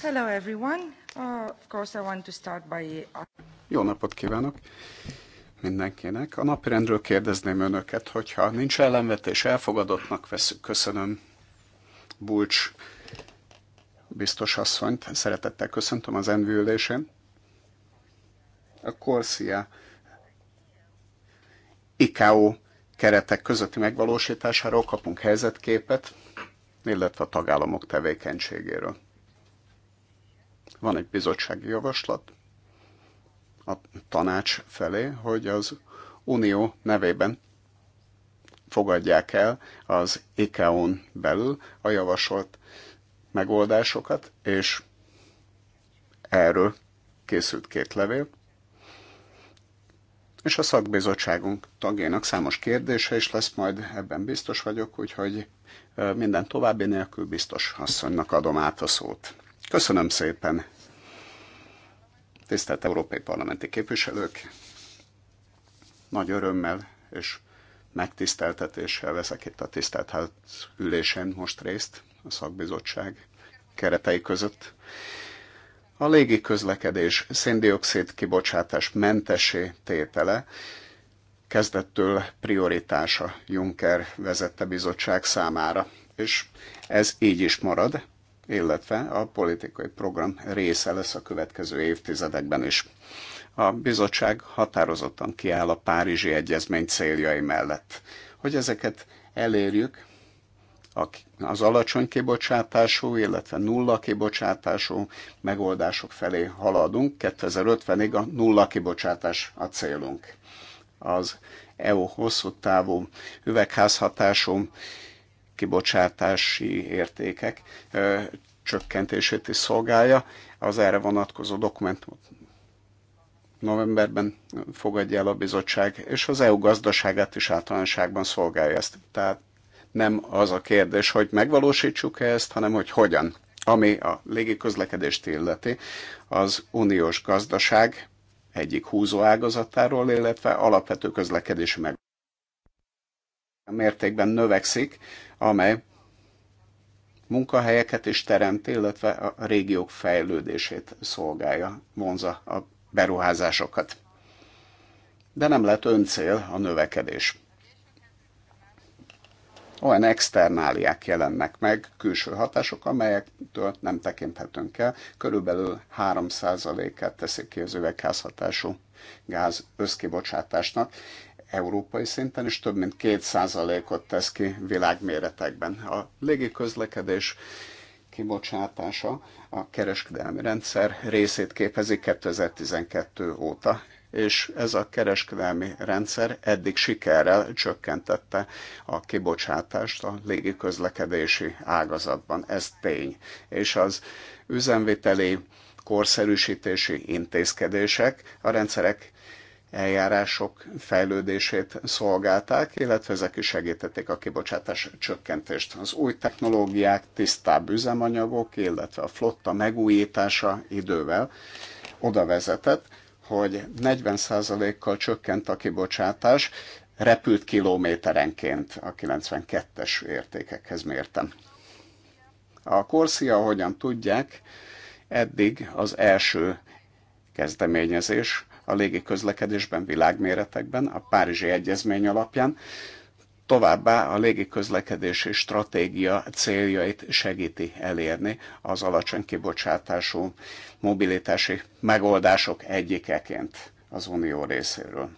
Hello everyone. Uh, of course I want to start by... Uh, Jó napot kívánok mindenkinek. A napirendről kérdezném önöket, hogyha nincs ellenvetés, elfogadottnak veszük. Köszönöm. Bulcs biztos asszonyt szeretettel köszöntöm az envülésén. A Corsia ICAO keretek közötti megvalósításáról kapunk helyzetképet, illetve a tagállamok tevékenységéről. Van egy bizottsági javaslat a tanács felé, hogy az Unió nevében fogadják el az ICAO-n belül a javasolt megoldásokat, és erről készült két levél és a szakbizottságunk tagjának számos kérdése is lesz majd, ebben biztos vagyok, úgyhogy minden további nélkül biztos asszonynak adom át a szót. Köszönöm szépen! Tisztelt Európai Parlamenti képviselők! Nagy örömmel és megtiszteltetéssel veszek itt a tisztelt ülésen most részt a szakbizottság keretei között. A légi közlekedés széndiokszid kibocsátás mentesé tétele kezdettől prioritása Juncker vezette bizottság számára, és ez így is marad, illetve a politikai program része lesz a következő évtizedekben is. A bizottság határozottan kiáll a Párizsi Egyezmény céljai mellett. Hogy ezeket elérjük, az alacsony kibocsátású, illetve nulla kibocsátású megoldások felé haladunk. 2050-ig a nulla kibocsátás a célunk. Az EU hosszú távú üvegházhatású kibocsátási értékek ö, csökkentését is szolgálja. Az erre vonatkozó dokumentumot novemberben fogadja el a bizottság, és az EU gazdaságát is általánosságban szolgálja ezt. Tehát nem az a kérdés, hogy megvalósítsuk-e ezt, hanem hogy hogyan. Ami a légiközlekedést illeti, az uniós gazdaság egyik húzó ágazatáról, illetve alapvető közlekedési meg mértékben növekszik, amely munkahelyeket is teremt, illetve a régiók fejlődését szolgálja, vonza a beruházásokat. De nem lett öncél a növekedés olyan externáliák jelennek meg, külső hatások, amelyektől nem tekinthetünk el. Körülbelül 3%-át teszik ki az üvegházhatású gáz összkibocsátásnak európai szinten, és több mint 2%-ot tesz ki világméretekben. A légiközlekedés kibocsátása a kereskedelmi rendszer részét képezi 2012 óta, és ez a kereskedelmi rendszer eddig sikerrel csökkentette a kibocsátást a légiközlekedési ágazatban. Ez tény. És az üzemviteli korszerűsítési intézkedések a rendszerek eljárások fejlődését szolgálták, illetve ezek is segítették a kibocsátás csökkentést. Az új technológiák, tisztább üzemanyagok, illetve a flotta megújítása idővel oda vezetett, hogy 40%-kal csökkent a kibocsátás repült kilométerenként a 92-es értékekhez mértem. A Corsia, ahogyan tudják, eddig az első kezdeményezés a légiközlekedésben, világméretekben, a Párizsi Egyezmény alapján Továbbá a légiközlekedési stratégia céljait segíti elérni az alacsony kibocsátású mobilitási megoldások egyikeként az Unió részéről.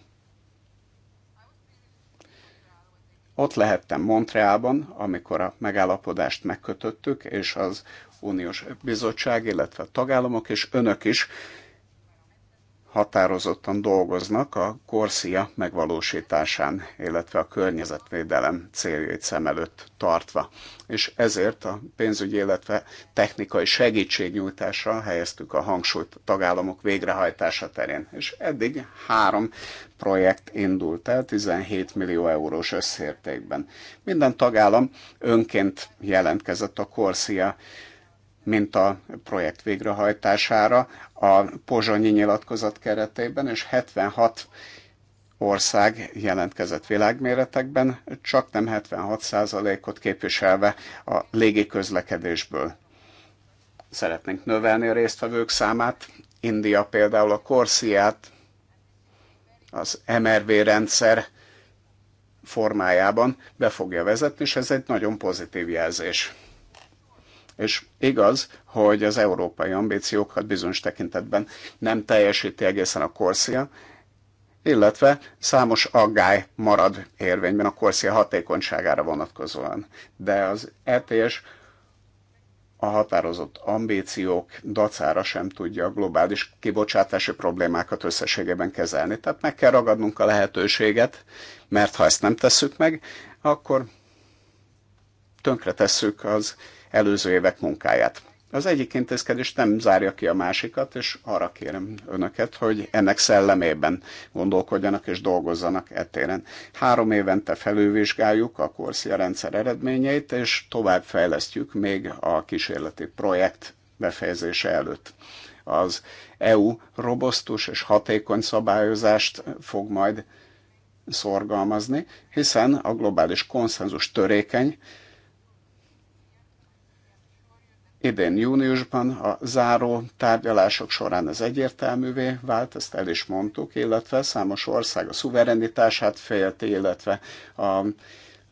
Ott lehettem Montreában, amikor a megállapodást megkötöttük, és az Uniós Bizottság, illetve a tagállamok és önök is határozottan dolgoznak a korszia megvalósításán, illetve a környezetvédelem céljait szem előtt tartva. És ezért a pénzügyi, illetve technikai segítségnyújtásra helyeztük a hangsúlyt a tagállamok végrehajtása terén. És eddig három projekt indult el 17 millió eurós összértékben. Minden tagállam önként jelentkezett a korszia mint a projekt végrehajtására a pozsonyi nyilatkozat keretében, és 76 ország jelentkezett világméretekben, csak nem 76%-ot képviselve a légiközlekedésből. Szeretnénk növelni a résztvevők számát. India például a Korsziát az MRV rendszer formájában be fogja vezetni, és ez egy nagyon pozitív jelzés és igaz, hogy az európai ambíciókat bizonyos tekintetben nem teljesíti egészen a korszia, illetve számos aggály marad érvényben a korszia hatékonyságára vonatkozóan. De az ETS a határozott ambíciók dacára sem tudja a globális kibocsátási problémákat összességében kezelni. Tehát meg kell ragadnunk a lehetőséget, mert ha ezt nem tesszük meg, akkor tesszük az előző évek munkáját. Az egyik intézkedés nem zárja ki a másikat, és arra kérem önöket, hogy ennek szellemében gondolkodjanak és dolgozzanak e téren. Három évente felülvizsgáljuk a Korszia rendszer eredményeit, és tovább fejlesztjük még a kísérleti projekt befejezése előtt. Az EU robosztus és hatékony szabályozást fog majd szorgalmazni, hiszen a globális konszenzus törékeny, Idén júniusban a záró tárgyalások során ez egyértelművé vált, ezt el is mondtuk, illetve számos ország a szuverenitását félti, illetve a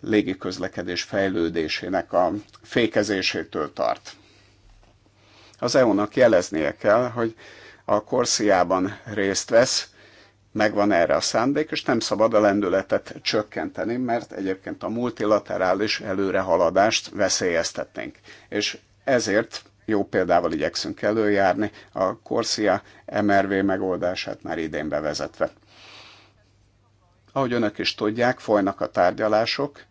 légiközlekedés fejlődésének a fékezésétől tart. Az EU-nak jeleznie kell, hogy a korsziában részt vesz, megvan erre a szándék, és nem szabad a lendületet csökkenteni, mert egyébként a multilaterális előrehaladást veszélyeztetnénk. És ezért jó példával igyekszünk előjárni a Corsia MRV megoldását már idén bevezetve. Ahogy önök is tudják, folynak a tárgyalások,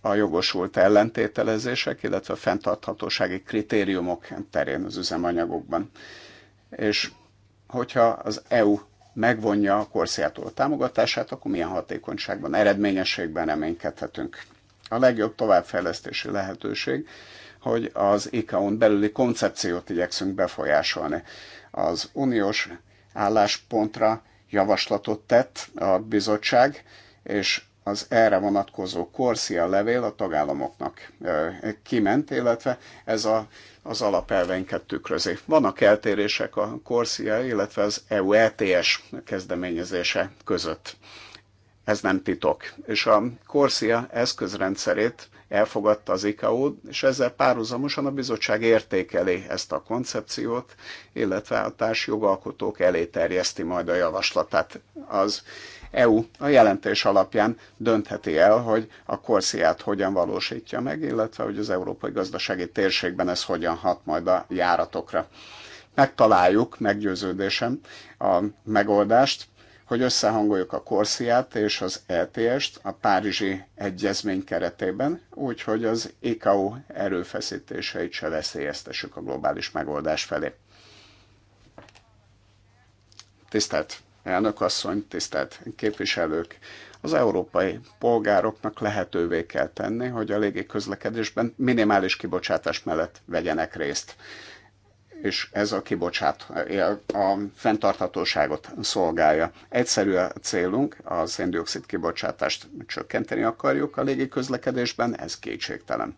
a jogosult ellentételezések, illetve a fenntarthatósági kritériumok terén az üzemanyagokban. És hogyha az EU megvonja a korszától a támogatását, akkor milyen hatékonyságban, eredményességben reménykedhetünk. A legjobb továbbfejlesztési lehetőség hogy az ICAO-n belüli koncepciót igyekszünk befolyásolni. Az uniós álláspontra javaslatot tett a bizottság, és az erre vonatkozó korszia levél a tagállamoknak kiment, illetve ez a, az alapelveinket tükrözi. Vannak eltérések a korszia, illetve az EU ETS kezdeményezése között. Ez nem titok. És a Corsia eszközrendszerét elfogadta az ICAO, és ezzel párhuzamosan a bizottság értékeli ezt a koncepciót, illetve a társjogalkotók elé terjeszti majd a javaslatát. Az EU a jelentés alapján döntheti el, hogy a korsziát hogyan valósítja meg, illetve hogy az európai gazdasági térségben ez hogyan hat majd a járatokra. Megtaláljuk, meggyőződésem, a megoldást, hogy összehangoljuk a Korsziát és az ETS-t a Párizsi Egyezmény keretében, úgyhogy az ICAO erőfeszítéseit se veszélyeztessük a globális megoldás felé. Tisztelt elnök asszony, tisztelt képviselők! Az európai polgároknak lehetővé kell tenni, hogy a közlekedésben minimális kibocsátás mellett vegyenek részt és ez a kibocsát, eh, a fenntarthatóságot szolgálja. Egyszerű a célunk, a széndiokszid kibocsátást csökkenteni akarjuk a légi közlekedésben, ez kétségtelen.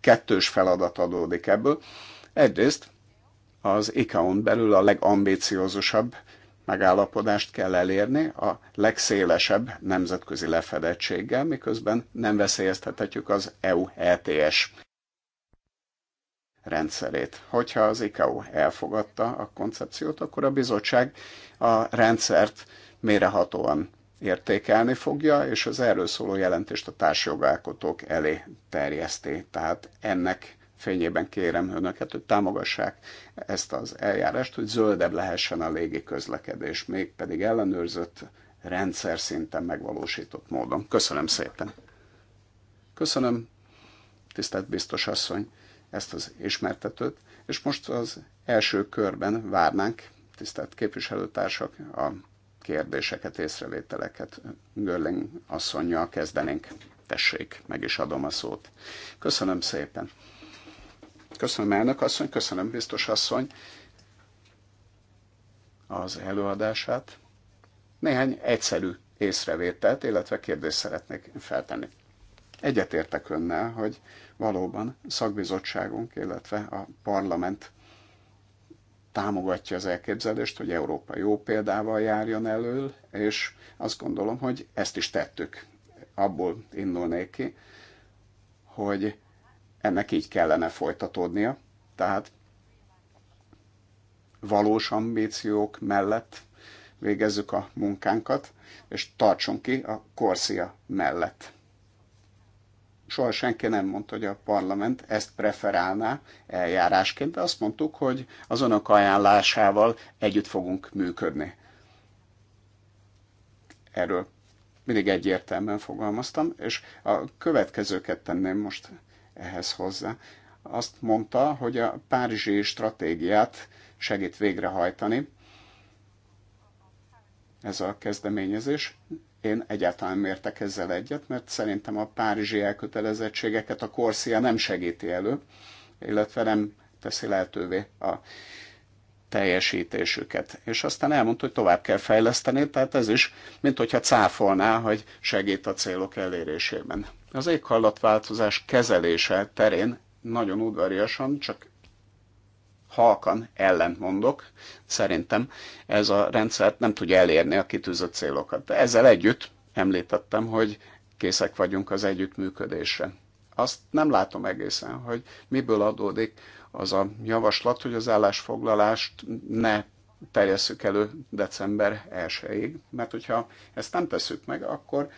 Kettős feladat adódik ebből. Egyrészt az ICAO-n belül a legambíciózusabb megállapodást kell elérni a legszélesebb nemzetközi lefedettséggel, miközben nem veszélyeztethetjük az EU ETS rendszerét. Hogyha az ICAO elfogadta a koncepciót, akkor a bizottság a rendszert mérehatóan értékelni fogja, és az erről szóló jelentést a társjogalkotók elé terjeszti. Tehát ennek fényében kérem önöket, hogy támogassák ezt az eljárást, hogy zöldebb lehessen a légi közlekedés, mégpedig ellenőrzött, rendszer szinten megvalósított módon. Köszönöm szépen. Köszönöm, tisztelt biztos asszony ezt az ismertetőt, és most az első körben várnánk, tisztelt képviselőtársak, a kérdéseket, észrevételeket. Görling asszonynal kezdenénk. Tessék, meg is adom a szót. Köszönöm szépen. Köszönöm elnök asszony, köszönöm biztos asszony az előadását. Néhány egyszerű észrevételt, illetve kérdést szeretnék feltenni. Egyetértek önnel, hogy valóban szakbizottságunk, illetve a parlament támogatja az elképzelést, hogy Európa jó példával járjon elől, és azt gondolom, hogy ezt is tettük. Abból indulnék ki, hogy ennek így kellene folytatódnia. Tehát valós ambíciók mellett végezzük a munkánkat, és tartsunk ki a korszia mellett soha senki nem mondta, hogy a parlament ezt preferálná eljárásként, de azt mondtuk, hogy az önök ajánlásával együtt fogunk működni. Erről mindig egyértelműen fogalmaztam, és a következőket tenném most ehhez hozzá. Azt mondta, hogy a párizsi stratégiát segít végrehajtani ez a kezdeményezés, én egyáltalán nem értek ezzel egyet, mert szerintem a párizsi elkötelezettségeket a korszia nem segíti elő, illetve nem teszi lehetővé a teljesítésüket. És aztán elmondta, hogy tovább kell fejleszteni, tehát ez is, mint hogyha cáfolná, hogy segít a célok elérésében. Az éghajlatváltozás kezelése terén nagyon udvariasan, csak halkan ellentmondok, szerintem ez a rendszer nem tudja elérni a kitűzött célokat. De ezzel együtt említettem, hogy készek vagyunk az együttműködésre. Azt nem látom egészen, hogy miből adódik az a javaslat, hogy az állásfoglalást ne terjesszük elő december 1-ig, mert hogyha ezt nem tesszük meg, akkor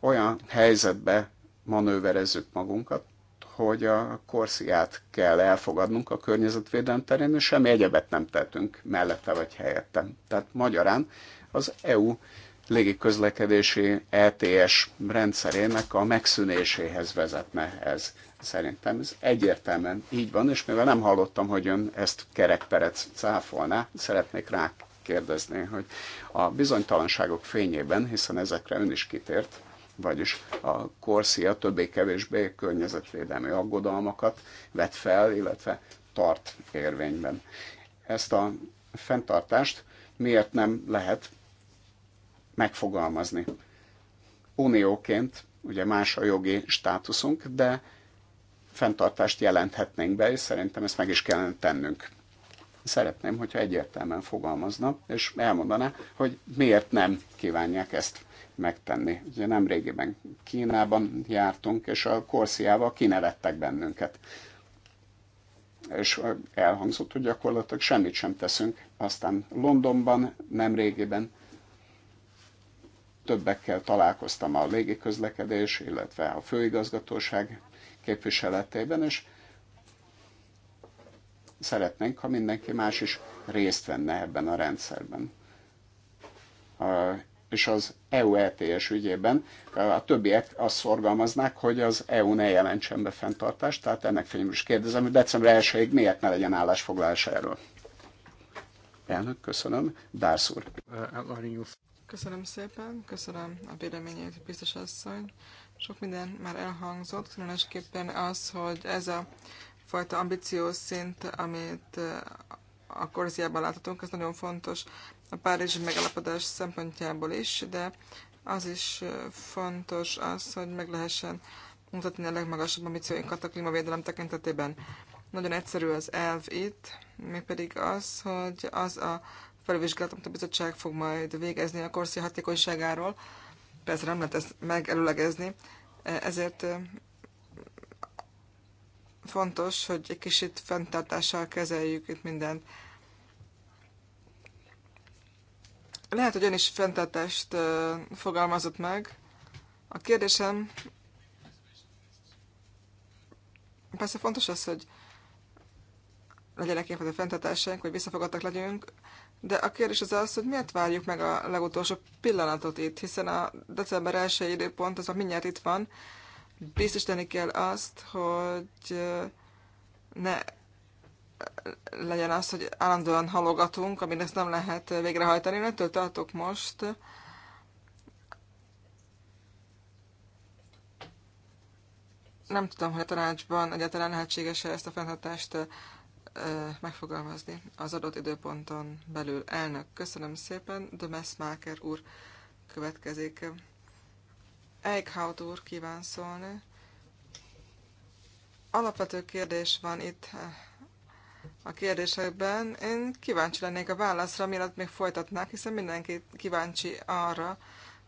olyan helyzetbe manőverezzük magunkat, hogy a korsziát kell elfogadnunk a környezetvédelem terén, és semmi egyebet nem tettünk mellette vagy helyette. Tehát magyarán az EU légiközlekedési ETS rendszerének a megszűnéséhez vezetne ez. Szerintem ez egyértelműen így van, és mivel nem hallottam, hogy ön ezt kerekperec cáfolná, szeretnék rá kérdezni, hogy a bizonytalanságok fényében, hiszen ezekre ön is kitért, vagyis a Corsia többé-kevésbé környezetvédelmi aggodalmakat vet fel, illetve tart érvényben. Ezt a fenntartást miért nem lehet megfogalmazni? Unióként ugye más a jogi státuszunk, de fenntartást jelenthetnénk be, és szerintem ezt meg is kellene tennünk. Szeretném, hogyha egyértelműen fogalmazna, és elmondaná, hogy miért nem kívánják ezt megtenni. Ugye nem régiben Kínában jártunk, és a korsziával kinevettek bennünket. És elhangzott, hogy gyakorlatilag semmit sem teszünk. Aztán Londonban nem régiben többekkel találkoztam a légiközlekedés, illetve a főigazgatóság képviseletében, és szeretnénk, ha mindenki más is részt venne ebben a rendszerben és az EU ETS ügyében a többiek azt szorgalmaznák, hogy az EU ne jelentsen be fenntartást, tehát ennek fényében is kérdezem, hogy december 1 miért ne legyen állásfoglalás erről. Elnök, köszönöm. Dársz úr. Köszönöm szépen, köszönöm a véleményét, biztos asszony. Sok minden már elhangzott, különösképpen az, hogy ez a fajta ambíciós szint, amit a korziában láthatunk, ez nagyon fontos a Párizsi megalapodás szempontjából is, de az is fontos az, hogy meg lehessen mutatni a legmagasabb ambícióinkat a klímavédelem tekintetében. Nagyon egyszerű az elv itt, mégpedig az, hogy az a felvizsgálat, amit a bizottság fog majd végezni a korszi hatékonyságáról, persze nem lehet ezt megelőlegezni, e, ezért fontos, hogy egy kicsit fenntartással kezeljük itt mindent. Lehet, hogy ön is fenntartást fogalmazott meg. A kérdésem persze fontos az, hogy legyenek ilyenfajta fenntartásaink, hogy visszafogadtak legyünk, de a kérdés az az, hogy miért várjuk meg a legutolsó pillanatot itt, hiszen a december első időpont az a mindjárt itt van. Biztosítani kell azt, hogy ne legyen az, hogy állandóan halogatunk, amit ezt nem lehet végrehajtani. Én ettől tartok most. Nem tudom, hogy a tanácsban egyáltalán lehetséges-e ezt a fenntartást megfogalmazni az adott időponton belül. Elnök, köszönöm szépen, de Messmaker úr következik. Eichhaut úr kíván szólni. Alapvető kérdés van itt a kérdésekben. Én kíváncsi lennék a válaszra, mielőtt még folytatnák, hiszen mindenki kíváncsi arra,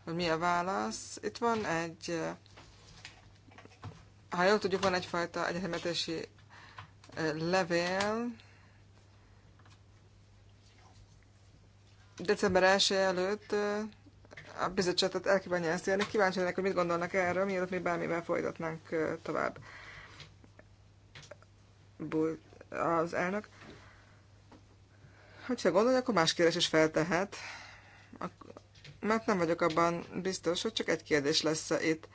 hogy mi a válasz. Itt van egy, ha jól tudjuk, van egyfajta egyetemetési levél. December 1 előtt a bizottságot el kívánja ezt élni. Kíváncsi lennék, hogy mit gondolnak erről, mielőtt mi bármivel folytatnánk tovább. Bult az elnök. Hogyha gondolja, akkor más kérdés is feltehet. Mert nem vagyok abban biztos, hogy csak egy kérdés lesz -e itt.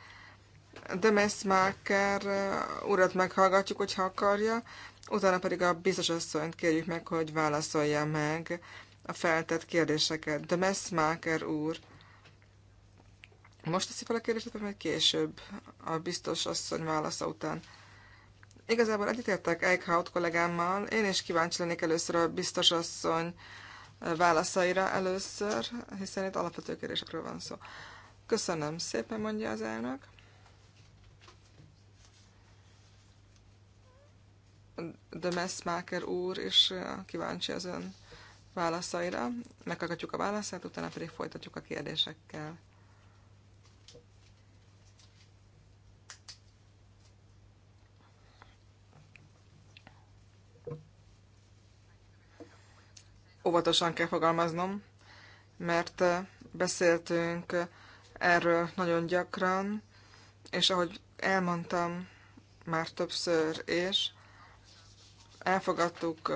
De Messmaker uh, urat meghallgatjuk, hogyha akarja, utána pedig a biztos asszonyt kérjük meg, hogy válaszolja meg a feltett kérdéseket. De Messmaker úr, most teszi fel a kérdést, vagy később a biztos asszony válasza után? Igazából egyetértek Eichhout kollégámmal. Én is kíváncsi lennék először a biztos asszony eh, válaszaira először, hiszen itt alapvető kérdésekről van szó. Köszönöm szépen, mondja az elnök. De Messmaker úr is eh, kíváncsi az ön válaszaira. Meghallgatjuk a válaszát, utána pedig folytatjuk a kérdésekkel. óvatosan kell fogalmaznom, mert beszéltünk erről nagyon gyakran, és ahogy elmondtam már többször és elfogadtuk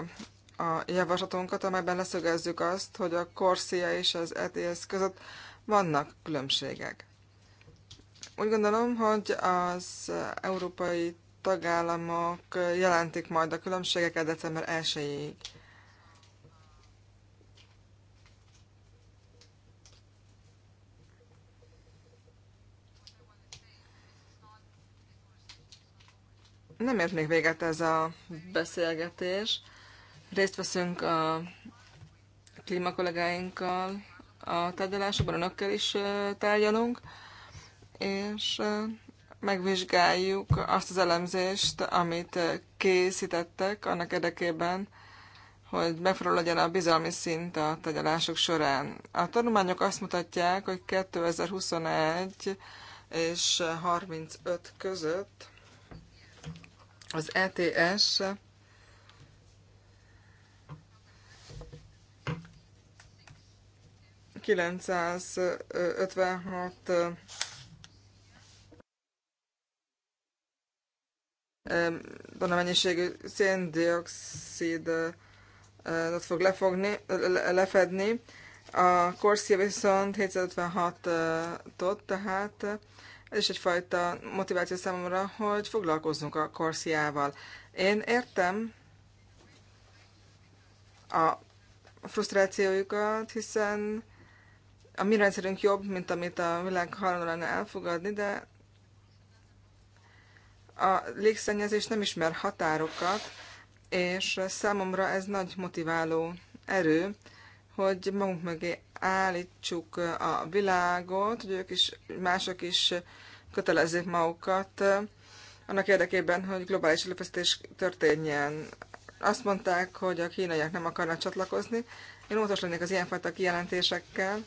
a javaslatunkat, amelyben leszögezzük azt, hogy a Corsia és az ETS között vannak különbségek. Úgy gondolom, hogy az európai tagállamok jelentik majd a különbségeket december 1-ig. nem ért még véget ez a beszélgetés. Részt veszünk a klímakollegáinkkal a tárgyalásokban, önökkel is tárgyalunk, és megvizsgáljuk azt az elemzést, amit készítettek annak érdekében, hogy megfelelő legyen a bizalmi szint a tegyelások során. A tanulmányok azt mutatják, hogy 2021 és 35 között az ETS ...956 tonna mennyiségű széndiokszidot eh, fog lefogni, lefedni, a Corsia viszont 756 eh, tot, tehát ez is egyfajta motiváció számomra, hogy foglalkozzunk a korsziával. Én értem a frusztrációjukat, hiszen a mi rendszerünk jobb, mint amit a világ hajlandó lenne elfogadni, de a légszennyezés nem ismer határokat, és számomra ez nagy motiváló erő, hogy magunk mögé állítsuk a világot, hogy ők is, mások is kötelezzék magukat eh, annak érdekében, hogy globális előfeszítés történjen. Azt mondták, hogy a kínaiak nem akarnak csatlakozni. Én óvatos lennék az ilyenfajta kijelentésekkel.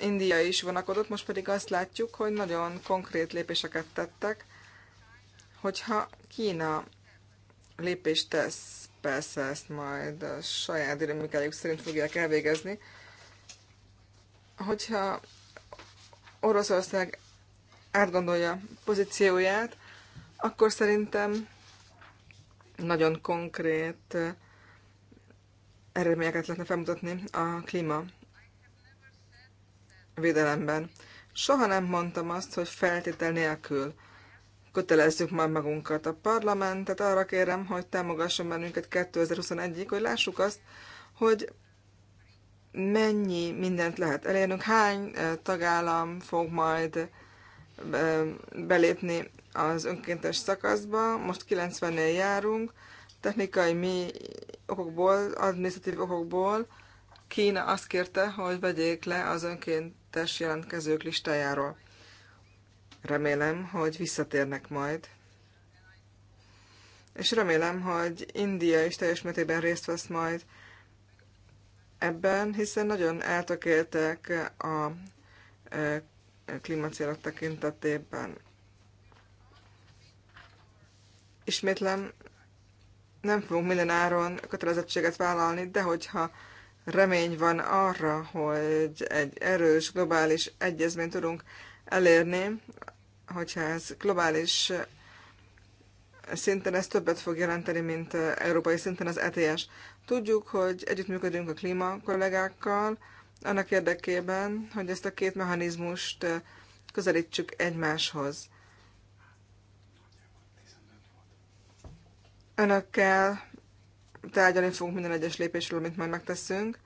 India is vonakodott, most pedig azt látjuk, hogy nagyon konkrét lépéseket tettek, hogyha Kína lépést tesz persze ezt majd a saját dinamikájuk szerint fogják elvégezni. Hogyha Oroszország átgondolja pozícióját, akkor szerintem nagyon konkrét eh, eredményeket lehetne felmutatni a klíma védelemben. Soha nem mondtam azt, hogy feltétel nélkül kötelezzük már magunkat. A parlamentet arra kérem, hogy támogasson bennünket 2021-ig, hogy lássuk azt, hogy mennyi mindent lehet elérnünk, hány tagállam fog majd belépni az önkéntes szakaszba. Most 90-nél járunk, technikai mi okokból, administratív okokból Kína azt kérte, hogy vegyék le az önkéntes jelentkezők listájáról. Remélem, hogy visszatérnek majd. És remélem, hogy India is teljes mértékben részt vesz majd ebben, hiszen nagyon eltökéltek a e, klímacélok tekintetében. Ismétlem, nem fogunk minden áron kötelezettséget vállalni, de hogyha remény van arra, hogy egy erős globális egyezményt tudunk elérni, hogyha ez globális szinten ez többet fog jelenteni, mint európai szinten az ETS. Tudjuk, hogy együttműködünk a klíma kollégákkal, annak érdekében, hogy ezt a két mechanizmust közelítsük egymáshoz. Önökkel tárgyalni fogunk minden egyes lépésről, amit majd megteszünk.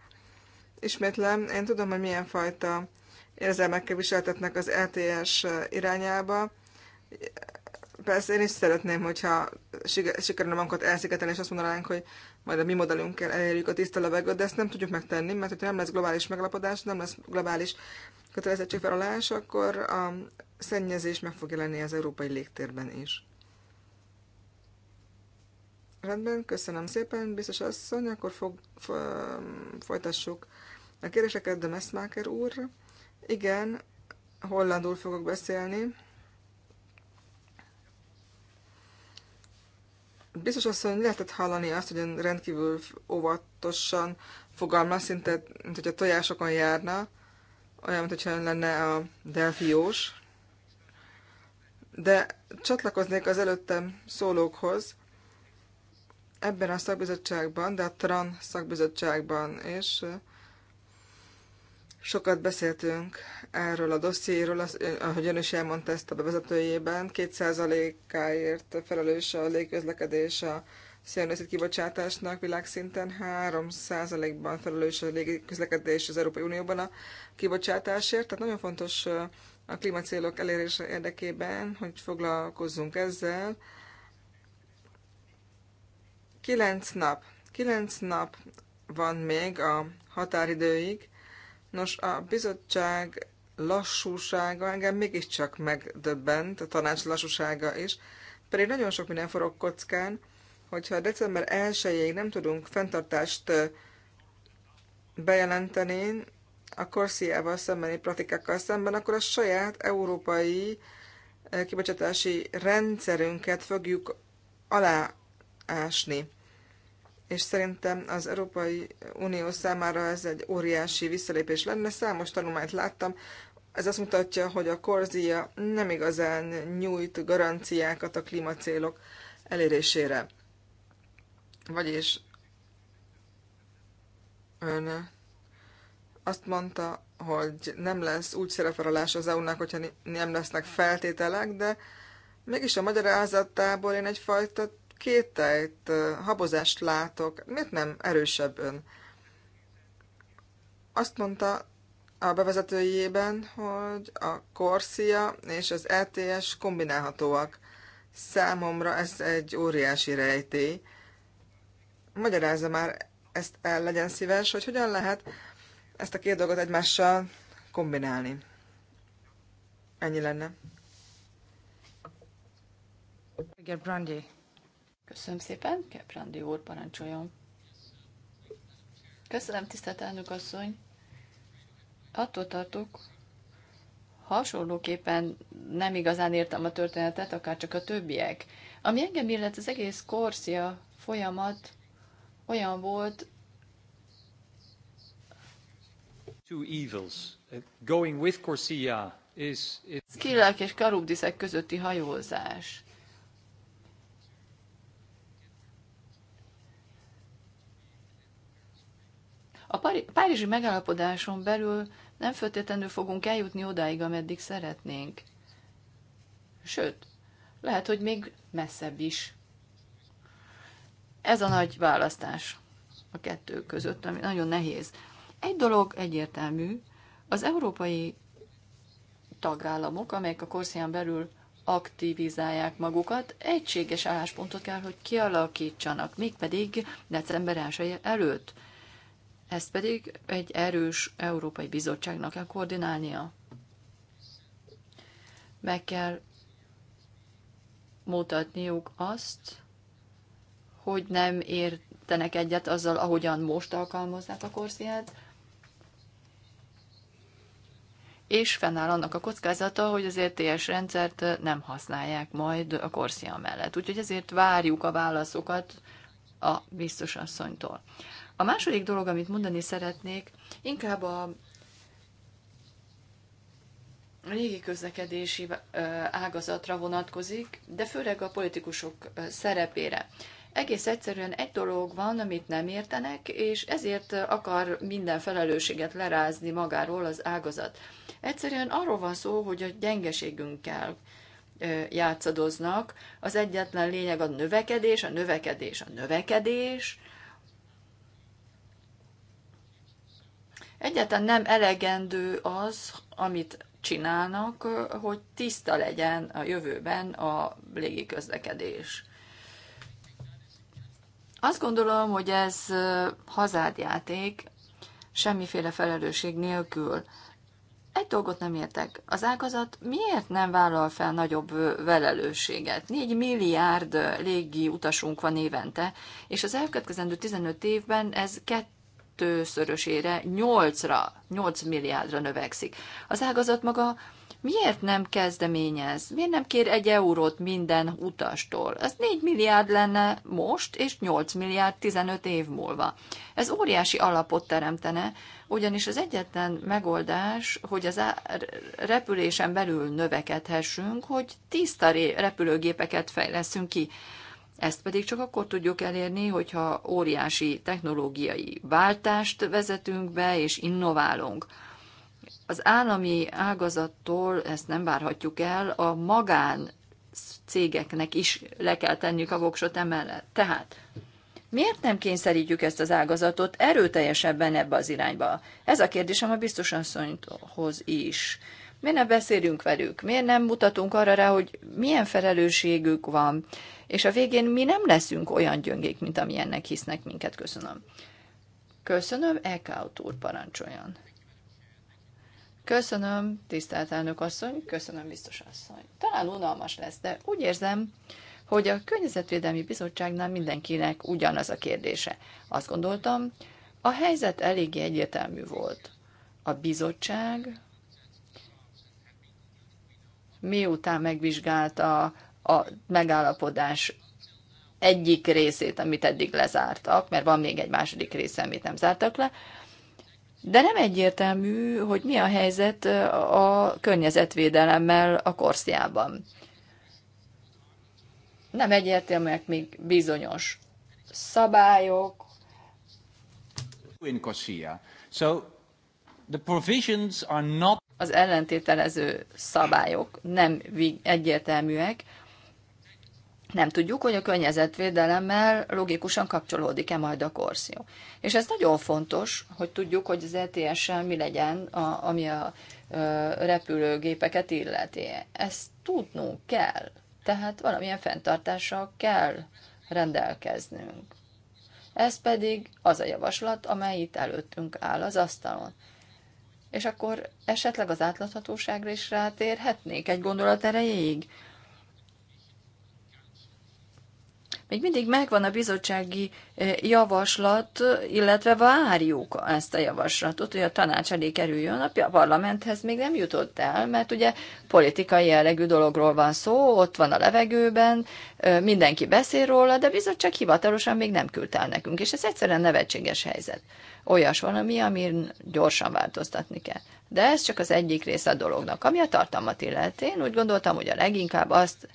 Ismétlem, én tudom, hogy milyen fajta érzelmekkel viseltetnek az LTS e irányába. Persze én is szeretném, hogyha sikerülne magunkat elszigetelni, és azt mondanánk, hogy majd a mi modellünkkel elérjük a tiszta levegőt, de ezt nem tudjuk megtenni, mert hogyha nem lesz globális megalapodás, nem lesz globális kötelezettségvállalás, akkor a szennyezés meg fog jelenni az európai légtérben is. Rendben, köszönöm szépen, biztos asszony, akkor fog, fo, folytassuk a kérdéseket, de Messmaker úr. Igen, hollandul fogok beszélni. Biztos hogy lehetett hallani azt, hogy rendkívül óvatosan fogalmaz, szinte, mint hogy a tojásokon járna, olyan, mint hogyha lenne a delfiós. De csatlakoznék az előttem szólókhoz, ebben a szakbizottságban, de a TRAN szakbizottságban is Sokat beszéltünk erről a dossziéről, ahogy ön is elmondta ezt a bevezetőjében. 2%-áért felelős a légközlekedés a széndiokszid kibocsátásnak világszinten, 3%-ban felelős a légközlekedés az Európai Unióban a kibocsátásért. Tehát nagyon fontos a klímacélok elérése érdekében, hogy foglalkozzunk ezzel. Kilenc nap. Kilenc nap van még a határidőig, Nos, a bizottság lassúsága engem mégiscsak megdöbbent, a tanács lassúsága is, pedig nagyon sok minden forog kockán, hogyha december 1-ig nem tudunk fenntartást bejelenteni a Korsziával szembeni praktikákkal szemben, akkor a saját európai kibocsátási rendszerünket fogjuk aláásni és szerintem az Európai Unió számára ez egy óriási visszalépés lenne. Számos tanulmányt láttam, ez azt mutatja, hogy a korzia nem igazán nyújt garanciákat a klímacélok elérésére. Vagyis ön azt mondta, hogy nem lesz úgy szerepvállalás az EU-nak, hogyha nem lesznek feltételek, de mégis a magyarázatából én egyfajta kételyt, habozást látok. Miért nem erősebb ön? Azt mondta a bevezetőjében, hogy a Corsia és az LTS e kombinálhatóak. Számomra ez egy óriási rejtély. Magyarázza már ezt el, legyen szíves, hogy hogyan lehet ezt a két dolgot egymással kombinálni. Ennyi lenne. Gerbrandi. Köszönöm szépen, Keprandi úr, parancsoljon. Köszönöm, tisztelt elnök asszony. Attól tartok, hasonlóképpen nem igazán értem a történetet, akár csak a többiek. Ami engem illet, az egész korszia folyamat olyan volt, Two evils. Uh, going with Corsia is... Skillák és Karubdiszek közötti hajózás. A párizsi megállapodáson belül nem feltétlenül fogunk eljutni odáig, ameddig szeretnénk. Sőt, lehet, hogy még messzebb is. Ez a nagy választás a kettő között, ami nagyon nehéz. Egy dolog egyértelmű, az európai tagállamok, amelyek a korszián belül aktivizálják magukat, egységes álláspontot kell, hogy kialakítsanak, mégpedig december 1 előtt. Ezt pedig egy erős Európai Bizottságnak kell koordinálnia. Meg kell mutatniuk azt, hogy nem értenek egyet azzal, ahogyan most alkalmazzák a korsziát, és fennáll annak a kockázata, hogy az RTS rendszert nem használják majd a korszia mellett. Úgyhogy ezért várjuk a válaszokat a biztos asszonytól. A második dolog, amit mondani szeretnék, inkább a régi közlekedési ágazatra vonatkozik, de főleg a politikusok szerepére. Egész egyszerűen egy dolog van, amit nem értenek, és ezért akar minden felelősséget lerázni magáról az ágazat. Egyszerűen arról van szó, hogy a gyengeségünkkel játszadoznak. Az egyetlen lényeg a növekedés, a növekedés, a növekedés, Egyáltalán nem elegendő az, amit csinálnak, hogy tiszta legyen a jövőben a légiközlekedés. Azt gondolom, hogy ez hazádjáték, semmiféle felelősség nélkül. Egy dolgot nem értek. Az ágazat miért nem vállal fel nagyobb felelősséget? 4 milliárd légi utasunk van évente, és az elkövetkezendő 15 évben ez kettőszörösére, 8-ra, 8 milliárdra növekszik. Az ágazat maga miért nem kezdeményez? Miért nem kér egy eurót minden utastól? Ez 4 milliárd lenne most, és 8 milliárd 15 év múlva. Ez óriási alapot teremtene, ugyanis az egyetlen megoldás, hogy az repülésen belül növekedhessünk, hogy tiszta repülőgépeket fejleszünk ki. Ezt pedig csak akkor tudjuk elérni, hogyha óriási technológiai váltást vezetünk be és innoválunk. Az állami ágazattól ezt nem várhatjuk el, a magán cégeknek is le kell tenniük a voksot emellett. Tehát miért nem kényszerítjük ezt az ágazatot erőteljesebben ebbe az irányba? Ez a kérdésem a biztosasszonyhoz is. Miért nem beszélünk velük? Miért nem mutatunk arra rá, hogy milyen felelősségük van? És a végén mi nem leszünk olyan gyöngék, mint amilyennek hisznek minket. Köszönöm. Köszönöm, Ekaut úr parancsoljon. Köszönöm, tisztelt elnök asszony, köszönöm, biztos asszony. Talán unalmas lesz, de úgy érzem, hogy a Környezetvédelmi Bizottságnál mindenkinek ugyanaz a kérdése. Azt gondoltam, a helyzet eléggé egyértelmű volt. A bizottság miután megvizsgálta a megállapodás egyik részét, amit eddig lezártak, mert van még egy második része, amit nem zártak le, de nem egyértelmű, hogy mi a helyzet a környezetvédelemmel a Korsziában. Nem egyértelműek még bizonyos szabályok. In So the provisions are not az ellentételező szabályok nem egyértelműek, nem tudjuk, hogy a környezetvédelemmel logikusan kapcsolódik-e majd a korszió. És ez nagyon fontos, hogy tudjuk, hogy az ETS-sel mi legyen, a, ami a repülőgépeket illeti. Ezt tudnunk kell, tehát valamilyen fenntartással kell rendelkeznünk. Ez pedig az a javaslat, amely itt előttünk áll az asztalon és akkor esetleg az átláthatóságra is rátérhetnék egy gondolat erejéig. Még mindig megvan a bizottsági eh, javaslat, illetve várjuk ezt a javaslatot, hogy a tanács elé kerüljön, a parlamenthez még nem jutott el, mert ugye politikai jellegű dologról van szó, ott van a levegőben, eh, mindenki beszél róla, de a bizottság hivatalosan még nem küldt el nekünk, és ez egyszerűen nevetséges helyzet. Olyas valami, amin gyorsan változtatni kell. De ez csak az egyik része a dolognak, ami a tartalmat illeti. Én úgy gondoltam, hogy a leginkább azt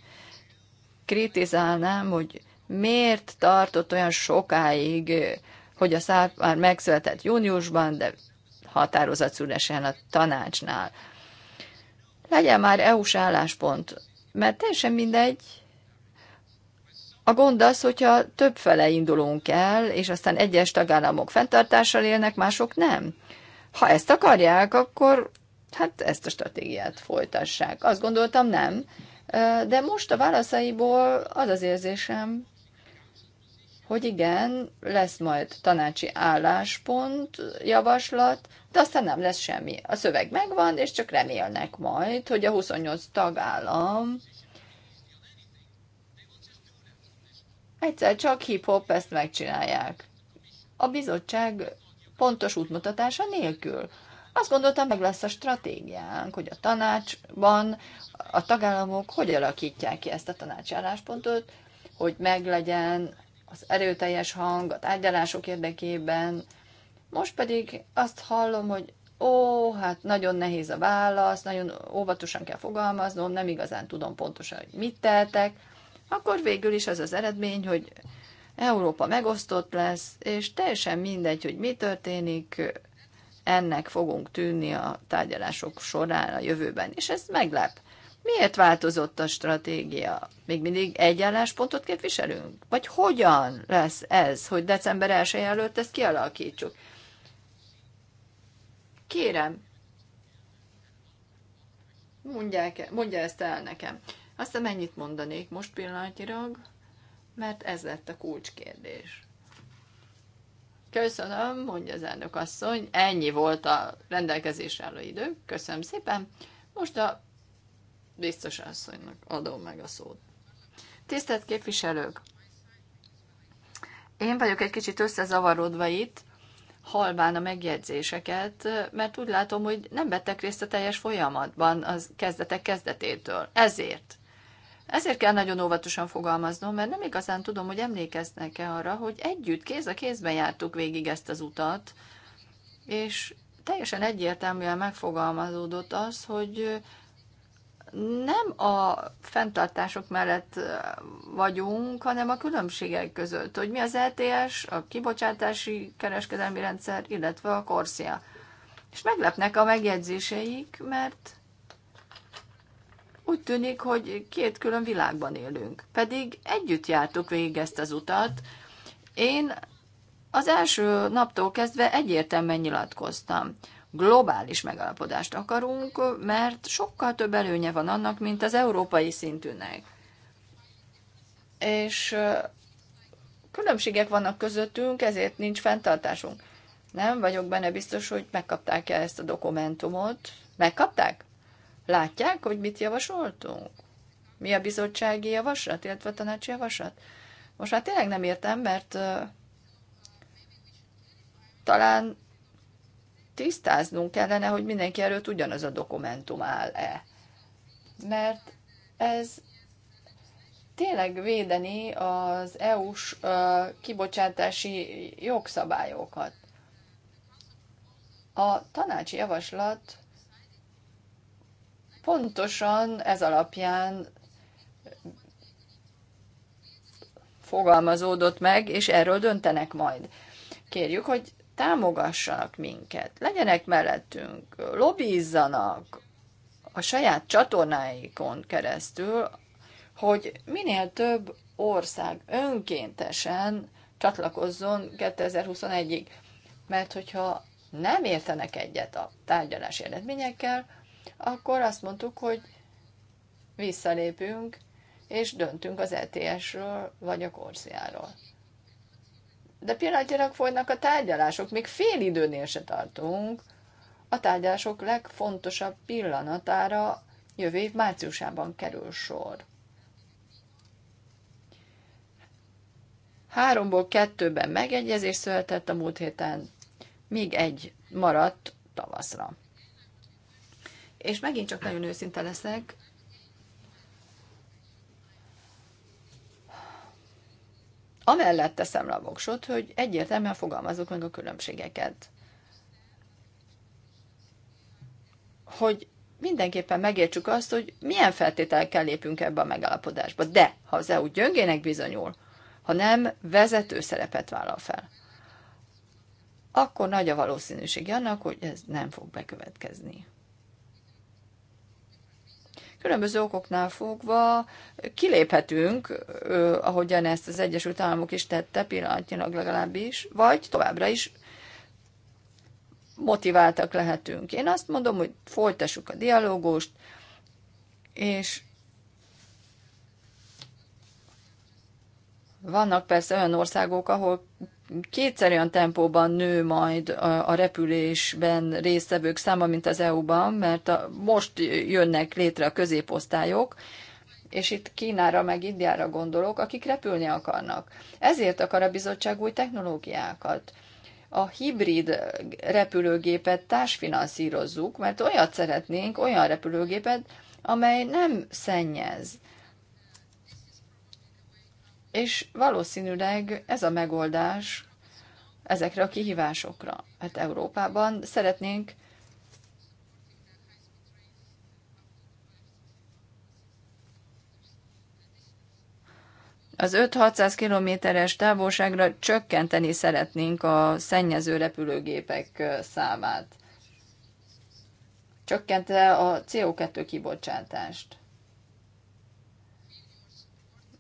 kritizálnám, hogy miért tartott olyan sokáig, hogy a szár már megszületett júniusban, de határozat szülesen a tanácsnál. Legyen már EU-s álláspont, mert teljesen mindegy. A gond az, hogyha több fele indulunk el, és aztán egyes tagállamok fenntartással élnek, mások nem. Ha ezt akarják, akkor hát ezt a stratégiát folytassák. Azt gondoltam, nem. De most a válaszaiból az az érzésem, hogy igen, lesz majd tanácsi álláspont, javaslat, de aztán nem lesz semmi. A szöveg megvan, és csak remélnek majd, hogy a 28 tagállam egyszer csak hip-hop ezt megcsinálják. A bizottság pontos útmutatása nélkül. Azt gondoltam, meg lesz a stratégiánk, hogy a tanácsban a tagállamok hogy alakítják ki ezt a tanácsálláspontot, hogy meglegyen az erőteljes hang a tárgyalások érdekében. Most pedig azt hallom, hogy ó, hát nagyon nehéz a válasz, nagyon óvatosan kell fogalmaznom, nem igazán tudom pontosan, hogy mit teltek, akkor végül is az az eredmény, hogy Európa megosztott lesz, és teljesen mindegy, hogy mi történik, ennek fogunk tűnni a tárgyalások során a jövőben, és ez meglep. Miért változott a stratégia? Még mindig egy álláspontot képviselünk? Vagy hogyan lesz ez, hogy december 1 előtt ezt kialakítsuk? Kérem, mondják, mondja ezt el nekem. Aztán mennyit mondanék most pillanatilag, mert ez lett a kulcskérdés. Köszönöm, mondja az elnök asszony. Ennyi volt a rendelkezésre álló idő. Köszönöm szépen. Most a biztos asszonynak adom meg a szót. Tisztelt képviselők! Én vagyok egy kicsit összezavarodva itt, halván a megjegyzéseket, mert úgy látom, hogy nem vettek részt a teljes folyamatban az kezdetek kezdetétől. Ezért. Ezért kell nagyon óvatosan fogalmaznom, mert nem igazán tudom, hogy emlékeznek-e arra, hogy együtt, kéz a kézben jártuk végig ezt az utat, és teljesen egyértelműen megfogalmazódott az, hogy nem a fenntartások mellett vagyunk, hanem a különbségek között, hogy mi az LTS, e a kibocsátási kereskedelmi rendszer, illetve a korszia. És meglepnek a megjegyzéseik, mert úgy tűnik, hogy két külön világban élünk. Pedig együtt jártuk végig ezt az utat. Én az első naptól kezdve egyértelműen nyilatkoztam globális megállapodást akarunk, mert sokkal több előnye van annak, mint az európai szintűnek. És különbségek vannak közöttünk, ezért nincs fenntartásunk. Nem vagyok benne biztos, hogy megkapták-e ezt a dokumentumot. Megkapták? Látják, hogy mit javasoltunk? Mi a bizottsági javaslat, illetve a tanácsi javaslat? Most már tényleg nem értem, mert uh, talán tisztáznunk kellene, hogy mindenki előtt ugyanaz a dokumentum áll-e. Mert ez tényleg védeni az EU-s kibocsátási jogszabályokat. A tanácsi javaslat pontosan ez alapján fogalmazódott meg, és erről döntenek majd. Kérjük, hogy támogassanak minket, legyenek mellettünk, lobbizzanak a saját csatornáikon keresztül, hogy minél több ország önkéntesen csatlakozzon 2021-ig. Mert hogyha nem értenek egyet a tárgyalás eredményekkel, akkor azt mondtuk, hogy visszalépünk, és döntünk az ETS-ről vagy a korsziáról de pillanatilag folynak a tárgyalások, még fél időnél se tartunk. A tárgyalások legfontosabb pillanatára jövő év márciusában kerül sor. Háromból kettőben megegyezés született a múlt héten, még egy maradt tavaszra. És megint csak nagyon őszinte leszek, amellett teszem le a voksot, hogy egyértelműen fogalmazok meg a különbségeket. Hogy mindenképpen megértsük azt, hogy milyen feltételekkel lépünk ebbe a megalapodásba. De ha az EU gyöngének bizonyul, ha nem vezető szerepet vállal fel, akkor nagy a valószínűség annak, hogy ez nem fog bekövetkezni különböző okoknál fogva kiléphetünk, ahogyan ezt az Egyesült Államok is tette, pillanatnyilag legalábbis, vagy továbbra is motiváltak lehetünk. Én azt mondom, hogy folytassuk a dialógust, és vannak persze olyan országok, ahol kétszer olyan tempóban nő majd a repülésben résztvevők száma, mint az EU-ban, mert a, most jönnek létre a középosztályok, és itt Kínára meg Indiára gondolok, akik repülni akarnak. Ezért akar a bizottság új technológiákat. A hibrid repülőgépet társfinanszírozzuk, mert olyat szeretnénk, olyan repülőgépet, amely nem szennyez. És valószínűleg ez a megoldás ezekre a kihívásokra. Hát Európában szeretnénk Az 5-600 kilométeres távolságra csökkenteni szeretnénk a szennyező repülőgépek számát. Csökkente a CO2 kibocsátást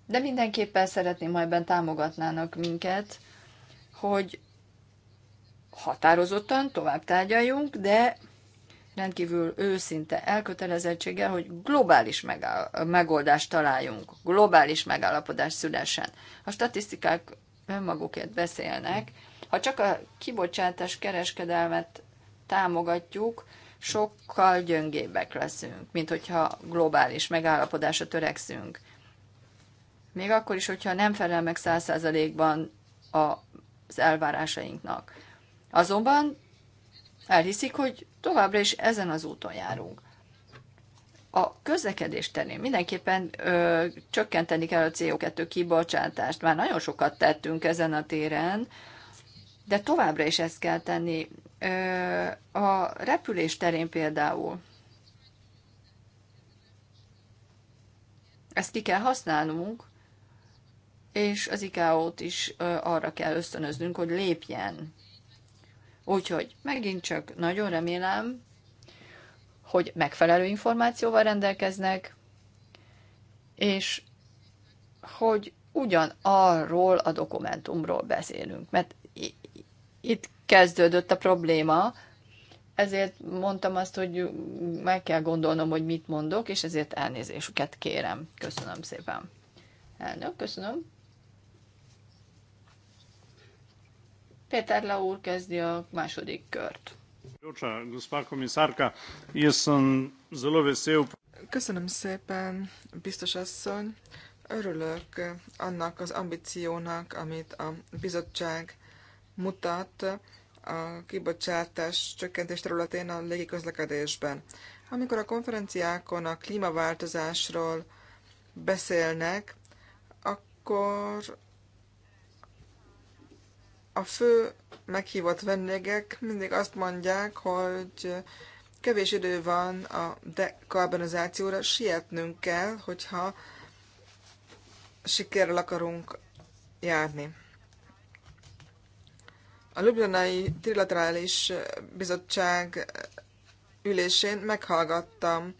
de mindenképpen szeretném, ha ebben támogatnának minket, hogy határozottan tovább tárgyaljunk, de rendkívül őszinte elkötelezettséggel, hogy globális megoldást találjunk, globális megállapodás szülessen. A statisztikák önmagukért beszélnek. Ha csak a kibocsátás kereskedelmet támogatjuk, sokkal gyöngébbek leszünk, mint hogyha globális megállapodásra törekszünk még akkor is, hogyha nem felel meg száz százalékban az elvárásainknak. Azonban elhiszik, hogy továbbra is ezen az úton járunk. A közlekedés terén mindenképpen ö, csökkenteni kell a CO2 kibocsátást. Már nagyon sokat tettünk ezen a téren, de továbbra is ezt kell tenni. Ö, a repülés terén például ezt ki kell használnunk, és az iko t is arra kell ösztönöznünk, hogy lépjen. Úgyhogy megint csak nagyon remélem, hogy megfelelő információval rendelkeznek, és hogy ugyanarról a dokumentumról beszélünk, mert itt kezdődött a probléma, ezért mondtam azt, hogy meg kell gondolnom, hogy mit mondok, és ezért elnézésüket kérem. Köszönöm szépen. Elnök, köszönöm. Péter úr kezdi a második kört. Köszönöm szépen, biztos asszony. Örülök annak az ambíciónak, amit a bizottság mutat a kibocsátás csökkentés területén a légiközlekedésben. Amikor a konferenciákon a klímaváltozásról beszélnek, akkor a fő meghívott vendégek mindig azt mondják, hogy kevés idő van a dekarbonizációra, sietnünk kell, hogyha sikerrel akarunk járni. A Ljubljanai Trilaterális Bizottság ülésén meghallgattam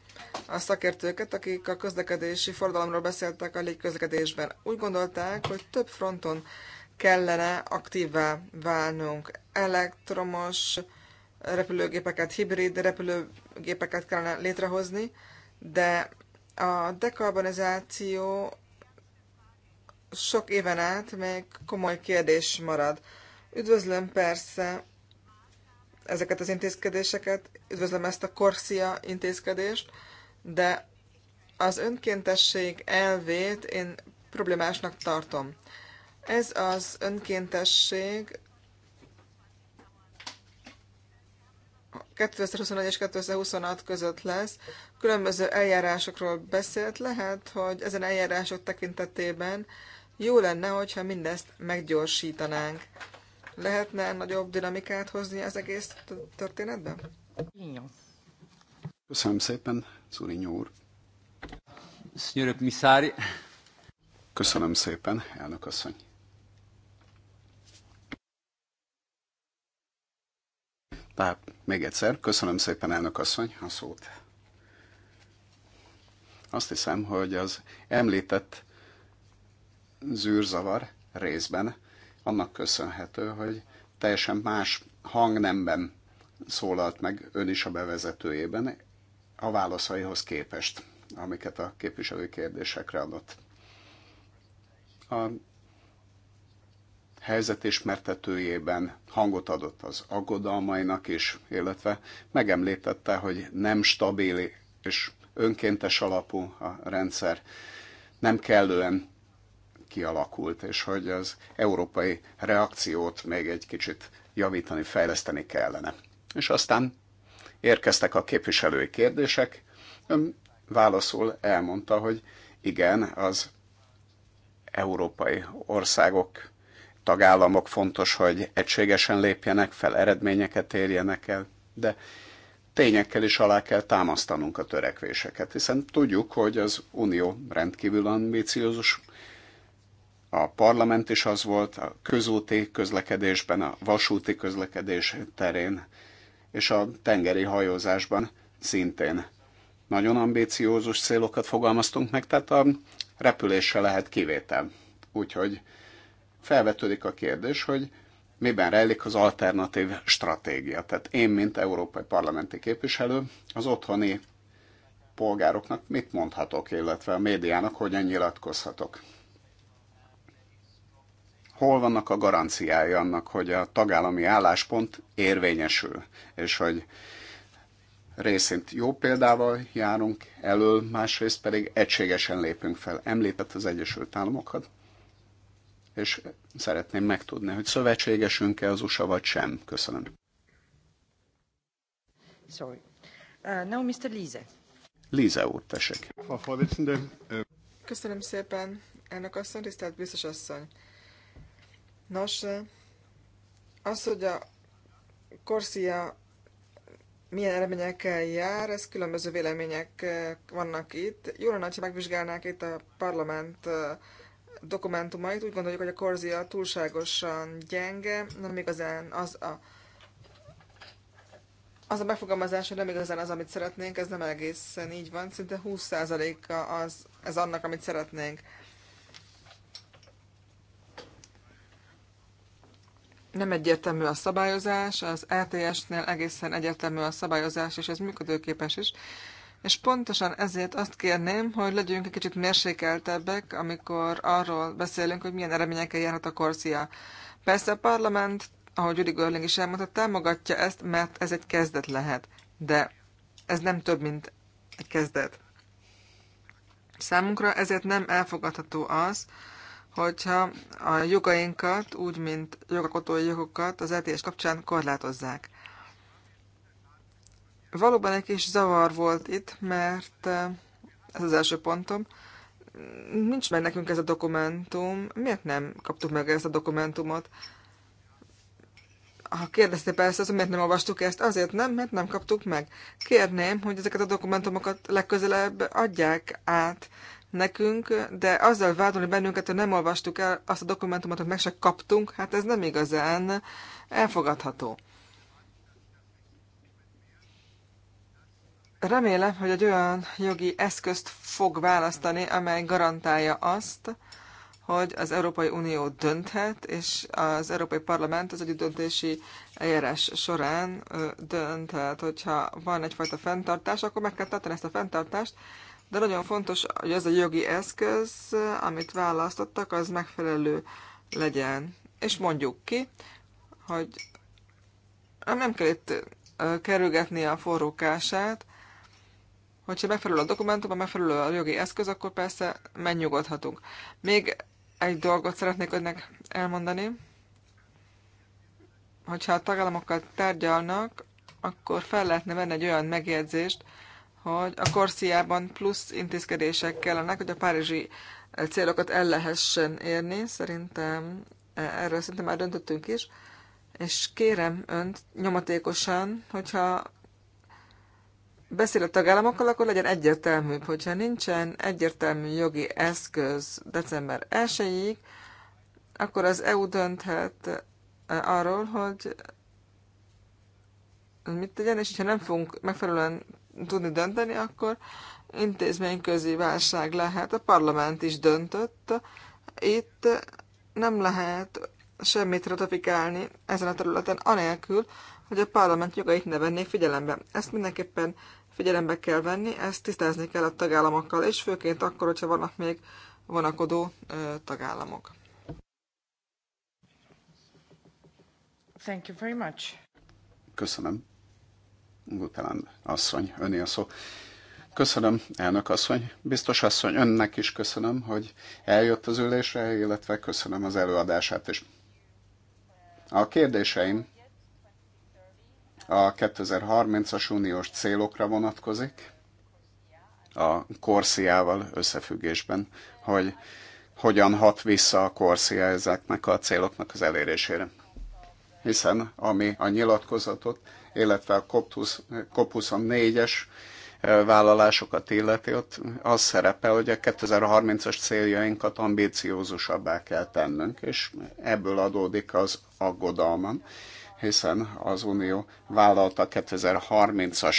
a szakértőket, akik a közlekedési forradalomról beszéltek a légközlekedésben. Úgy gondolták, hogy több fronton kellene aktívvá válnunk. Elektromos repülőgépeket, hibrid repülőgépeket kellene létrehozni, de a dekarbonizáció sok éven át még komoly kérdés marad. Üdvözlöm persze ezeket az intézkedéseket, üdvözlöm ezt a Corsia intézkedést, de az önkéntesség elvét én problémásnak tartom. Ez az önkéntesség 2021 és 2026 között lesz. Különböző eljárásokról beszélt, lehet, hogy ezen eljárások tekintetében jó lenne, hogyha mindezt meggyorsítanánk. Lehetne nagyobb dinamikát hozni az egész történetben? Köszönöm szépen, Zurinyó úr. Köszönöm szépen, elnök asszony. Tehát még egyszer, köszönöm szépen elnök asszony a szót. Azt hiszem, hogy az említett zűrzavar részben annak köszönhető, hogy teljesen más hangnemben szólalt meg ön is a bevezetőjében a válaszaihoz képest, amiket a képviselő kérdésekre adott. A helyzetismertetőjében hangot adott az aggodalmainak is, illetve megemlítette, hogy nem stabil és önkéntes alapú a rendszer, nem kellően kialakult, és hogy az európai reakciót még egy kicsit javítani, fejleszteni kellene. És aztán érkeztek a képviselői kérdések, ön válaszul elmondta, hogy igen, az európai országok tagállamok fontos, hogy egységesen lépjenek fel, eredményeket érjenek el, de tényekkel is alá kell támasztanunk a törekvéseket, hiszen tudjuk, hogy az Unió rendkívül ambíciózus, a parlament is az volt, a közúti közlekedésben, a vasúti közlekedés terén, és a tengeri hajózásban szintén nagyon ambíciózus célokat fogalmaztunk meg, tehát a repülésre lehet kivétel. Úgyhogy felvetődik a kérdés, hogy miben rejlik az alternatív stratégia. Tehát én, mint európai parlamenti képviselő, az otthoni polgároknak mit mondhatok, illetve a médiának hogyan nyilatkozhatok. Hol vannak a garanciái annak, hogy a tagállami álláspont érvényesül, és hogy részint jó példával járunk elől, másrészt pedig egységesen lépünk fel. Említett az Egyesült Államokat és szeretném megtudni, hogy szövetségesünk-e az USA vagy sem. Köszönöm. Sorry. Uh, now Mr. Lise. Lise úr, tessék. Äh, Köszönöm szépen, elnök asszony, tisztelt biztos asszony. Nos, az, hogy a Korszia milyen eredményekkel jár, ez különböző vélemények vannak itt. Jó lenne, ha megvizsgálnák itt a parlament dokumentumait. Úgy gondoljuk, hogy a Korzia túlságosan gyenge, nem igazán az a az a megfogalmazás, hogy nem igazán az, amit szeretnénk, ez nem egészen így van, szinte 20%-a az, ez annak, amit szeretnénk. Nem egyértelmű a szabályozás, az RTS-nél e egészen egyértelmű a szabályozás, és ez működőképes is, és pontosan ezért azt kérném, hogy legyünk egy kicsit mérsékeltebbek, amikor arról beszélünk, hogy milyen eredményekkel járhat a korszia. Persze a parlament, ahogy Judy Görling is elmondta, támogatja ezt, mert ez egy kezdet lehet. De ez nem több, mint egy kezdet. Számunkra ezért nem elfogadható az, hogyha a jogainkat, úgy mint jogakotói jogokat az LTS kapcsán korlátozzák. Valóban egy kis zavar volt itt, mert eh, ez az első pontom. Nincs meg nekünk ez a dokumentum. Miért nem kaptuk meg ezt a dokumentumot? ha kérdezte persze, hogy miért nem olvastuk ezt, azért nem, mert nem kaptuk meg. Kérném, hogy ezeket a dokumentumokat legközelebb adják át nekünk, de azzal vádolni bennünket, hogy nem olvastuk el azt a dokumentumot, hogy meg se kaptunk, hát ez nem igazán elfogadható. Remélem, hogy egy olyan jogi eszközt fog választani, amely garantálja azt, hogy az Európai Unió dönthet, és az Európai Parlament az együttdöntési eljárás során dönthet. Hogyha van egyfajta fenntartás, akkor meg kell tartani ezt a fenntartást, de nagyon fontos, hogy az a jogi eszköz, amit választottak, az megfelelő legyen. És mondjuk ki, hogy nem kell itt kerülgetni a forrókását, Hogyha megfelelő a dokumentum, ha megfelelő a jogi eszköz, akkor persze megnyugodhatunk. Még egy dolgot szeretnék önnek elmondani. Hogyha a tagállamokkal tárgyalnak, akkor fel lehetne venni egy olyan megjegyzést, hogy a Korsziában plusz intézkedések kellenek, hogy a párizsi célokat el lehessen érni. Szerintem e, erről szerintem már döntöttünk is. És kérem önt nyomatékosan, hogyha beszél a tagállamokkal, akkor legyen egyértelműbb. Hogyha nincsen egyértelmű jogi eszköz december 1 akkor az EU dönthet eh, arról, hogy mit tegyen, és ha nem fogunk megfelelően tudni dönteni, akkor intézményközi válság lehet. A parlament is döntött. Itt nem lehet semmit ratifikálni ezen a területen, anélkül, hogy a parlament jogait ne vennék figyelembe. Ezt mindenképpen figyelembe kell venni, ezt tisztázni kell a tagállamokkal, és főként akkor, hogyha vannak még vonakodó tagállamok. Thank you very much. Köszönöm. Gutelán asszony, öné a szó. Köszönöm, elnök asszony, biztos asszony, önnek is köszönöm, hogy eljött az ülésre, illetve köszönöm az előadását is. A kérdéseim a 2030-as uniós célokra vonatkozik, a korsziával összefüggésben, hogy hogyan hat vissza a korszia ezeknek a céloknak az elérésére. Hiszen ami a nyilatkozatot, illetve a COP24-es eh, vállalásokat illeti, ott az szerepel, hogy a 2030-as céljainkat ambíciózusabbá kell tennünk, és ebből adódik az aggodalmam, hiszen az Unió vállalta 2030-as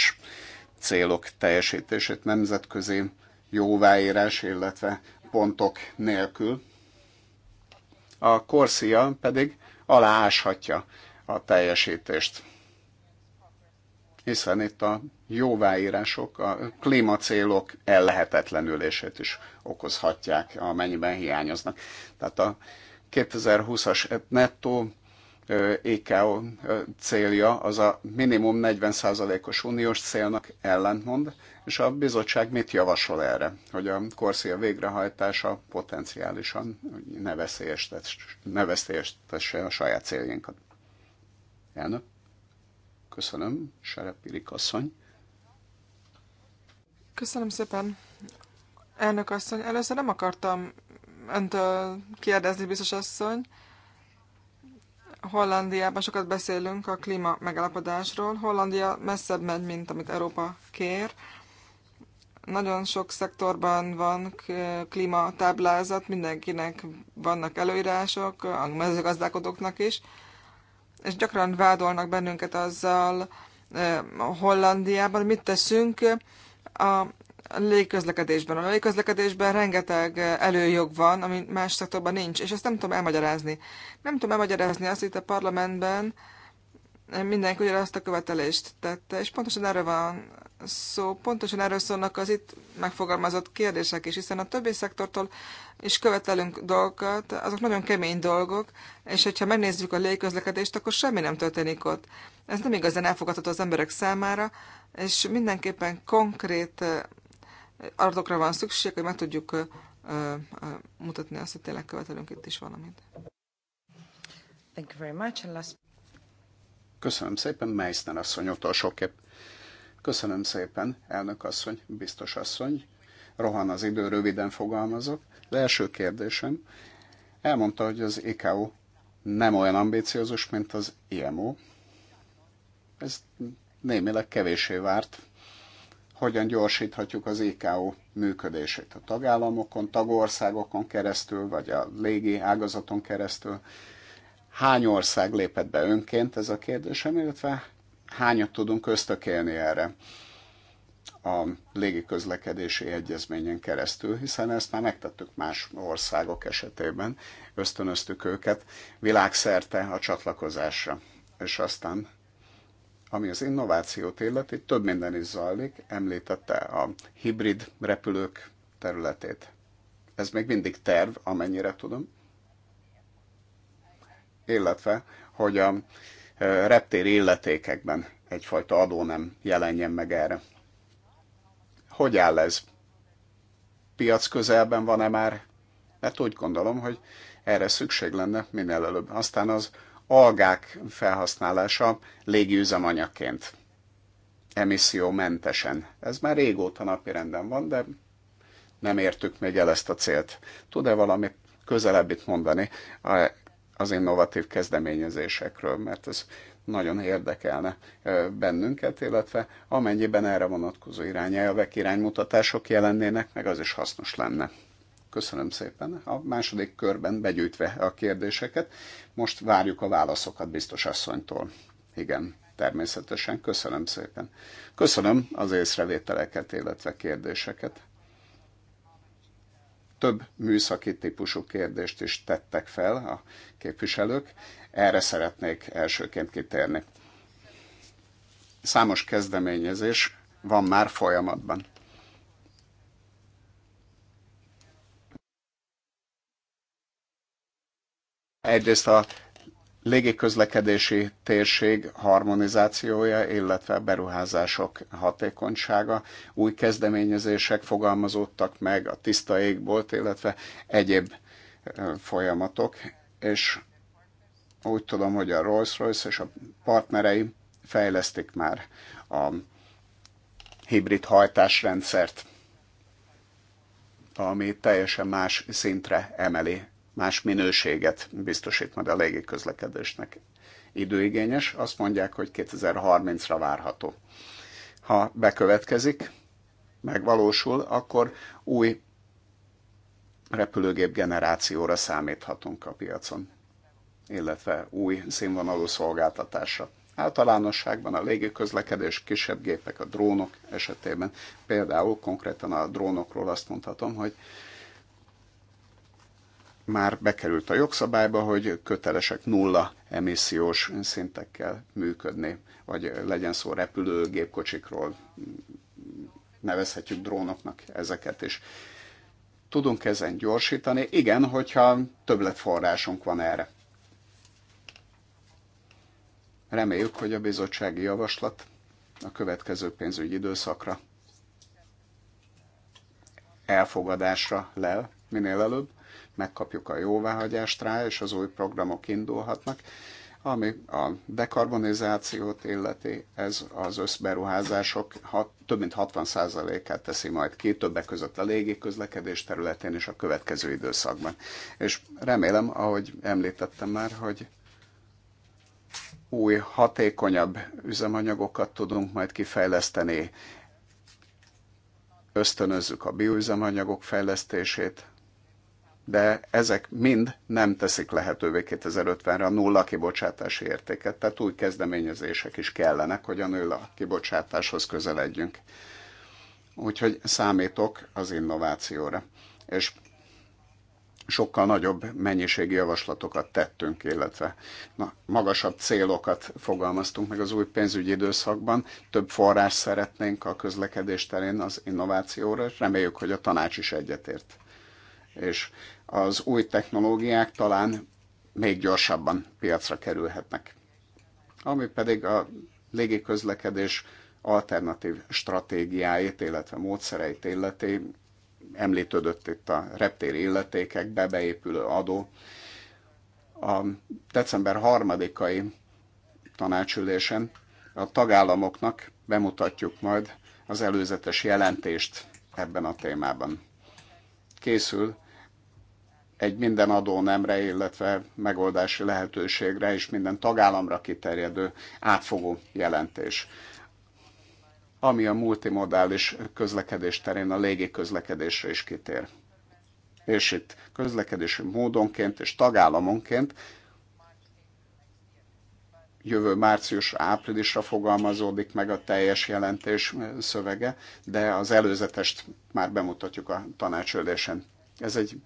célok teljesítését nemzetközi jóváírás, illetve pontok nélkül. A korszia pedig alááshatja a teljesítést. Hiszen itt a jóváírások a klímacélok ellehetetlenülését is okozhatják, amennyiben hiányoznak. Tehát a 2020-as nettó ICAO célja az a minimum 40%-os uniós célnak ellentmond, és a bizottság mit javasol erre, hogy a korszél végrehajtása potenciálisan ne veszélyeztesse a saját céljainkat. Elnök, köszönöm, Serepirik asszony. Köszönöm szépen, elnök asszony. Először nem akartam öntől kérdezni, biztos asszony, Hollandiában sokat beszélünk a klíma megállapodásról. Hollandia messzebb megy, mint amit Európa kér. Nagyon sok szektorban van klímatáblázat, mindenkinek vannak előírások, a mezőgazdálkodóknak is, és gyakran vádolnak bennünket azzal a eh, Hollandiában, mit teszünk a a légközlekedésben. A légközlekedésben rengeteg eh, előjog van, ami más szektorban nincs, és ezt nem tudom elmagyarázni. Nem tudom elmagyarázni azt, hogy itt a parlamentben eh, mindenki azt a követelést tette, és pontosan erről van szó, pontosan erről szólnak az itt megfogalmazott kérdések is, hiszen a többi szektortól is követelünk dolgokat, azok nagyon kemény dolgok, és hogyha megnézzük a légközlekedést, akkor semmi nem történik ott. Ez nem igazán elfogadható az emberek számára, és mindenképpen konkrét eh, adatokra van szükség, hogy meg tudjuk mutatni azt, hogy tényleg követelünk itt is valamit. Thank you very much. And last... Köszönöm szépen, Meissner asszony kép. Köszönöm szépen, elnök asszony, biztos asszony. Rohan az idő, röviden fogalmazok. Az első kérdésem, elmondta, hogy az IKO nem olyan ambíciózus, mint az IMO. Ez némileg kevésé várt hogyan gyorsíthatjuk az IKO működését a tagállamokon, tagországokon keresztül, vagy a légi ágazaton keresztül. Hány ország lépett be önként ez a kérdésem, illetve hányat tudunk ösztökélni erre a légiközlekedési egyezményen keresztül, hiszen ezt már megtettük más országok esetében, ösztönöztük őket világszerte a csatlakozásra, és aztán ami az innovációt illeti, több minden is zajlik, említette a hibrid repülők területét. Ez még mindig terv, amennyire tudom. Illetve, hogy a e, reptéri illetékekben egyfajta adó nem jelenjen meg erre. Hogy áll ez? Piac közelben van-e már? Mert úgy gondolom, hogy erre szükség lenne minél előbb. Aztán az algák felhasználása légiüzemanyagként, emissziómentesen. Ez már régóta napirenden van, de nem értük még el ezt a célt. Tud-e valamit közelebbit mondani az innovatív kezdeményezésekről, mert ez nagyon érdekelne bennünket, illetve amennyiben erre vonatkozó irányelvek, iránymutatások jelennének, meg az is hasznos lenne. Köszönöm szépen. A második körben begyűjtve a kérdéseket. Most várjuk a válaszokat biztos asszonytól. Igen, természetesen. Köszönöm szépen. Köszönöm az észrevételeket, illetve kérdéseket. Több műszaki típusú kérdést is tettek fel a képviselők. Erre szeretnék elsőként kitérni. Számos kezdeményezés van már folyamatban Egyrészt a légiközlekedési térség harmonizációja, illetve a beruházások hatékonysága, új kezdeményezések fogalmazódtak meg, a tiszta égbolt, illetve egyéb folyamatok, és úgy tudom, hogy a Rolls-Royce és a partnerei fejlesztik már a hibrid hajtásrendszert, ami teljesen más szintre emeli más minőséget biztosít majd a légiközlekedésnek. Időigényes, azt mondják, hogy 2030-ra várható. Ha bekövetkezik, megvalósul, akkor új repülőgép generációra számíthatunk a piacon, illetve új színvonalú szolgáltatásra. Általánosságban a légiközlekedés, kisebb gépek, a drónok esetében, például konkrétan a drónokról azt mondhatom, hogy már bekerült a jogszabályba, hogy kötelesek nulla emissziós szintekkel működni, vagy legyen szó repülőgépkocsikról, nevezhetjük drónoknak ezeket is. Tudunk ezen gyorsítani? Igen, hogyha többletforrásunk van erre. Reméljük, hogy a bizottsági javaslat a következő pénzügyi időszakra elfogadásra lel minél előbb, megkapjuk a jóváhagyást rá, és az új programok indulhatnak. Ami a dekarbonizációt illeti, ez az összberuházások hat, több mint 60%-át teszi majd ki, többek között a légi közlekedés területén és a következő időszakban. És remélem, ahogy említettem már, hogy új, hatékonyabb üzemanyagokat tudunk majd kifejleszteni, ösztönözzük a bioüzemanyagok fejlesztését, de ezek mind nem teszik lehetővé 2050-re a nulla kibocsátási értéket, tehát új kezdeményezések is kellenek, hogy a nulla kibocsátáshoz közeledjünk. Úgyhogy számítok az innovációra. És sokkal nagyobb mennyiségi javaslatokat tettünk, illetve na, magasabb célokat fogalmaztunk meg az új pénzügyi időszakban. Több forrás szeretnénk a közlekedés terén az innovációra, és reméljük, hogy a tanács is egyetért. És az új technológiák talán még gyorsabban piacra kerülhetnek. Ami pedig a légiközlekedés alternatív stratégiáit, illetve módszereit illeti, említődött itt a reptéri illetékekbe beépülő adó. A december 3-ai tanácsülésen a tagállamoknak bemutatjuk majd az előzetes jelentést ebben a témában. Készül egy minden nemre, illetve megoldási lehetőségre és minden tagállamra kiterjedő átfogó jelentés ami a multimodális közlekedés terén a légi közlekedésre is kitér. És itt közlekedési módonként és tagállamonként jövő március-áprilisra fogalmazódik meg a teljes jelentés szövege, de az előzetest már bemutatjuk a tanácsülésen. Ez egy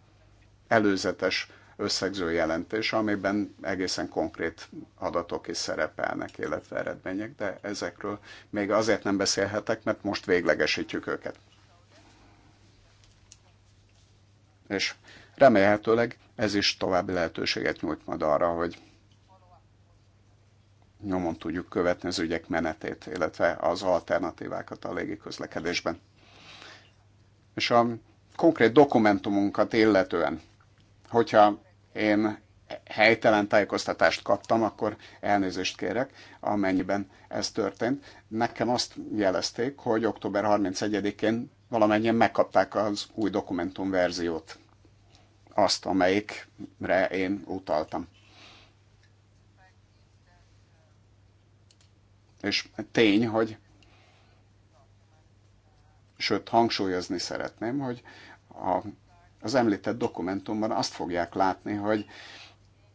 előzetes összegző jelentés, amiben egészen konkrét adatok is szerepelnek, illetve eredmények, de ezekről még azért nem beszélhetek, mert most véglegesítjük őket. És remélhetőleg ez is további lehetőséget nyújt majd arra, hogy nyomon tudjuk követni az ügyek menetét, illetve az alternatívákat a légiközlekedésben. És a konkrét dokumentumunkat illetően Hogyha én helytelen tájékoztatást kaptam, akkor elnézést kérek, amennyiben ez történt. Nekem azt jelezték, hogy október 31-én valamennyien megkapták az új dokumentumverziót, azt, amelyikre én utaltam. És tény, hogy sőt, hangsúlyozni szeretném, hogy a az említett dokumentumban azt fogják látni, hogy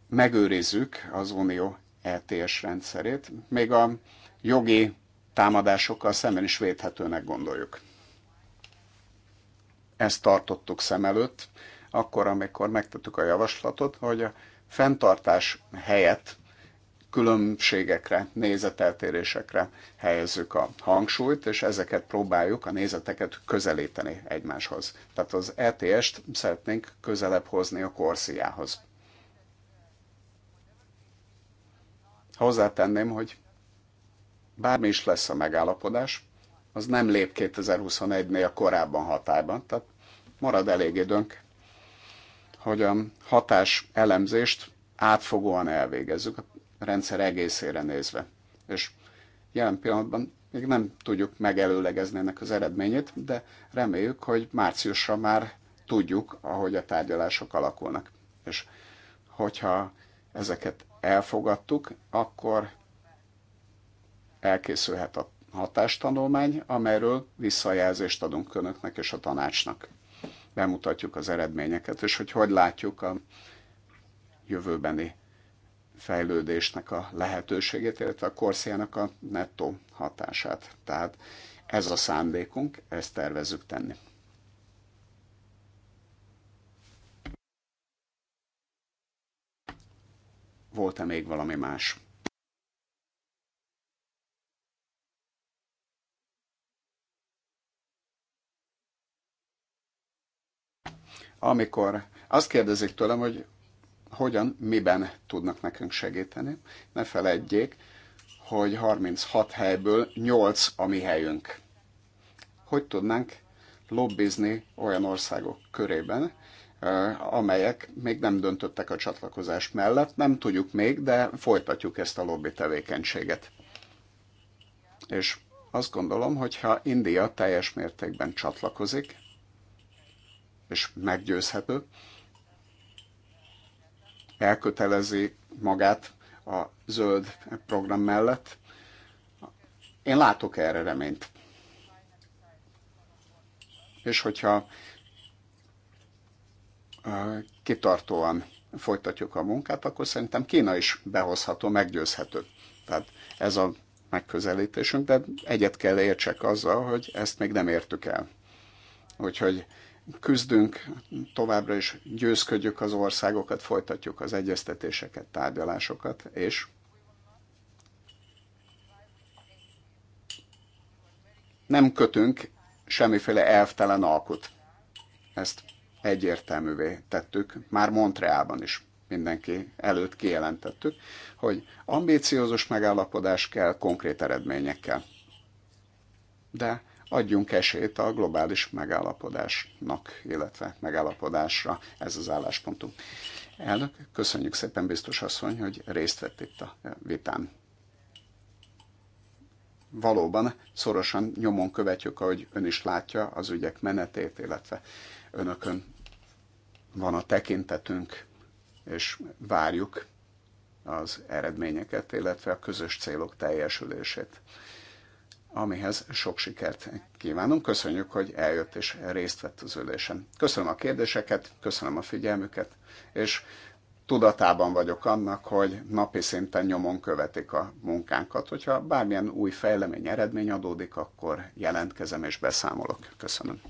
megőrizzük az Unió ETS rendszerét, még a jogi támadásokkal szemben is védhetőnek gondoljuk. Ezt tartottuk szem előtt, akkor, amikor megtettük a javaslatot, hogy a fenntartás helyett különbségekre, nézeteltérésekre helyezzük a hangsúlyt, és ezeket próbáljuk a nézeteket közelíteni egymáshoz. Tehát az ETS-t szeretnénk közelebb hozni a korsziához. Hozzátenném, hogy bármi is lesz a megállapodás, az nem lép 2021-nél korábban hatályban, tehát marad elég időnk, hogy a hatás elemzést átfogóan elvégezzük rendszer egészére nézve. És jelen pillanatban még nem tudjuk megelőlegezni ennek az eredményét, de reméljük, hogy márciusra már tudjuk, ahogy a tárgyalások alakulnak. És hogyha ezeket elfogadtuk, akkor elkészülhet a hatástanulmány, amelyről visszajelzést adunk önöknek és a tanácsnak. Bemutatjuk az eredményeket, és hogy hogy látjuk a jövőbeni fejlődésnek a lehetőségét, illetve a korszélnak a nettó hatását. Tehát ez a szándékunk, ezt tervezzük tenni. Volt-e még valami más? Amikor azt kérdezik tőlem, hogy hogyan, miben tudnak nekünk segíteni. Ne feledjék, hogy 36 helyből 8 a mi helyünk. Hogy tudnánk lobbizni olyan országok körében, amelyek még nem döntöttek a csatlakozás mellett, nem tudjuk még, de folytatjuk ezt a lobby tevékenységet. És azt gondolom, hogy ha India teljes mértékben csatlakozik, és meggyőzhető, elkötelezi magát a zöld program mellett. Én látok erre reményt. És hogyha kitartóan folytatjuk a munkát, akkor szerintem Kína is behozható, meggyőzhető. Tehát ez a megközelítésünk, de egyet kell értsek azzal, hogy ezt még nem értük el. Úgyhogy küzdünk, továbbra is győzködjük az országokat, folytatjuk az egyeztetéseket, tárgyalásokat, és nem kötünk semmiféle elvtelen alkut. Ezt egyértelművé tettük, már Montreában is mindenki előtt kijelentettük, hogy ambíciózus megállapodás kell konkrét eredményekkel. De adjunk esélyt a globális megállapodásnak, illetve megállapodásra. Ez az álláspontunk. Elnök, köszönjük szépen, biztos asszony, hogy részt vett itt a vitán. Valóban szorosan nyomon követjük, ahogy ön is látja, az ügyek menetét, illetve önökön van a tekintetünk, és várjuk az eredményeket, illetve a közös célok teljesülését amihez sok sikert kívánunk. Köszönjük, hogy eljött és részt vett az ülésen. Köszönöm a kérdéseket, köszönöm a figyelmüket, és tudatában vagyok annak, hogy napi szinten nyomon követik a munkánkat. Hogyha bármilyen új fejlemény eredmény adódik, akkor jelentkezem és beszámolok. Köszönöm.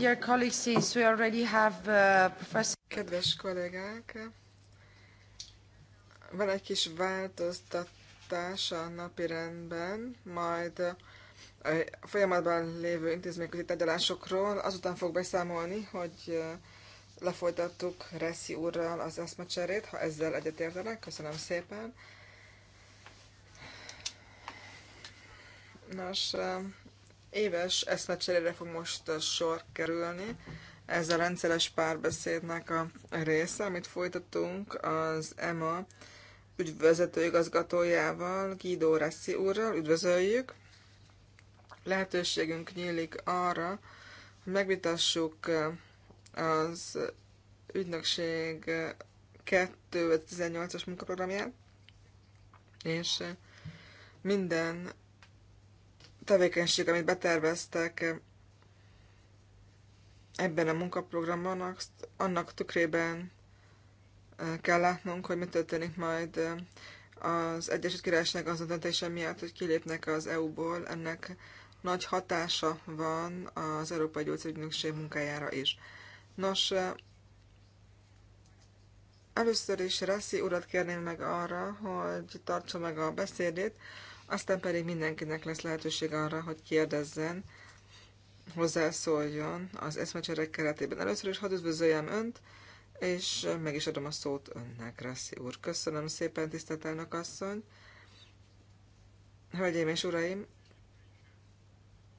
dear colleagues, since we already have uh, Professor... Kedves kollégák, van egy kis változtatás a napi rendben, majd a folyamatban lévő intézményközi tárgyalásokról azután fog beszámolni, hogy lefolytattuk Reszi úrral az eszmecserét, ha ezzel egyetértenek. Köszönöm szépen. Nos, éves eszmecserére fog most sor kerülni. Ez a rendszeres párbeszédnek a része, amit folytatunk az EMA ügyvezető igazgatójával, Guido Ressi úrral. Üdvözöljük! Lehetőségünk nyílik arra, hogy megvitassuk eh, az ügynökség 2018-as eh, munkaprogramját, és eh, minden tevékenység, amit beterveztek eh, ebben a munkaprogramban, annak tükrében eh, kell látnunk, hogy mi történik majd eh, az Egyesült Királyság az döntése miatt, hogy kilépnek az EU-ból. Ennek nagy hatása van az Európai Gyógyszerügynökség munkájára is. Nos, először is Rassi urat kérném meg arra, hogy tartsa meg a beszédét, aztán pedig mindenkinek lesz lehetőség arra, hogy kérdezzen, hozzászóljon az eszmecserek keretében. Először is hadd üdvözöljem Önt, és meg is adom a szót Önnek, Rasszi úr. Köszönöm szépen, tisztelt elnök asszony! Hölgyeim és uraim,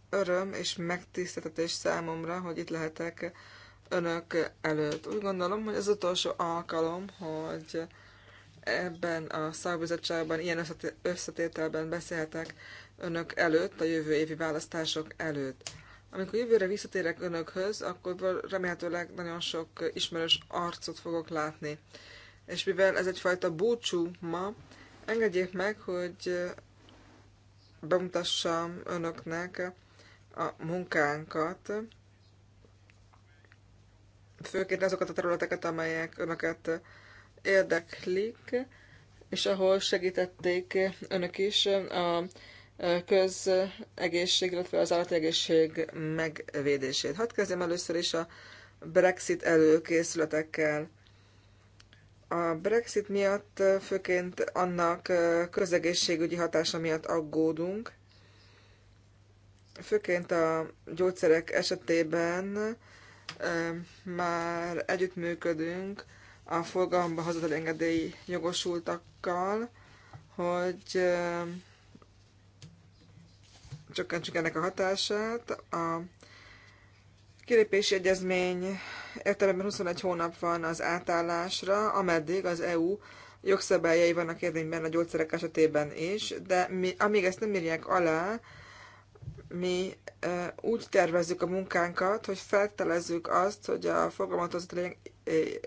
öröm és megtiszteltetés számomra, hogy itt lehetek Önök előtt. Úgy gondolom, hogy az utolsó alkalom, hogy ebben a szakbizottságban ilyen összetételben beszélhetek önök előtt, a jövő évi választások előtt. Amikor jövőre visszatérek önökhöz, akkor remélhetőleg nagyon sok ismerős arcot fogok látni. És mivel ez egyfajta búcsú ma, engedjék meg, hogy bemutassam önöknek a munkánkat, főként azokat a területeket, amelyek önöket érdeklik, és ahol segítették önök is a közegészség, illetve az egészség megvédését. Hadd kezdjem először is a Brexit előkészületekkel. A Brexit miatt főként annak közegészségügyi hatása miatt aggódunk, főként a gyógyszerek esetében már együttműködünk a forgalomba hozatal engedély jogosultakkal, hogy csökkentsük ennek a hatását. A kilépési egyezmény értelemben 21 hónap van az átállásra, ameddig az EU jogszabályai vannak érvényben a gyógyszerek esetében is, de mi, amíg ezt nem írják alá, mi e, úgy tervezzük a munkánkat, hogy feltelezzük azt, hogy a fogalmatozat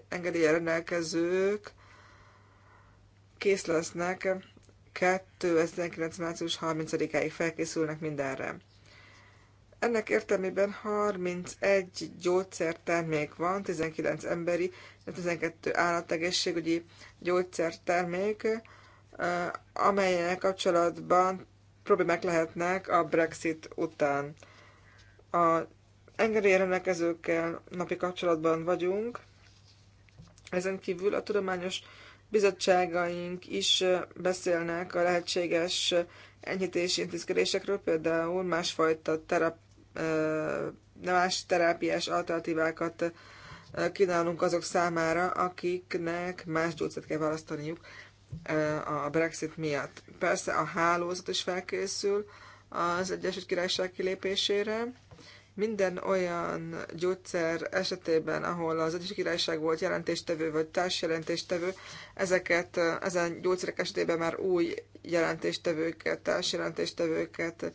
engedélye rendelkezők kész lesznek 2019. március 30-áig felkészülnek mindenre. Ennek értelmében 31 gyógyszertermék van, 19 emberi, 12 állategészségügyi gyógyszertermék, amelyek kapcsolatban problémák lehetnek a Brexit után. A engedélye rendelkezőkkel napi kapcsolatban vagyunk, ezen kívül a tudományos bizottságaink is beszélnek a lehetséges enyhítési intézkedésekről, például másfajta terap, más terápiás alternatívákat kínálunk azok számára, akiknek más gyógyszert kell választaniuk a Brexit miatt. Persze a hálózat is felkészül az Egyesült Királyság kilépésére, minden olyan gyógyszer esetében, ahol az Egyesült Királyság volt jelentéstevő vagy társjelentéstevő, ezeket, ezen gyógyszerek esetében már új jelentéstevőket, társjelentéstevőket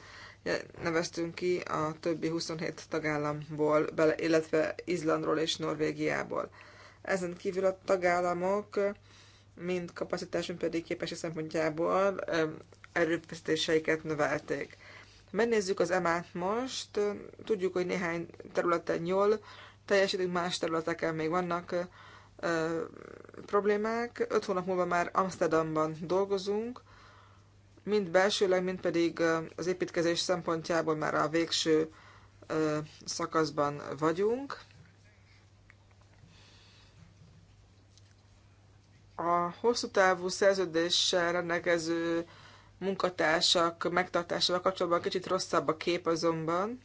neveztünk ki a többi 27 tagállamból, illetve Izlandról és Norvégiából. Ezen kívül a tagállamok mind kapacitás, mind pedig képesség szempontjából erőfeszítéseiket növelték. Megnézzük az emát most. Tudjuk, hogy néhány területen jól teljesítünk, más területeken még vannak ö, problémák. Öt hónap múlva már Amsterdamban dolgozunk, mind belsőleg, mind pedig az építkezés szempontjából már a végső ö, szakaszban vagyunk. A hosszú távú szerződéssel rendelkező munkatársak megtartásával kapcsolatban kicsit rosszabb a kép azonban.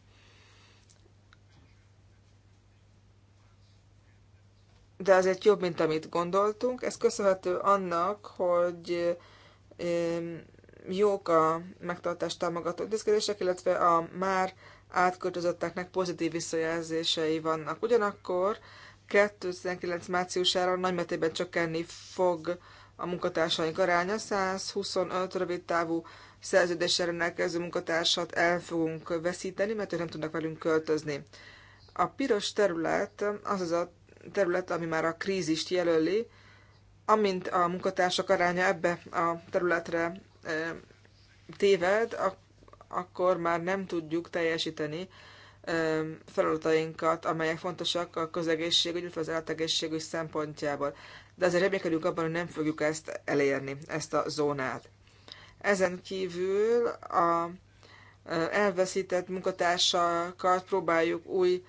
De azért jobb, mint amit gondoltunk. Ez köszönhető annak, hogy jók a megtartást támogató intézkedések, illetve a már átköltözötteknek pozitív visszajelzései vannak. Ugyanakkor 2019 márciusára nagymetében csökkenni fog a munkatársaink aránya. 125 rövid távú szerződéssel rendelkező munkatársat el fogunk veszíteni, mert ők nem tudnak velünk költözni. A piros terület az az a terület, ami már a krízist jelöli, amint a munkatársak aránya ebbe a területre e, téved, akkor már nem tudjuk teljesíteni e, feladatainkat, amelyek fontosak a közegészség, illetve az eltegészség szempontjából de azért reménykedünk abban, hogy nem fogjuk ezt elérni, ezt a zónát. Ezen kívül a elveszített munkatársakat próbáljuk új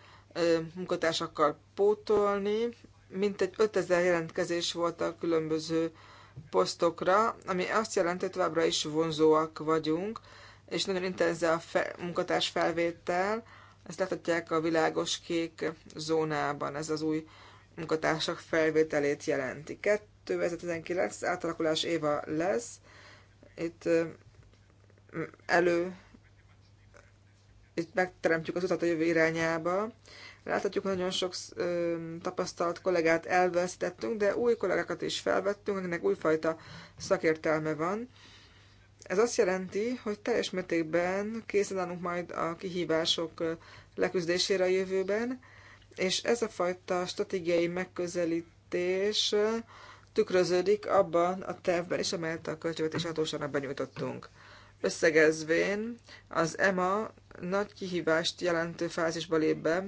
munkatársakkal pótolni. Mintegy 5000 jelentkezés volt a különböző posztokra, ami azt jelenti, hogy továbbra is vonzóak vagyunk, és nagyon intenzív a fe- munkatárs felvétel, ezt láthatják a világos kék zónában, ez az új munkatársak felvételét jelenti. 2019 átalakulás éva lesz. Itt elő, itt megteremtjük az utat a jövő irányába. Láthatjuk, hogy nagyon sok tapasztalt kollégát elvesztettünk, de új kollégákat is felvettünk, akinek újfajta szakértelme van. Ez azt jelenti, hogy teljes mértékben készen állunk majd a kihívások leküzdésére a jövőben, és ez a fajta stratégiai megközelítés tükröződik abban a tervben is, amelyet a költségvetés hatóságnak benyújtottunk. Összegezvén az EMA nagy kihívást jelentő fázisba lép be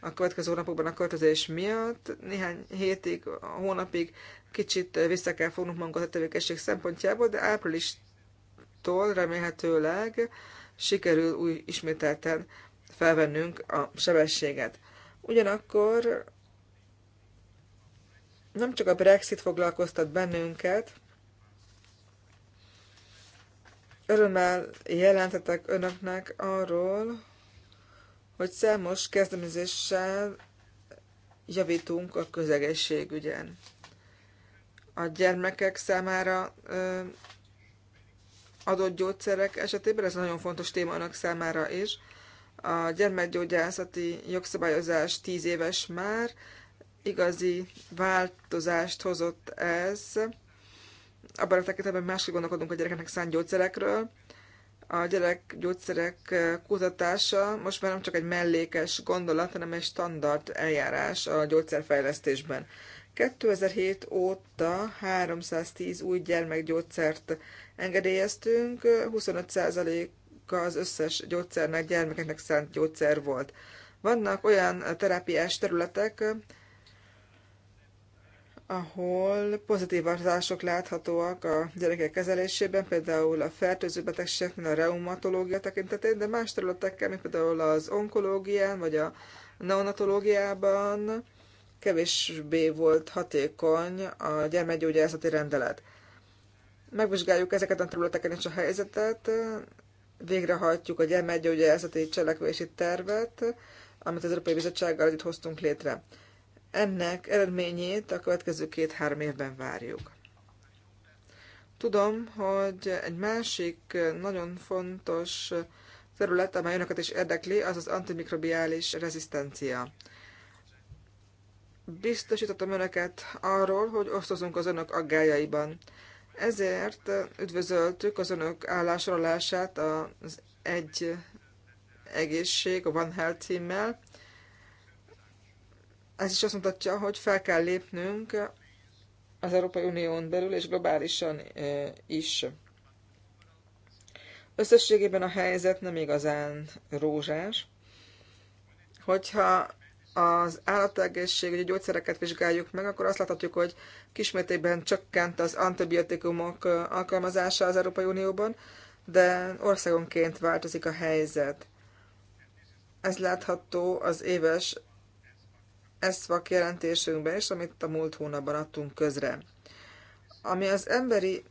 a következő hónapokban a költözés miatt. Néhány hétig, hónapig kicsit vissza kell fognunk magunkat a tevékenység szempontjából, de áprilistól remélhetőleg sikerül új ismételten felvennünk a sebességet. Ugyanakkor nem csak a Brexit foglalkoztat bennünket, örömmel jelentetek önöknek arról, hogy számos kezdeményezéssel javítunk a közegészségügyen. A gyermekek számára adott gyógyszerek esetében ez nagyon fontos téma annak számára is. A gyermekgyógyászati jogszabályozás tíz éves már, igazi változást hozott ez, abban a tekintetben másik gondolkodunk a gyerekeknek szánt gyógyszerekről. A gyerekgyógyszerek kutatása most már nem csak egy mellékes gondolat, hanem egy standard eljárás a gyógyszerfejlesztésben. 2007 óta 310 új gyermekgyógyszert engedélyeztünk, 25% az összes gyógyszernek, gyermekeknek szánt gyógyszer volt. Vannak olyan terápiás területek, ahol pozitív változások láthatóak a gyerekek kezelésében, például a fertőző betegségeknél a reumatológia tekintetén, de más területekkel, mint például az onkológián vagy a neonatológiában kevésbé volt hatékony a gyermekgyógyászati rendelet. Megvizsgáljuk ezeket a területeken is a helyzetet, végrehajtjuk a gyermekgyógyászati cselekvési tervet, amit az Európai Bizottsággal együtt hoztunk létre. Ennek eredményét a következő két-három évben várjuk. Tudom, hogy egy másik nagyon fontos terület, amely önöket is érdekli, az az antimikrobiális rezisztencia. Biztosítottam önöket arról, hogy osztozunk az önök aggájaiban. Ezért üdvözöltük az önök állásolását az egy egészség, a One Health címmel. Ez is azt mutatja, hogy fel kell lépnünk az Európai Unión belül és globálisan is. Összességében a helyzet nem igazán rózsás. Hogyha az állategészségügyi gyógyszereket vizsgáljuk meg, akkor azt láthatjuk, hogy kismértékben csökkent az antibiotikumok alkalmazása az Európai Unióban, de országonként változik a helyzet. Ez látható az éves ESZVAK jelentésünkben is, amit a múlt hónapban adtunk közre. Ami az emberi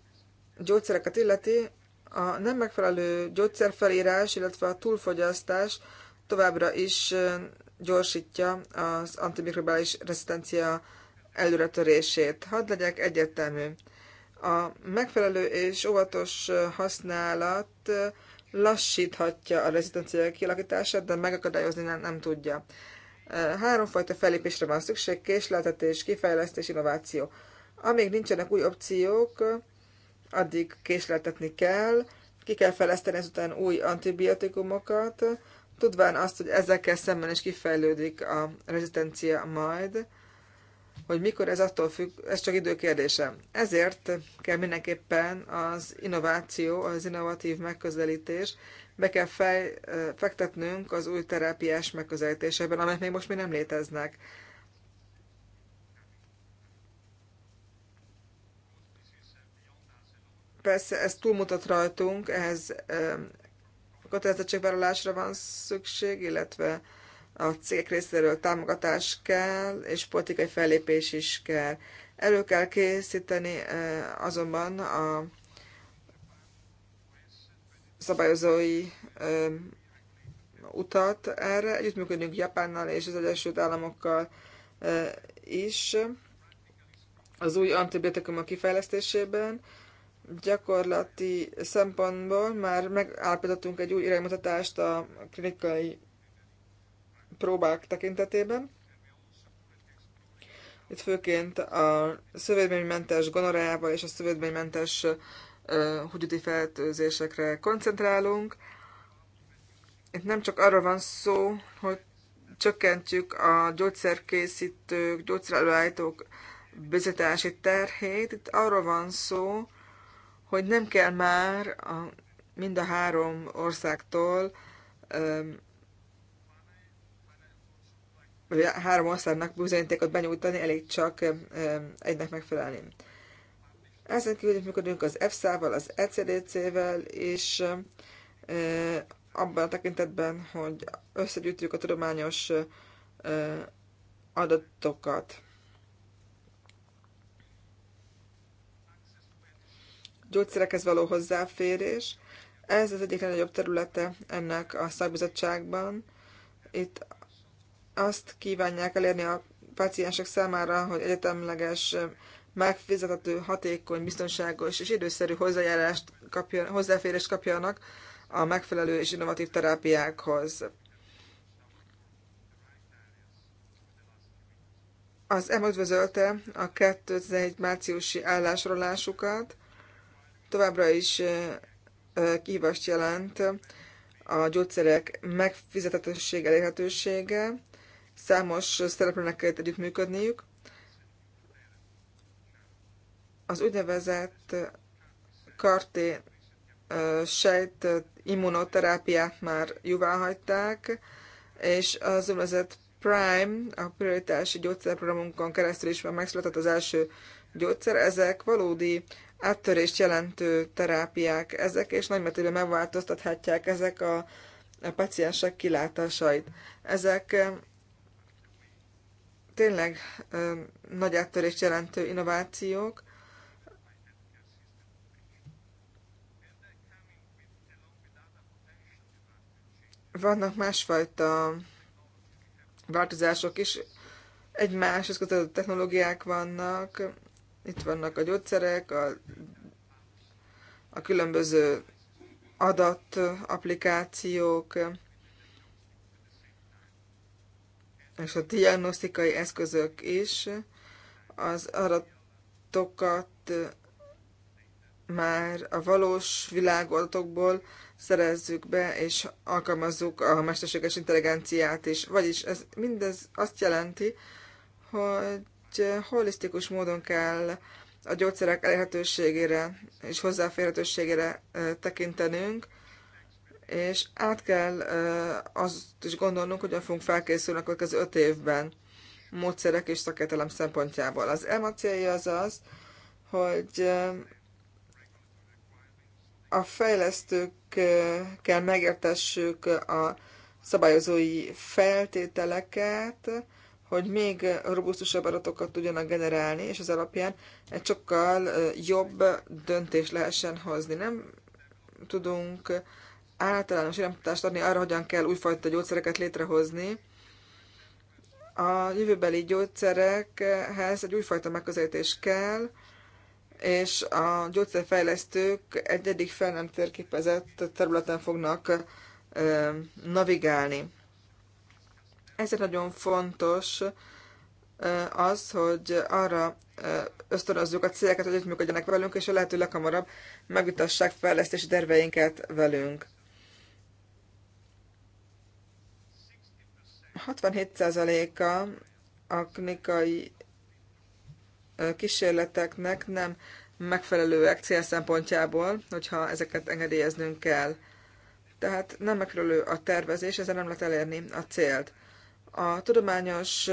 gyógyszereket illeti, a nem megfelelő gyógyszerfelírás, illetve a túlfogyasztás továbbra is gyorsítja az antimikrobális rezisztencia előretörését. Hadd legyek egyértelmű. A megfelelő és óvatos használat lassíthatja a rezisztencia kialakítását, de megakadályozni nem, nem tudja. Háromfajta fellépésre van szükség, késleltetés, kifejlesztés, innováció. Amíg nincsenek új opciók, addig késleltetni kell, ki kell fejleszteni ezután új antibiotikumokat, tudván azt, hogy ezekkel szemben is kifejlődik a rezisztencia majd, hogy mikor ez attól függ, ez csak idő kérdése. Ezért kell mindenképpen az innováció, az innovatív megközelítés, be kell fej, fektetnünk az új terápiás megközelítésekben, amelyek még most még nem léteznek. Persze ez túlmutat rajtunk, ehhez a kötelezettségvállalásra van szükség, illetve a cégek részéről támogatás kell, és politikai fellépés is kell. Elő kell készíteni azonban a szabályozói utat erre. Együttműködünk Japánnal és az Egyesült Államokkal is az új antibiotikumok kifejlesztésében gyakorlati szempontból már megállapítottunk egy új iránymutatást a klinikai próbák tekintetében. Itt főként a szövődménymentes gonorájával és a szövődménymentes húgyuti fertőzésekre koncentrálunk. Itt nem csak arról van szó, hogy csökkentjük a gyógyszerkészítők, gyógyszerelőállítók bizetási terhét, itt arról van szó, hogy nem kell már a, mind a három országtól, vagy három országnak bizonyítékot benyújtani, elég csak egynek megfelelni. Ezen kívül működünk az EFSA-val, az ECDC-vel, és abban a tekintetben, hogy összegyűjtjük a tudományos adatokat. gyógyszerekhez való hozzáférés. Ez az egyik legnagyobb területe ennek a szakbizottságban. Itt azt kívánják elérni a paciensek számára, hogy egyetemleges, megfizetető, hatékony, biztonságos és időszerű hozzájárást kapjon, hozzáférést kapjanak a megfelelő és innovatív terápiákhoz. Az EM üdvözölte a 2001 márciusi állásrólásukat, továbbra is kihívást jelent a gyógyszerek megfizetetőség elérhetősége, számos szereplőnek kellett együttműködniük. Az úgynevezett karté sejt immunoterápiát már hagyták, és az úgynevezett Prime, a prioritási gyógyszerprogramunkon keresztül is már megszületett az első gyógyszer. Ezek valódi áttörést jelentő terápiák ezek, és nagymértékben megváltoztathatják ezek a, a paciensek kilátásait. Ezek tényleg nagy áttörést jelentő innovációk, vannak másfajta változások is, egymáshoz kötődő technológiák vannak, itt vannak a gyógyszerek, a, a különböző adat applikációk, és a diagnosztikai eszközök is az adatokat már a valós világadatokból szerezzük be, és alkalmazzuk a mesterséges intelligenciát is. Vagyis ez mindez azt jelenti, hogy holisztikus módon kell a gyógyszerek elérhetőségére és hozzáférhetőségére tekintenünk, és át kell azt is gondolnunk, hogyan fogunk felkészülni a következő öt évben módszerek és szakértelem szempontjából. Az EMA célja az az, hogy a fejlesztőkkel megértessük a szabályozói feltételeket, hogy még robusztusabb adatokat tudjanak generálni, és az alapján egy sokkal jobb döntést lehessen hozni. Nem tudunk általános iránytást adni arra, hogyan kell újfajta gyógyszereket létrehozni. A jövőbeli gyógyszerekhez egy újfajta megközelítés kell, és a gyógyszerfejlesztők egy eddig fel nem térképezett területen fognak navigálni. Ezért nagyon fontos az, hogy arra ösztönözzük a célokat, hogy működjenek velünk, és a lehető leghamarabb megvitassák fejlesztési terveinket velünk. 67%-a a klinikai kísérleteknek nem megfelelőek cél szempontjából, hogyha ezeket engedélyeznünk kell. Tehát nem megfelelő a tervezés, ezzel nem lehet elérni a célt. A tudományos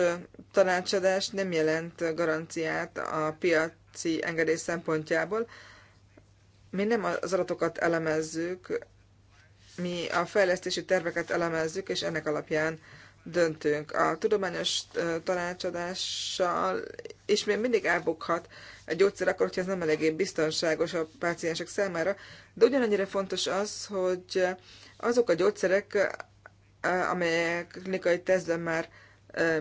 tanácsadás nem jelent garanciát a piaci engedély szempontjából. Mi nem az adatokat elemezzük, mi a fejlesztési terveket elemezzük, és ennek alapján döntünk. A tudományos tanácsadással és még mindig elbukhat egy gyógyszer, akkor, hogyha ez nem eléggé biztonságos a páciensek számára, de ugyanannyira fontos az, hogy azok a gyógyszerek, amelyek klinikai tesztben már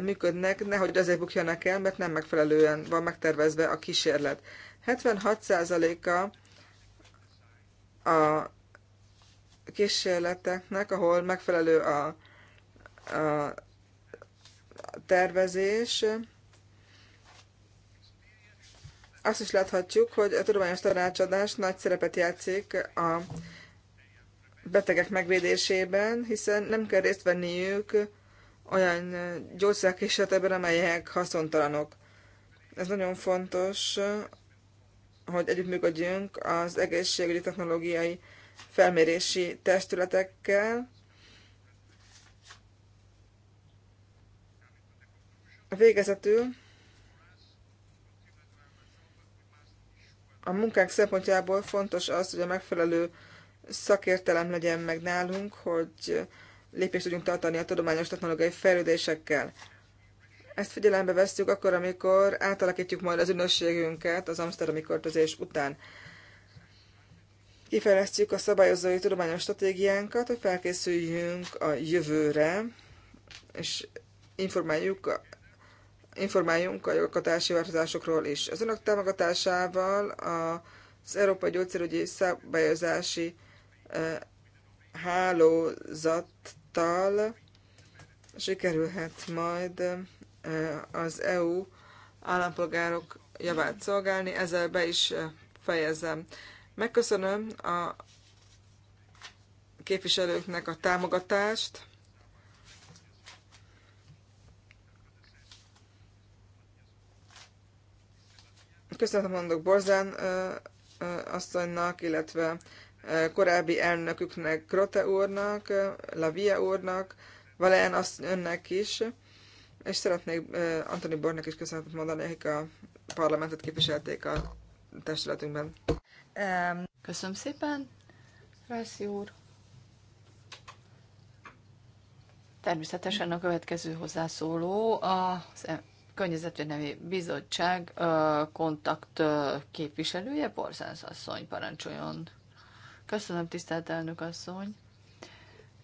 működnek, nehogy azért bukjanak el, mert nem megfelelően van megtervezve a kísérlet. 76%-a a kísérleteknek, ahol megfelelő a, a tervezés, azt is láthatjuk, hogy a tudományos tanácsadás nagy szerepet játszik a betegek megvédésében, hiszen nem kell részt venniük olyan gyógyszerek kísérletében, amelyek haszontalanok. Ez nagyon fontos, hogy együttműködjünk az egészségügyi technológiai felmérési testületekkel. Végezetül a munkánk szempontjából fontos az, hogy a megfelelő szakértelem legyen meg nálunk, hogy lépést tudjunk tartani a tudományos technológiai fejlődésekkel. Ezt figyelembe veszük akkor, amikor átalakítjuk majd az ünösségünket az Amsterdami költözés után. Kifejlesztjük a szabályozói tudományos stratégiánkat, hogy felkészüljünk a jövőre, és informáljuk informáljunk a jogalkotási változásokról is. Az önök támogatásával az Európai Gyógyszerügyi Szabályozási hálózattal sikerülhet majd az EU állampolgárok javát szolgálni. Ezzel be is fejezem. Megköszönöm a képviselőknek a támogatást. Köszönöm, mondok Borzán asszonynak, illetve korábbi elnöküknek, Krote úrnak, Lavia úrnak, Valen azt önnek is, és szeretnék Antoni Bornak is köszönetet mondani, akik a parlamentet képviselték a testületünkben. Köszönöm szépen, Rászi úr. Természetesen a következő hozzászóló az e- Környezetvédelmi Bizottság kontakt képviselője, Borzánsz asszony, parancsoljon. Köszönöm, tisztelt elnök asszony.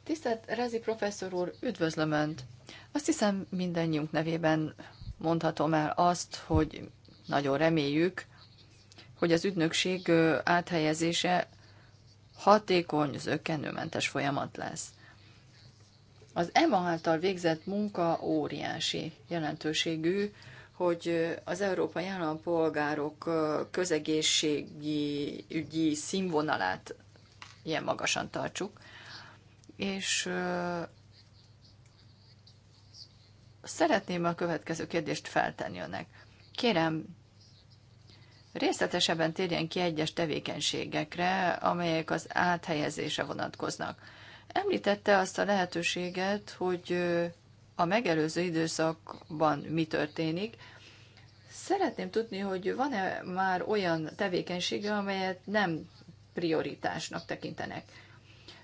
Tisztelt Rezi professzor úr, üdvözlöm Önt. Azt hiszem, mindannyiunk nevében mondhatom el azt, hogy nagyon reméljük, hogy az ügynökség áthelyezése hatékony, zöggenőmentes folyamat lesz. Az EMA által végzett munka óriási jelentőségű, hogy az európai állampolgárok közegészségügyi színvonalát ilyen magasan tartsuk. És szeretném a következő kérdést feltenni önnek. Kérem, részletesebben térjen ki egyes tevékenységekre, amelyek az áthelyezése vonatkoznak. Említette azt a lehetőséget, hogy a megelőző időszakban mi történik. Szeretném tudni, hogy van-e már olyan tevékenysége, amelyet nem prioritásnak tekintenek.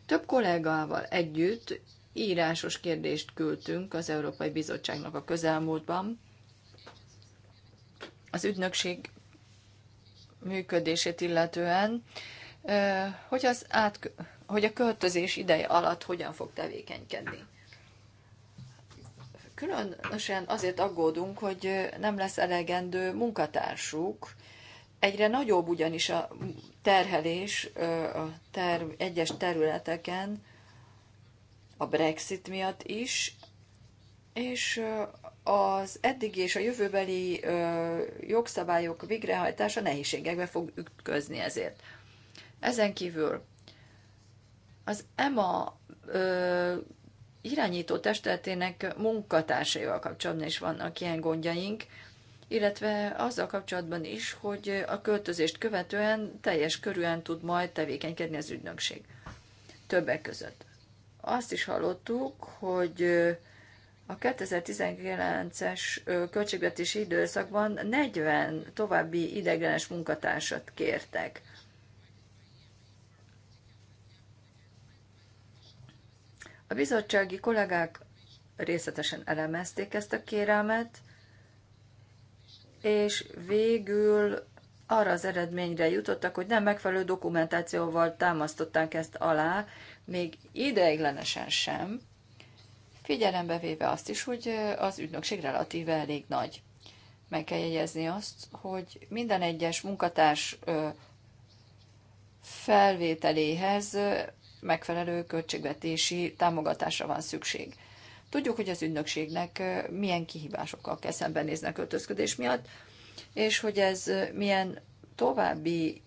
Több kollégával együtt írásos kérdést küldtünk az Európai Bizottságnak a közelmúltban. Az ügynökség működését illetően, hogy, az át, hogy a költözés ideje alatt hogyan fog tevékenykedni. Különösen azért aggódunk, hogy nem lesz elegendő munkatársuk, Egyre nagyobb ugyanis a terhelés a ter, egyes területeken, a Brexit miatt is, és az eddig és a jövőbeli jogszabályok végrehajtása nehézségekbe fog ütközni ezért. Ezen kívül az EMA ö, irányító testületének munkatársaival kapcsolatban is vannak ilyen gondjaink, illetve azzal kapcsolatban is, hogy a költözést követően teljes körűen tud majd tevékenykedni az ügynökség. Többek között. Azt is hallottuk, hogy a 2019-es költségvetési időszakban 40 további ideglenes munkatársat kértek. A bizottsági kollégák részletesen elemezték ezt a kérelmet, és végül arra az eredményre jutottak, hogy nem megfelelő dokumentációval támasztották ezt alá, még ideiglenesen sem, figyelembe véve azt is, hogy az ügynökség relatíve elég nagy. Meg kell jegyezni azt, hogy minden egyes munkatárs felvételéhez megfelelő költségvetési támogatásra van szükség. Tudjuk, hogy az ügynökségnek milyen kihívásokkal kell szembenézni a költözködés miatt, és hogy ez milyen további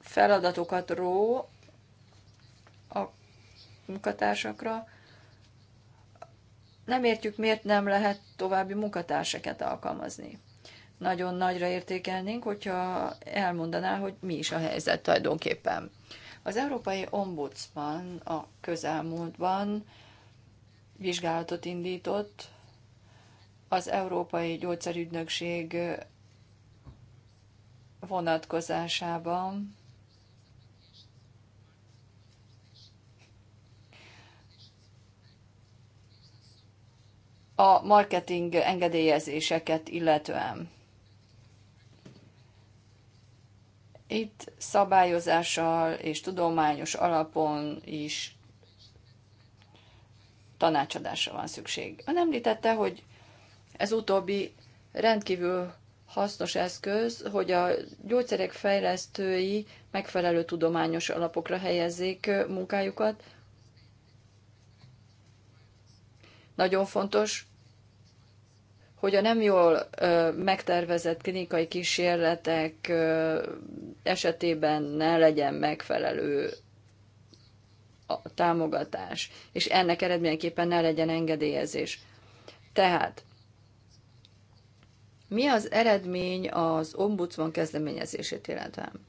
feladatokat ró a munkatársakra. Nem értjük, miért nem lehet további munkatársakat alkalmazni. Nagyon nagyra értékelnénk, hogyha elmondaná, hogy mi is a helyzet tulajdonképpen. Az Európai Ombudsman a közelmúltban vizsgálatot indított az Európai Gyógyszerügynökség vonatkozásában. a marketing engedélyezéseket illetően. Itt szabályozással és tudományos alapon is tanácsadásra van szükség. Ön említette, hogy ez utóbbi rendkívül hasznos eszköz, hogy a gyógyszerek fejlesztői megfelelő tudományos alapokra helyezzék munkájukat. Nagyon fontos, hogy a nem jól megtervezett klinikai kísérletek esetében ne legyen megfelelő a támogatás, és ennek eredményeképpen ne legyen engedélyezés. Tehát, mi az eredmény az ombudsman kezdeményezését illetően?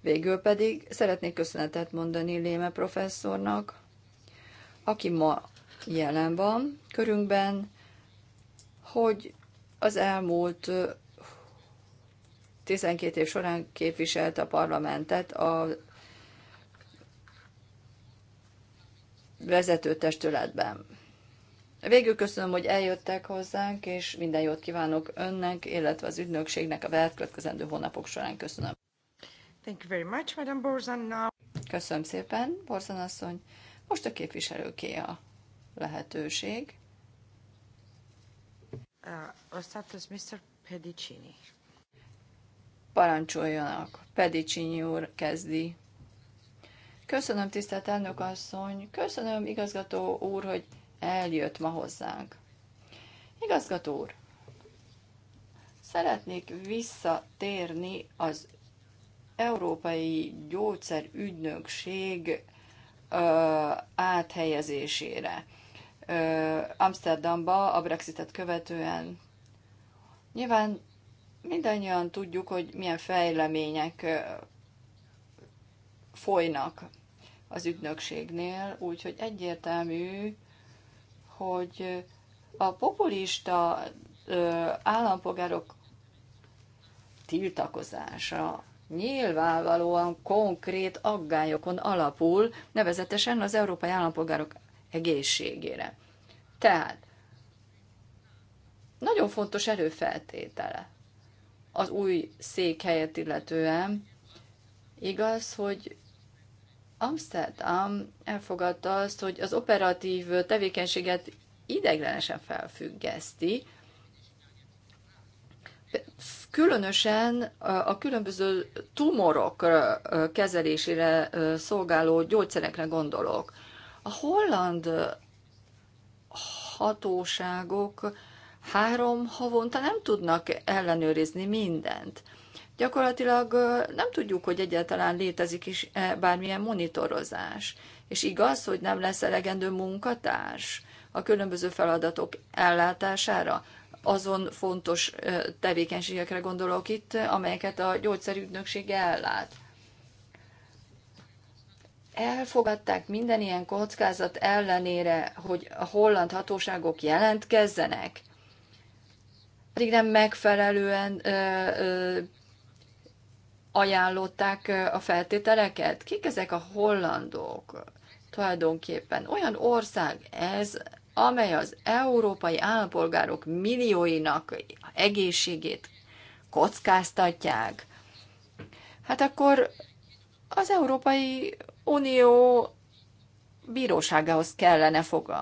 Végül pedig szeretnék köszönetet mondani Léme professzornak, aki ma jelen van körünkben, hogy az elmúlt 12 év során képviselte a parlamentet a vezető testületben. Végül köszönöm, hogy eljöttek hozzánk, és minden jót kívánok önnek, illetve az ügynökségnek a következendő hónapok során. Köszönöm. Thank you very much, Madam Borzana. Köszönöm szépen, Borzan asszony. Most a képviselőké a lehetőség. Ostatus uh, Mr. Pedicini. Parancsoljanak. Pedicini úr kezdi. Köszönöm, tisztelt elnök asszony, köszönöm, igazgató úr, hogy eljött ma hozzánk. Igazgató úr, szeretnék visszatérni az Európai Gyógyszerügynökség ö, áthelyezésére. Amsterdamba a Brexitet követően. Nyilván mindannyian tudjuk, hogy milyen fejlemények folynak az ügynökségnél, úgyhogy egyértelmű, hogy a populista állampolgárok tiltakozása nyilvánvalóan konkrét aggályokon alapul, nevezetesen az európai állampolgárok egészségére. Tehát nagyon fontos erőfeltétele az új székhelyet illetően. Igaz, hogy Amsterdam elfogadta azt, hogy az operatív tevékenységet ideiglenesen felfüggeszti, különösen a különböző tumorok kezelésére szolgáló gyógyszerekre gondolok. A holland hatóságok három havonta nem tudnak ellenőrizni mindent. Gyakorlatilag nem tudjuk, hogy egyáltalán létezik is e, bármilyen monitorozás. És igaz, hogy nem lesz elegendő munkatárs a különböző feladatok ellátására. Azon fontos tevékenységekre gondolok itt, amelyeket a gyógyszerügynökség ellát elfogadták minden ilyen kockázat ellenére, hogy a holland hatóságok jelentkezzenek, pedig nem megfelelően ö, ö, ajánlották a feltételeket. Kik ezek a hollandok? Tulajdonképpen olyan ország ez, amely az európai állampolgárok millióinak egészségét kockáztatják. Hát akkor az európai Unió bíróságához kellene fog,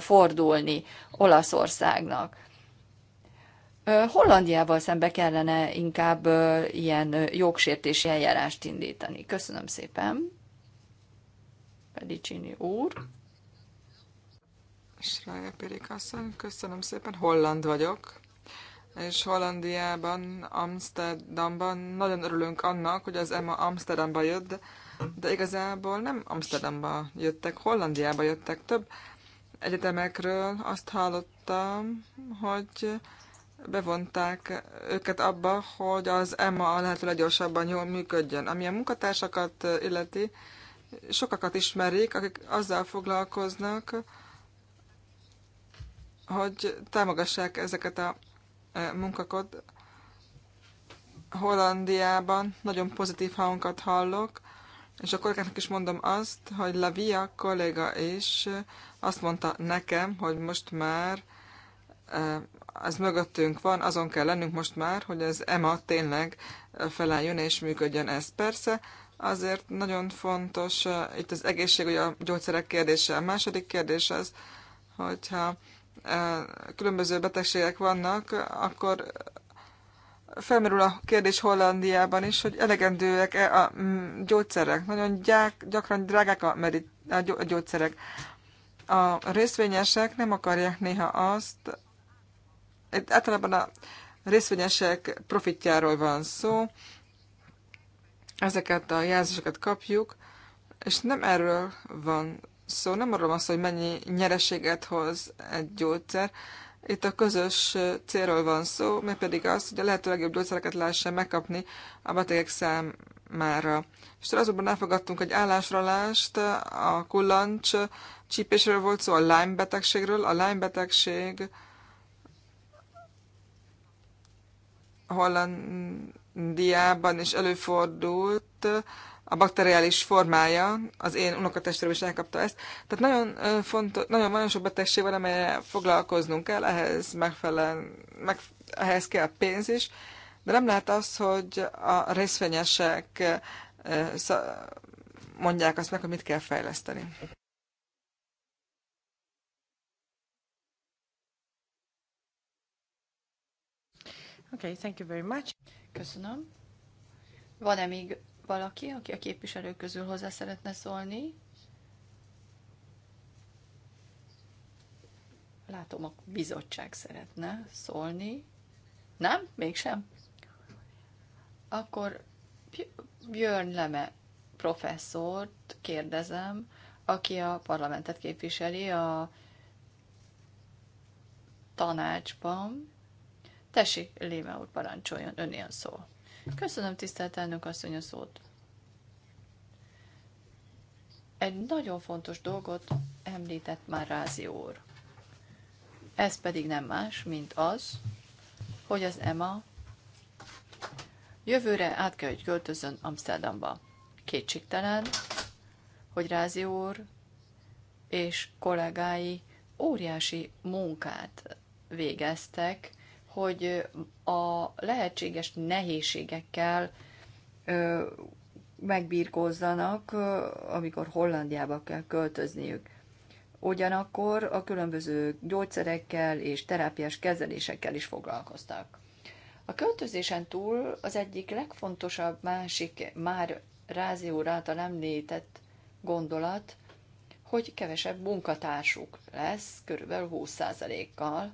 fordulni Olaszországnak. Hollandiával szembe kellene inkább ilyen jogsértési eljárást indítani. Köszönöm szépen. Pedicini úr. Schreier Pirik köszönöm szépen, holland vagyok. És Hollandiában, Amsterdamban nagyon örülünk annak, hogy az EMA Amsterdamba jött, de de igazából nem Amsterdamba jöttek, Hollandiába jöttek több egyetemekről. Azt hallottam, hogy bevonták őket abba, hogy az EMA a lehető leggyorsabban jól működjön. Ami a munkatársakat illeti, sokakat ismerik, akik azzal foglalkoznak, hogy támogassák ezeket a e, munkakat. Hollandiában nagyon pozitív hangokat hallok, és a kollégának is mondom azt, hogy Lavia kolléga is azt mondta nekem, hogy most már e, ez mögöttünk van, azon kell lennünk most már, hogy az EMA tényleg felálljon és működjön ez. Persze azért nagyon fontos e, itt az egészségügy, a gyógyszerek kérdése. A második kérdés az, hogyha e, különböző betegségek vannak, akkor felmerül a kérdés Hollandiában is, hogy elegendőek-e a mm, gyógyszerek. Nagyon gyák, gyakran drágák a, medit, a gyógyszerek. A részvényesek nem akarják néha azt, általában a részvényesek profitjáról van szó, ezeket a jelzéseket kapjuk, és nem erről van szó, nem arról van szó, hogy mennyi nyereséget hoz egy gyógyszer, itt a közös célról van szó, pedig az, hogy a lehető legjobb gyógyszereket lehessen megkapni a betegek számára. Strasbourgban elfogadtunk egy állásralást, a kullancs csípésről volt szó, a Lyme betegségről. A Lyme betegség Hollandiában is előfordult, a bakteriális formája, az én unokatestvérem is elkapta ezt. Tehát nagyon fontos, nagyon, nagyon sok betegség van, amelyre foglalkoznunk kell, ehhez megfelelően, meg, ehhez kell pénz is, de nem lehet az, hogy a részvényesek mondják azt meg, hogy mit kell fejleszteni. Okay, thank you very much. Köszönöm. Van-e még valaki, aki a képviselők közül hozzá szeretne szólni? Látom, a bizottság szeretne szólni. Nem? Mégsem? Akkor Björn Leme professzort kérdezem, aki a parlamentet képviseli a tanácsban, Tessék, Léme úr, parancsoljon, ön ilyen szó. Köszönöm, tisztelt elnök asszony, a szót. Egy nagyon fontos dolgot említett már Rázi úr. Ez pedig nem más, mint az, hogy az EMA jövőre át kell, hogy költözön Amsterdamba. Kétségtelen, hogy Rázi úr és kollégái óriási munkát végeztek hogy a lehetséges nehézségekkel megbírkozzanak, amikor Hollandiába kell költözniük. Ugyanakkor a különböző gyógyszerekkel és terápiás kezelésekkel is foglalkoztak. A költözésen túl az egyik legfontosabb másik, már Rázió által említett gondolat, hogy kevesebb munkatársuk lesz, körülbelül 20%-kal,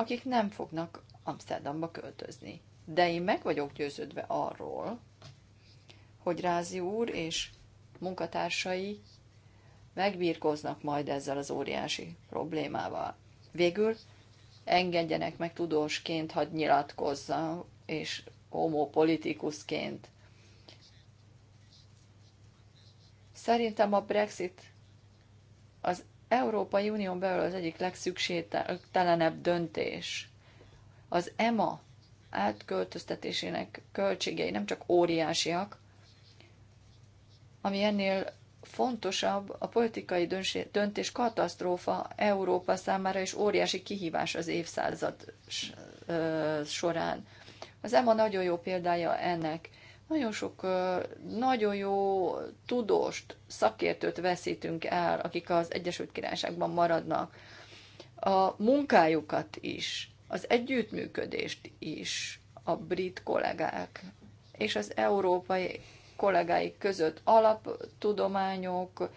akik nem fognak Amsterdamba költözni. De én meg vagyok győződve arról, hogy Rázi úr és munkatársai megbírkoznak majd ezzel az óriási problémával. Végül engedjenek meg tudósként, hadd nyilatkozza, és homopolitikusként. Szerintem a Brexit az Európai Unión belül az egyik legszükségtelenebb döntés. Az EMA átköltöztetésének költségei nem csak óriásiak, ami ennél fontosabb, a politikai döntés katasztrófa Európa számára és óriási kihívás az évszázad során. Az EMA nagyon jó példája ennek. Nagyon sok nagyon jó tudóst, szakértőt veszítünk el, akik az Egyesült Királyságban maradnak. A munkájukat is, az együttműködést is a brit kollégák és az európai kollégáik között alaptudományok,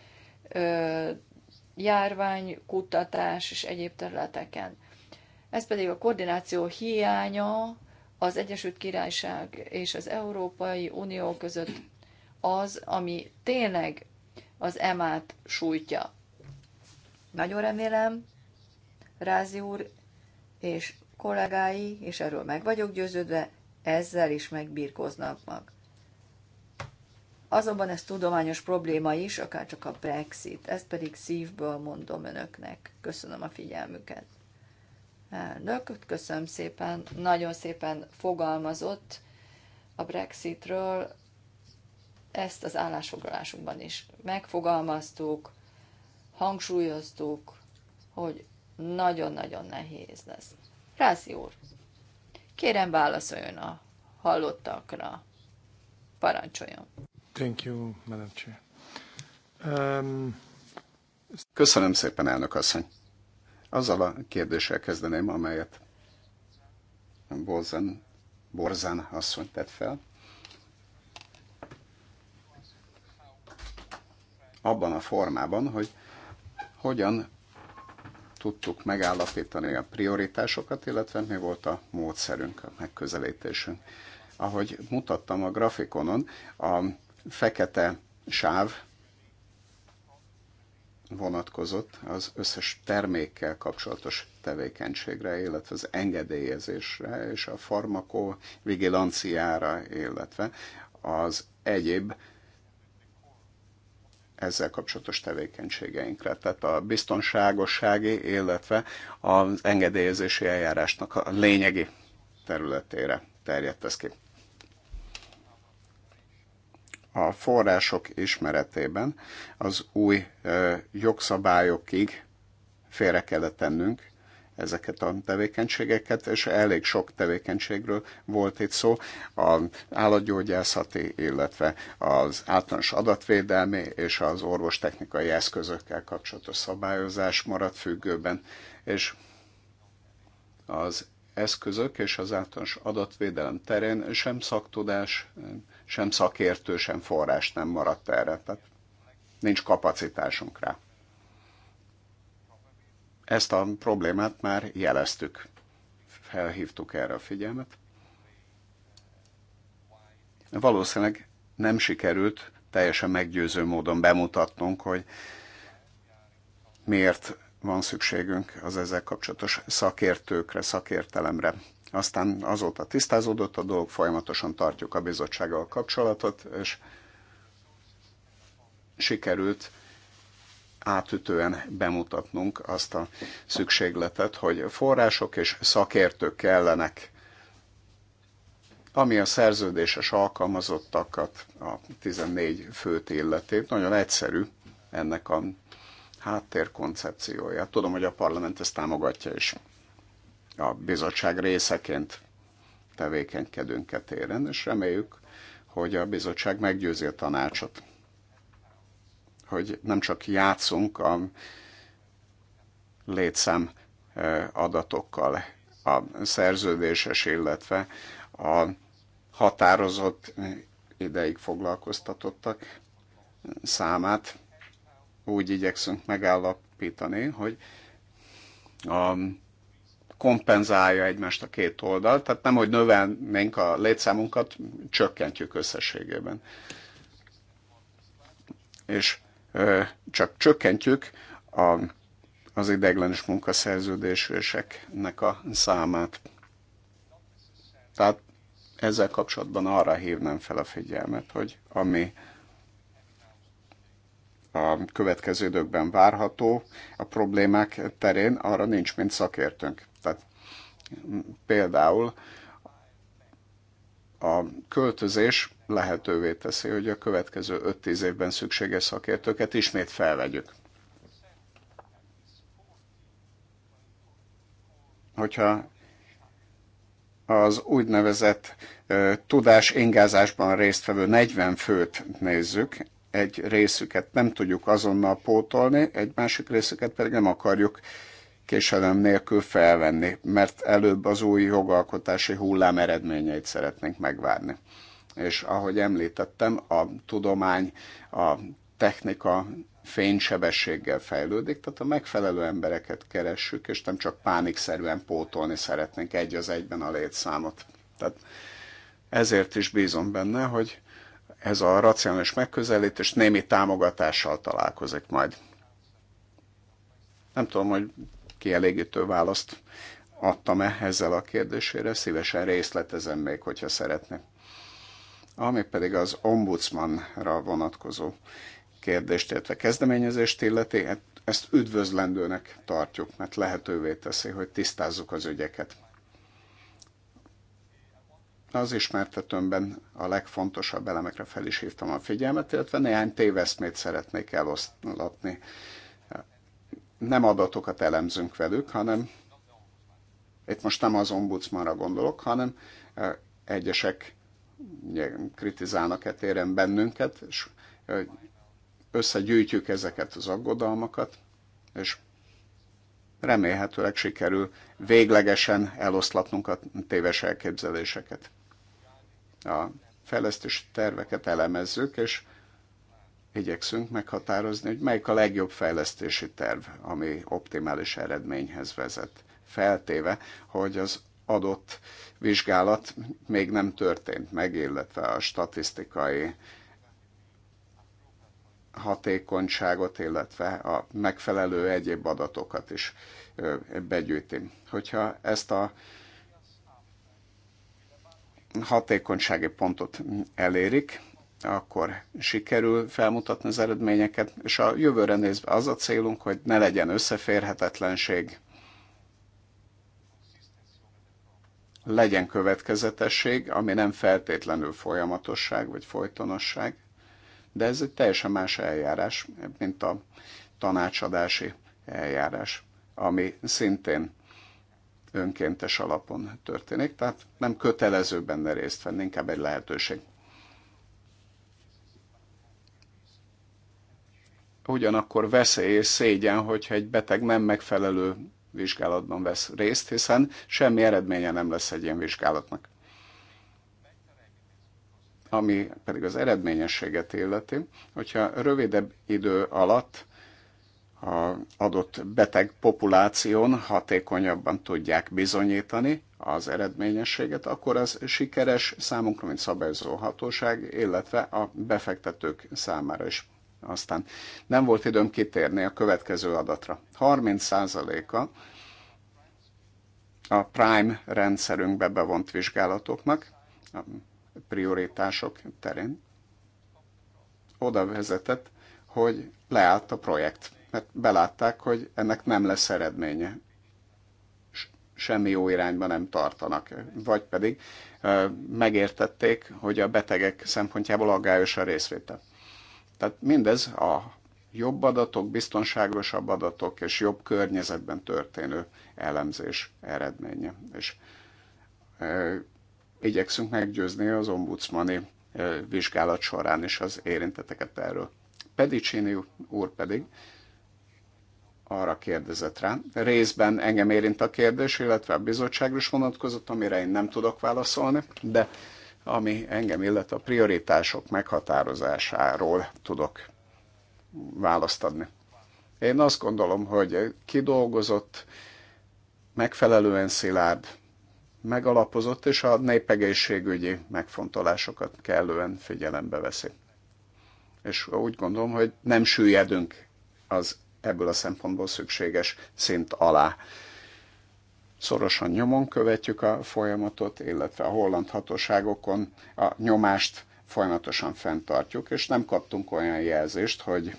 járványkutatás és egyéb területeken. Ez pedig a koordináció hiánya az Egyesült Királyság és az Európai Unió között az, ami tényleg az emát sújtja. Nagyon remélem, Rázi úr és kollégái, és erről meg vagyok győződve, ezzel is megbírkoznak mag. Azonban ez tudományos probléma is, akárcsak a Brexit. Ezt pedig szívből mondom önöknek. Köszönöm a figyelmüket elnök, köszönöm szépen, nagyon szépen fogalmazott a Brexitről, ezt az állásfoglalásunkban is megfogalmaztuk, hangsúlyoztuk, hogy nagyon-nagyon nehéz lesz. Rázi úr, kérem válaszoljon a hallottakra. Parancsoljon. Thank you, Madam Chair. Um... Köszönöm szépen, elnök asszony. Azzal a kérdéssel kezdeném, amelyet Borzán, Borzán asszony tett fel. Abban a formában, hogy hogyan tudtuk megállapítani a prioritásokat, illetve mi volt a módszerünk, a megközelítésünk. Ahogy mutattam a grafikonon, a fekete sáv vonatkozott az összes termékkel kapcsolatos tevékenységre, illetve az engedélyezésre és a farmakovigilanciára, illetve az egyéb ezzel kapcsolatos tevékenységeinkre. Tehát a biztonságossági, illetve az engedélyezési eljárásnak a lényegi területére terjedt ez ki a források ismeretében az új jogszabályokig félre kellett tennünk ezeket a tevékenységeket, és elég sok tevékenységről volt itt szó, az állatgyógyászati, illetve az általános adatvédelmi és az orvostechnikai eszközökkel kapcsolatos szabályozás maradt függőben, és az eszközök és az általános adatvédelem terén sem szaktudás, sem szakértő, sem forrás nem maradt erre, tehát nincs kapacitásunk rá. Ezt a problémát már jeleztük, felhívtuk erre a figyelmet. Valószínűleg nem sikerült teljesen meggyőző módon bemutatnunk, hogy miért van szükségünk az ezzel kapcsolatos szakértőkre, szakértelemre aztán azóta tisztázódott a dolog, folyamatosan tartjuk a bizottsággal kapcsolatot, és sikerült átütően bemutatnunk azt a szükségletet, hogy források és szakértők kellenek, ami a szerződéses alkalmazottakat, a 14 főt illeti. Nagyon egyszerű ennek a háttérkoncepciója. Tudom, hogy a parlament ezt támogatja is a bizottság részeként tevékenykedünk e téren, és reméljük, hogy a bizottság meggyőzi a tanácsot, hogy nem csak játszunk a létszám e, adatokkal, a szerződéses, illetve a határozott e, ideig foglalkoztatottak számát úgy igyekszünk megállapítani, hogy a kompenzálja egymást a két oldal, tehát nem, hogy növelnénk a létszámunkat, csökkentjük összességében. És ö, csak csökkentjük a, az ideiglenes munkaszerződéseknek a számát. Tehát ezzel kapcsolatban arra hívnám fel a figyelmet, hogy ami a következő időkben várható a problémák terén, arra nincs mint szakértőnk. Például a költözés lehetővé teszi, hogy a következő 5-10 évben szükséges szakértőket ismét felvegyük. Hogyha az úgynevezett tudás ingázásban résztvevő 40 főt nézzük, egy részüket nem tudjuk azonnal pótolni, egy másik részüket pedig nem akarjuk uh, késelem nélkül felvenni, mert előbb az új jogalkotási hullám eredményeit szeretnénk megvárni. És ahogy említettem, a tudomány, a technika fénysebességgel fejlődik, tehát a megfelelő embereket keressük, és nem csak pánikszerűen pótolni szeretnénk egy az egyben a létszámot. Tehát ezért is bízom benne, hogy ez a racionális megközelítés némi támogatással találkozik majd. Nem tudom, hogy kielégítő választ adtam-e ezzel a kérdésére, szívesen részletezem még, hogyha szeretné. Ami pedig az ombudsmanra vonatkozó kérdést, illetve kezdeményezést illeti, hát ezt üdvözlendőnek tartjuk, mert lehetővé teszi, hogy tisztázzuk az ügyeket. Az ismertetőmben a legfontosabb elemekre fel is hívtam a figyelmet, illetve néhány téveszmét szeretnék eloszlatni nem adatokat elemzünk velük, hanem itt most nem az ombudsmanra gondolok, hanem eh, egyesek kritizálnak etéren bennünket, és eh, összegyűjtjük ezeket az aggodalmakat, és remélhetőleg sikerül véglegesen eloszlatnunk a téves elképzeléseket. A fejlesztési terveket elemezzük, és igyekszünk meghatározni, hogy melyik a legjobb fejlesztési terv, ami optimális eredményhez vezet, feltéve, hogy az adott vizsgálat még nem történt meg, illetve a statisztikai hatékonyságot, illetve a megfelelő egyéb adatokat is begyűjti. Hogyha ezt a hatékonysági pontot elérik, akkor sikerül felmutatni az eredményeket, és a jövőre nézve az a célunk, hogy ne legyen összeférhetetlenség, legyen következetesség, ami nem feltétlenül folyamatosság vagy folytonosság, de ez egy teljesen más eljárás, mint a tanácsadási eljárás, ami szintén önkéntes alapon történik, tehát nem kötelező benne részt venni, inkább egy lehetőség. ugyanakkor veszély és szégyen, hogyha egy beteg nem megfelelő vizsgálatban vesz részt, hiszen semmi eredménye nem lesz egy ilyen vizsgálatnak. Ami pedig az eredményességet illeti, hogyha rövidebb idő alatt a adott beteg populáción hatékonyabban tudják bizonyítani az eredményességet, akkor az sikeres számunkra, mint szabályozó hatóság, illetve a befektetők számára is. Aztán nem volt időm kitérni a következő adatra. 30%-a a Prime rendszerünkbe bevont vizsgálatoknak, a prioritások terén, oda vezetett, hogy leállt a projekt, mert belátták, hogy ennek nem lesz eredménye. Semmi jó irányba nem tartanak. Vagy pedig megértették, hogy a betegek szempontjából aggályos a részvétel. Tehát mindez a jobb adatok, biztonságosabb adatok és jobb környezetben történő elemzés eredménye. És e, igyekszünk meggyőzni az ombudsmani e, vizsgálat során is az érinteteket erről. Pedicini úr pedig arra kérdezett rá. Részben engem érint a kérdés, illetve a bizottságra is vonatkozott, amire én nem tudok válaszolni, de ami engem illet a prioritások meghatározásáról tudok választ adni. Én azt gondolom, hogy kidolgozott, megfelelően szilárd, megalapozott, és a népegészségügyi megfontolásokat kellően figyelembe veszi. És úgy gondolom, hogy nem süllyedünk az ebből a szempontból szükséges szint alá. Szorosan nyomon követjük a folyamatot, illetve a holland hatóságokon a nyomást folyamatosan fenntartjuk, és nem kaptunk olyan jelzést, hogy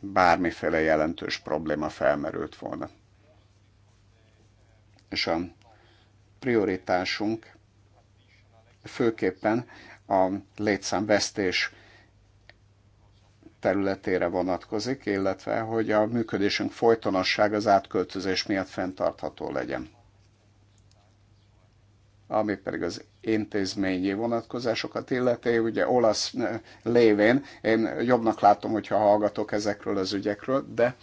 bármiféle jelentős probléma felmerült volna. És a prioritásunk főképpen a létszámvesztés területére vonatkozik, illetve hogy a működésünk folytonosság az átköltözés miatt fenntartható legyen. Ami pedig az intézményi vonatkozásokat illeti, ugye olasz eh, lévén, én jobbnak látom, hogyha hallgatok ezekről az ügyekről, de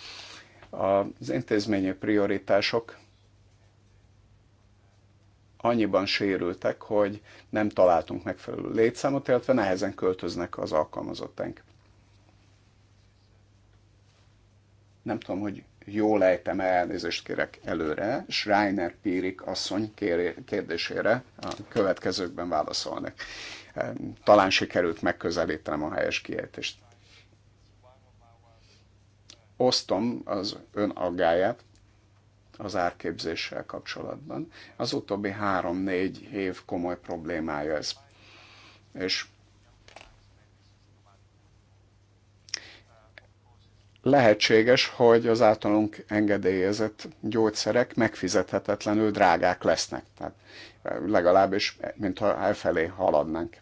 az intézményi prioritások annyiban sérültek, hogy nem találtunk megfelelő létszámot, illetve nehezen költöznek az alkalmazottánk. nem tudom, hogy jól ejtem -e, elnézést kérek előre, Schreiner Pírik asszony kérdésére a következőkben válaszolnak. Talán sikerült megközelítenem a helyes kiejtést. Osztom az ön aggáját az árképzéssel kapcsolatban. Az utóbbi három-négy év komoly problémája ez. És lehetséges, hogy az általunk engedélyezett gyógyszerek megfizethetetlenül drágák lesznek. Tehát e, legalábbis, e, mintha elfelé haladnánk.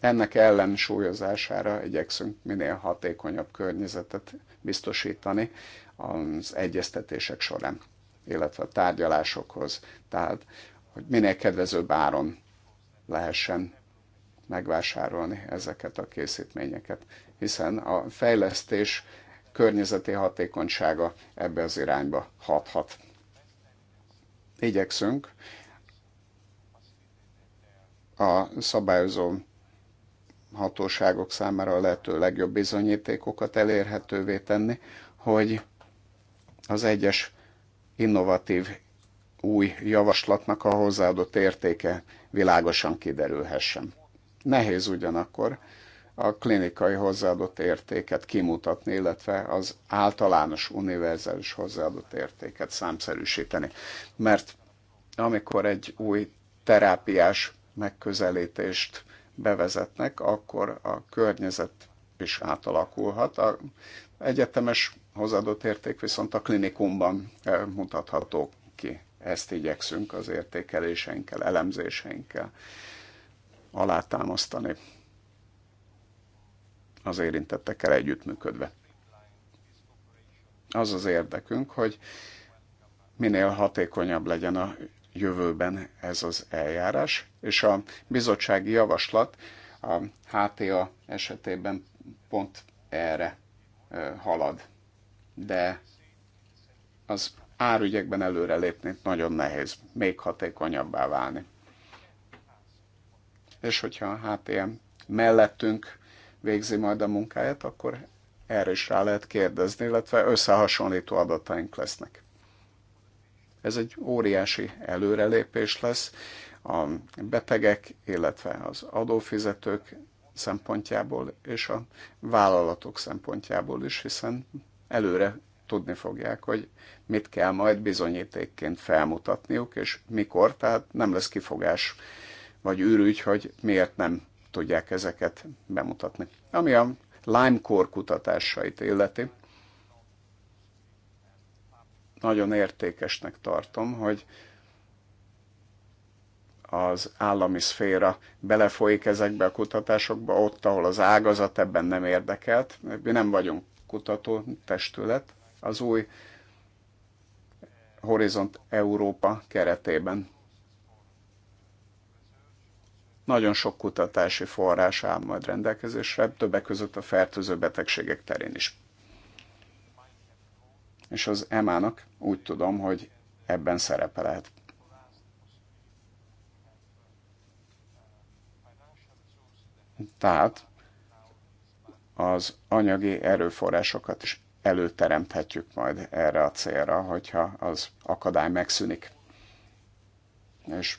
Ennek ellensúlyozására igyekszünk minél hatékonyabb környezetet biztosítani az egyeztetések során, illetve a tárgyalásokhoz. Tehát, hogy minél kedvezőbb áron lehessen megvásárolni ezeket a készítményeket hiszen a fejlesztés környezeti hatékonysága ebbe az irányba hathat. Igyekszünk a szabályozó hatóságok számára a lehető legjobb bizonyítékokat elérhetővé tenni, hogy az egyes innovatív új javaslatnak a hozzáadott értéke világosan kiderülhessen. Nehéz ugyanakkor a klinikai hozzáadott értéket kimutatni, illetve az általános univerzális hozzáadott értéket számszerűsíteni. Mert amikor egy új terápiás megközelítést bevezetnek, akkor a környezet is átalakulhat. A egyetemes hozzáadott érték viszont a klinikumban eh, mutatható ki. Ezt igyekszünk az értékeléseinkkel, elemzéseinkkel alátámasztani az érintettekkel együttműködve. Az az érdekünk, hogy minél hatékonyabb legyen a jövőben ez az eljárás, és a bizottsági javaslat a HTA esetében pont erre halad. De az árügyekben lépni nagyon nehéz, még hatékonyabbá válni. És hogyha a HTM mellettünk végzi majd a munkáját, akkor erre is rá lehet kérdezni, illetve összehasonlító adataink lesznek. Ez egy óriási előrelépés lesz a betegek, illetve az adófizetők szempontjából és a vállalatok szempontjából is, hiszen előre tudni fogják, hogy mit kell majd bizonyítékként felmutatniuk, és mikor, tehát nem lesz kifogás vagy űrügy, hogy miért nem tudják ezeket bemutatni. Ami a Lyme-kor kutatásait illeti, nagyon értékesnek tartom, hogy az állami szféra belefolyik ezekbe a kutatásokba, ott, ahol az ágazat ebben nem érdekelt. Mi nem vagyunk kutató testület. Az új Horizont Európa keretében nagyon sok kutatási forrás áll majd rendelkezésre, többek között a fertőző betegségek terén is. És az EMA-nak úgy tudom, hogy ebben szerepe lehet. Tehát az anyagi erőforrásokat is előteremthetjük majd erre a célra, hogyha az akadály megszűnik. És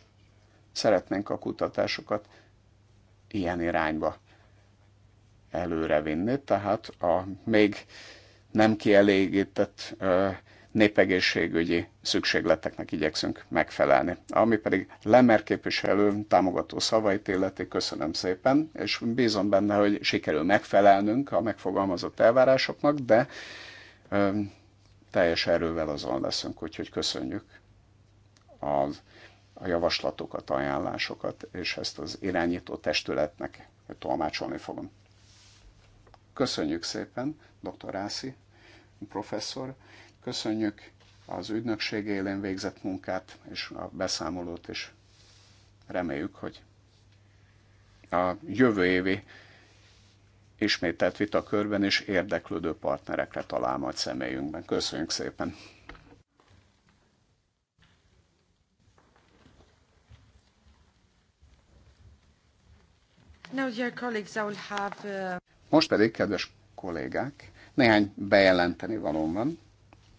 Szeretnénk a kutatásokat ilyen irányba előrevinni, tehát a még nem kielégített népegészségügyi szükségleteknek igyekszünk megfelelni. Ami pedig Lemer képviselő támogató szavait illeti, köszönöm szépen, és bízom benne, hogy sikerül megfelelnünk a megfogalmazott elvárásoknak, de ö, teljes erővel azon leszünk, úgyhogy köszönjük az a javaslatokat, ajánlásokat, és ezt az irányító testületnek tolmácsolni fogom. Köszönjük szépen, dr. Rászi, professzor, köszönjük az ügynökség élén végzett munkát és a beszámolót, és reméljük, hogy a jövő évi ismételt vitakörben is érdeklődő partnerekre talál majd személyünkben. Köszönjük szépen! Uh, Most pedig, kedves kollégák, néhány bejelenteni valóm van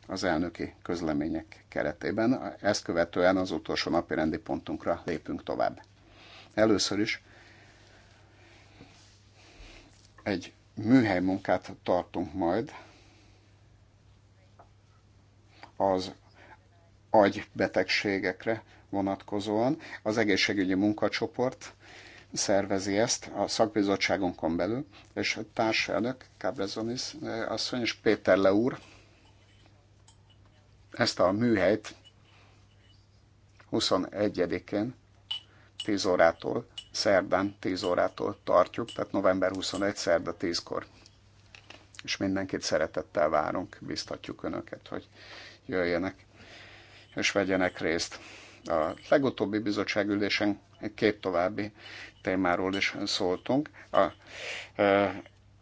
az elnöki közlemények keretében. Ezt követően az utolsó napi rendi pontunkra lépünk tovább. Először is egy műhely munkát tartunk majd az agybetegségekre vonatkozóan. Az egészségügyi munkacsoport szervezi ezt a szakbizottságunkon belül, és a társelnök, Cabrezonis eh, asszony és Péter Leúr ezt a műhelyt 21-én 10 órától, szerdán 10 órától tartjuk, tehát november 21 szerda 10-kor. És mindenkit szeretettel várunk, biztatjuk Önöket, hogy jöjjenek és vegyenek részt. A legutóbbi bizottságülésen két további témáról is szóltunk. A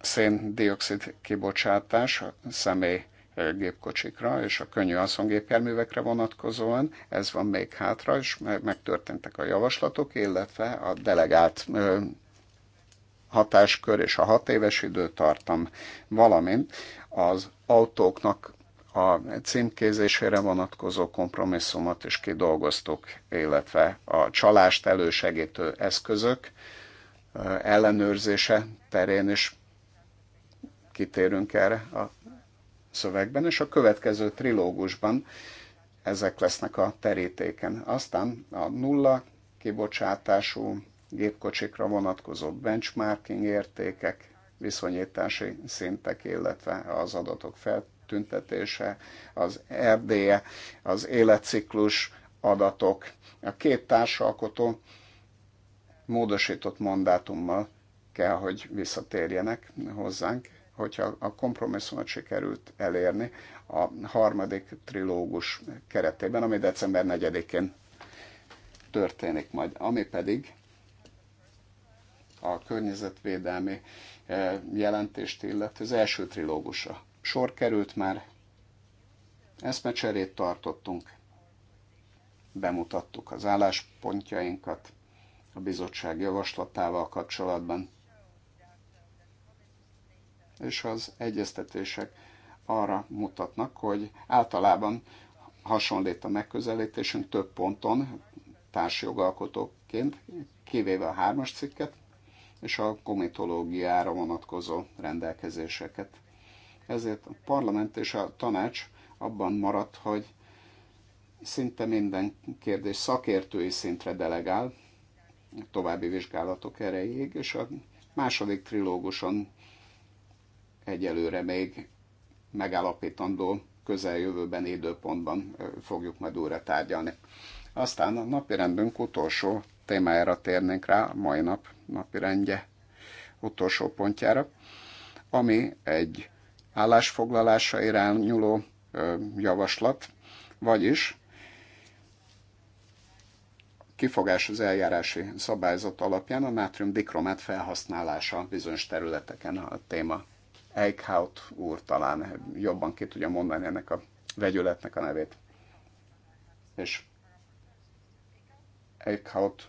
széndiokszid kibocsátás a személy gépkocsikra és a könnyű haszongépjárművekre vonatkozóan. Ez van még hátra, és megtörténtek a javaslatok, illetve a delegált hatáskör és a hat éves időtartam, valamint az autóknak a címkézésére vonatkozó kompromisszumot is kidolgoztuk, illetve a csalást elősegítő eszközök ellenőrzése terén is kitérünk erre a szövegben, és a következő trilógusban ezek lesznek a terítéken. Aztán a nulla kibocsátású gépkocsikra vonatkozó benchmarking értékek, viszonyítási szintek, illetve az adatok fel, megtüntetése, az erdélye, az életciklus adatok. A két társalkotó módosított mandátummal kell, hogy visszatérjenek hozzánk, hogyha a kompromisszumot sikerült elérni a harmadik trilógus keretében, ami december 4-én történik majd, ami pedig a környezetvédelmi eh, jelentést illet, az első trilógusra sor került már, eszmecserét tartottunk, bemutattuk az álláspontjainkat a bizottság javaslatával kapcsolatban, és az egyeztetések arra mutatnak, hogy általában hasonlít a megközelítésünk több ponton, társjogalkotóként, kivéve a hármas cikket, és a komitológiára vonatkozó rendelkezéseket. Ezért a parlament és a tanács abban maradt, hogy szinte minden kérdés szakértői szintre delegál, további vizsgálatok erejéig, és a második trilóguson egyelőre még megállapítandó közeljövőben időpontban fogjuk majd újra tárgyalni. Aztán a napirendünk utolsó témájára térnénk rá, mai nap napirendje utolsó pontjára, ami egy állásfoglalása irányuló javaslat, vagyis kifogás az eljárási szabályzat alapján a nátrium dikromát felhasználása bizonyos területeken a téma. Eichhout úr talán jobban ki tudja mondani ennek a vegyületnek a nevét. És Eichhout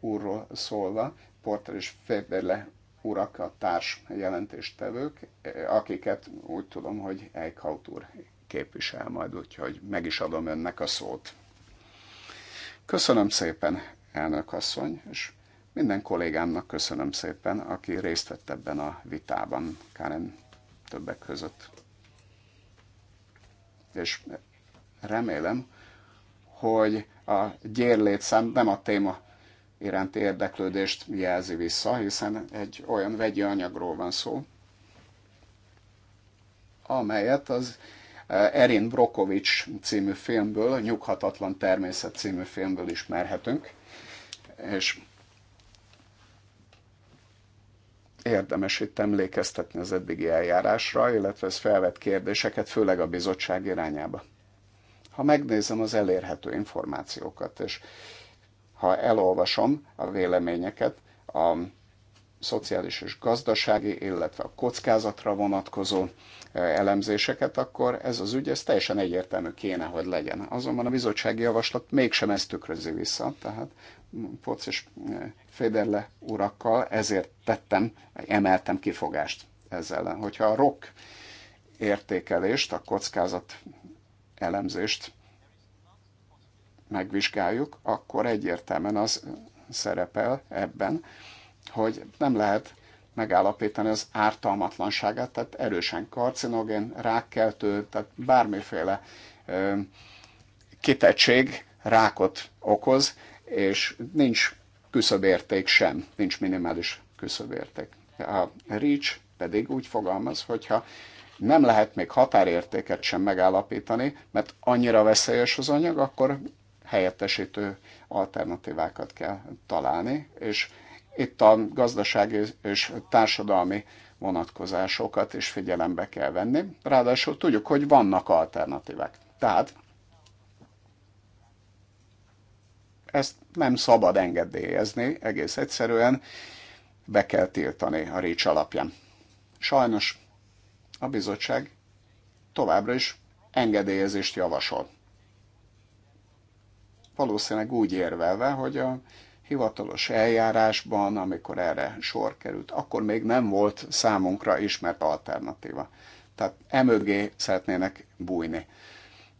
úrról szólva, Porter és Federle urak, a társ jelentéstevők, akiket úgy tudom, hogy Eichhaut úr képvisel majd, úgyhogy meg is adom önnek a szót. Köszönöm szépen, elnök asszony, és minden kollégámnak köszönöm szépen, aki részt vett ebben a vitában, Karen többek között. És remélem, hogy a gyérlétszám nem a téma iránti érdeklődést jelzi vissza, hiszen egy olyan vegyi anyagról van szó, amelyet az e, Erin Brokovics című filmből, a Nyughatatlan természet című filmből ismerhetünk, és érdemes itt emlékeztetni az eddigi eljárásra, illetve ez felvet kérdéseket, főleg a bizottság irányába. Ha megnézem az elérhető információkat, és ha elolvasom a véleményeket a szociális és gazdasági, illetve a kockázatra vonatkozó e, elemzéseket, akkor ez az ügy, ez teljesen egyértelmű kéne, hogy legyen. Azonban a bizottsági javaslat mégsem ezt tükrözi vissza, tehát Poc és e, Féderle urakkal ezért tettem, emeltem kifogást ezzel Hogyha a rock értékelést, a kockázat elemzést megvizsgáljuk, akkor egyértelműen az szerepel ebben, hogy nem lehet megállapítani az ártalmatlanságát, tehát erősen karcinogén, rákkeltő, tehát bármiféle ö, kitettség rákot okoz, és nincs küszöbérték sem, nincs minimális küszöbérték. A REACH pedig úgy fogalmaz, hogyha nem lehet még határértéket sem megállapítani, mert annyira veszélyes az anyag, akkor helyettesítő alternatívákat kell találni, és itt a gazdasági és társadalmi vonatkozásokat is figyelembe kell venni. Ráadásul tudjuk, hogy vannak alternatívák. Tehát ezt nem szabad engedélyezni, egész egyszerűen be kell tiltani a REACH alapján. Sajnos a bizottság továbbra is engedélyezést javasol valószínűleg úgy érvelve, hogy a hivatalos eljárásban, amikor erre sor került, akkor még nem volt számunkra ismert alternatíva. Tehát m szeretnének bújni,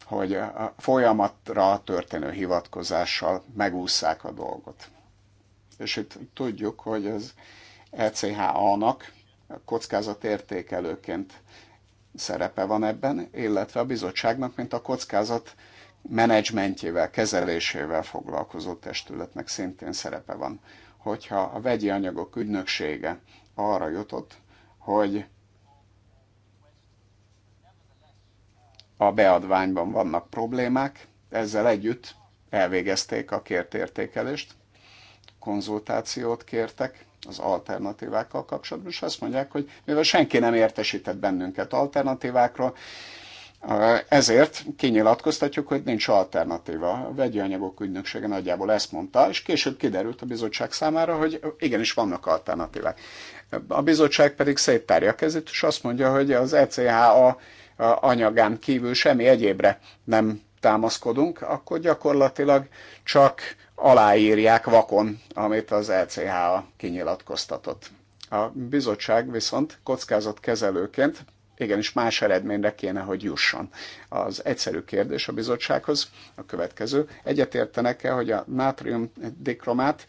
hogy a folyamatra történő hivatkozással megúszszák a dolgot. És itt tudjuk, hogy az ECHA-nak kockázatértékelőként szerepe van ebben, illetve a bizottságnak, mint a kockázat menedzsmentjével, kezelésével foglalkozó testületnek szintén szerepe van. Hogyha a vegyi anyagok ügynöksége arra jutott, hogy a beadványban vannak problémák, ezzel együtt elvégezték a kért értékelést, konzultációt kértek az alternatívákkal kapcsolatban, és azt mondják, hogy mivel senki nem értesített bennünket alternatívákról, ezért kinyilatkoztatjuk, hogy nincs alternatíva. A vegyi anyagok ügynöksége nagyjából ezt mondta, és később kiderült a bizottság számára, hogy igenis vannak alternatívák. A bizottság pedig széttárja a kezét, és azt mondja, hogy az ECHA anyagán kívül semmi egyébre nem támaszkodunk, akkor gyakorlatilag csak aláírják vakon, amit az ECHA kinyilatkoztatott. A bizottság viszont kockázatkezelőként igenis más eredményre kéne, hogy jusson. Az egyszerű kérdés a bizottsághoz a következő. Egyetértenek-e, hogy a nátrium dikromát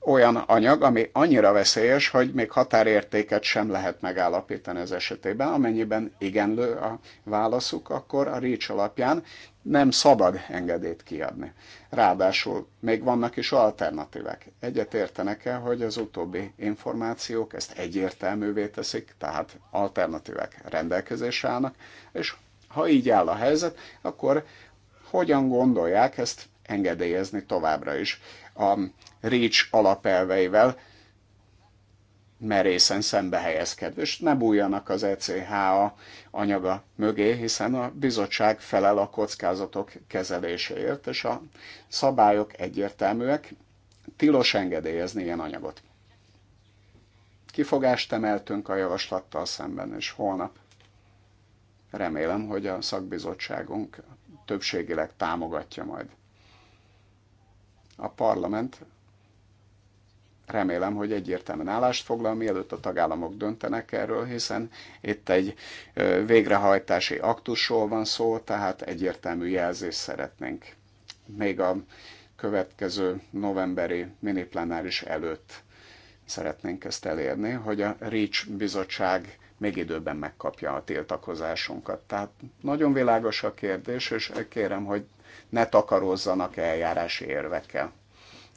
olyan anyag, ami annyira veszélyes, hogy még határértéket sem lehet megállapítani az esetében. Amennyiben igenlő a válaszuk, akkor a REACH alapján nem szabad engedélyt kiadni. Ráadásul még vannak is alternatívek. Egyet értenek e hogy az utóbbi információk ezt egyértelművé teszik, tehát alternatívek rendelkezésre állnak, és ha így áll a helyzet, akkor hogyan gondolják ezt engedélyezni továbbra is a REACH alapelveivel merészen szembe helyezkedve, és ne bújjanak az ECHA anyaga mögé, hiszen a bizottság felel a kockázatok kezeléséért, és a szabályok egyértelműek, tilos engedélyezni ilyen anyagot. Kifogást emeltünk a javaslattal szemben, és holnap remélem, hogy a szakbizottságunk többségileg támogatja majd a parlament remélem, hogy egyértelműen állást foglal, mielőtt a tagállamok döntenek erről, hiszen itt egy végrehajtási aktusról van szó, tehát egyértelmű jelzést szeretnénk. Még a következő novemberi miniplenáris előtt szeretnénk ezt elérni, hogy a REACH bizottság még időben megkapja a tiltakozásunkat. Tehát nagyon világos a kérdés, és kérem, hogy ne takarózzanak eljárási érvekkel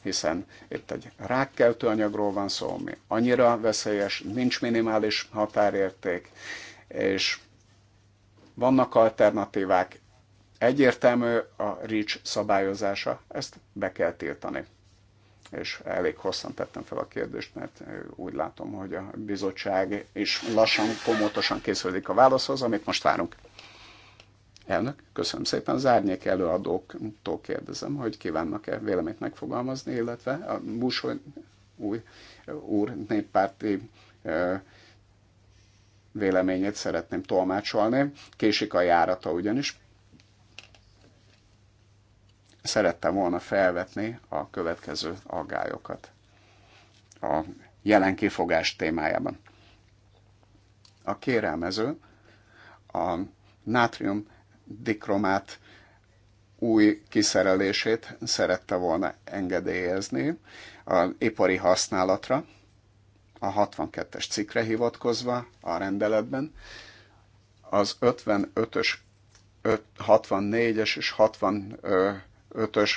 hiszen itt egy rákkeltő anyagról van szó, ami annyira veszélyes, nincs minimális határérték, és vannak alternatívák. Egyértelmű a REACH szabályozása, ezt be kell tiltani. És elég hosszan tettem fel a kérdést, mert úgy látom, hogy a bizottság is lassan, komótosan készülik a válaszhoz, amit most várunk. Elnök, köszönöm szépen. Az árnyék előadóktól kérdezem, hogy kívánnak-e véleményt megfogalmazni, illetve a Busoly új úr néppárti véleményét szeretném tolmácsolni. Késik a járata ugyanis. Szerettem volna felvetni a következő aggályokat a jelen kifogás témájában. A kérelmező a nátrium dikromát új kiszerelését szerette volna engedélyezni a ipari használatra, a 62-es cikkre hivatkozva a rendeletben, az 55-ös, 64-es és 65-ös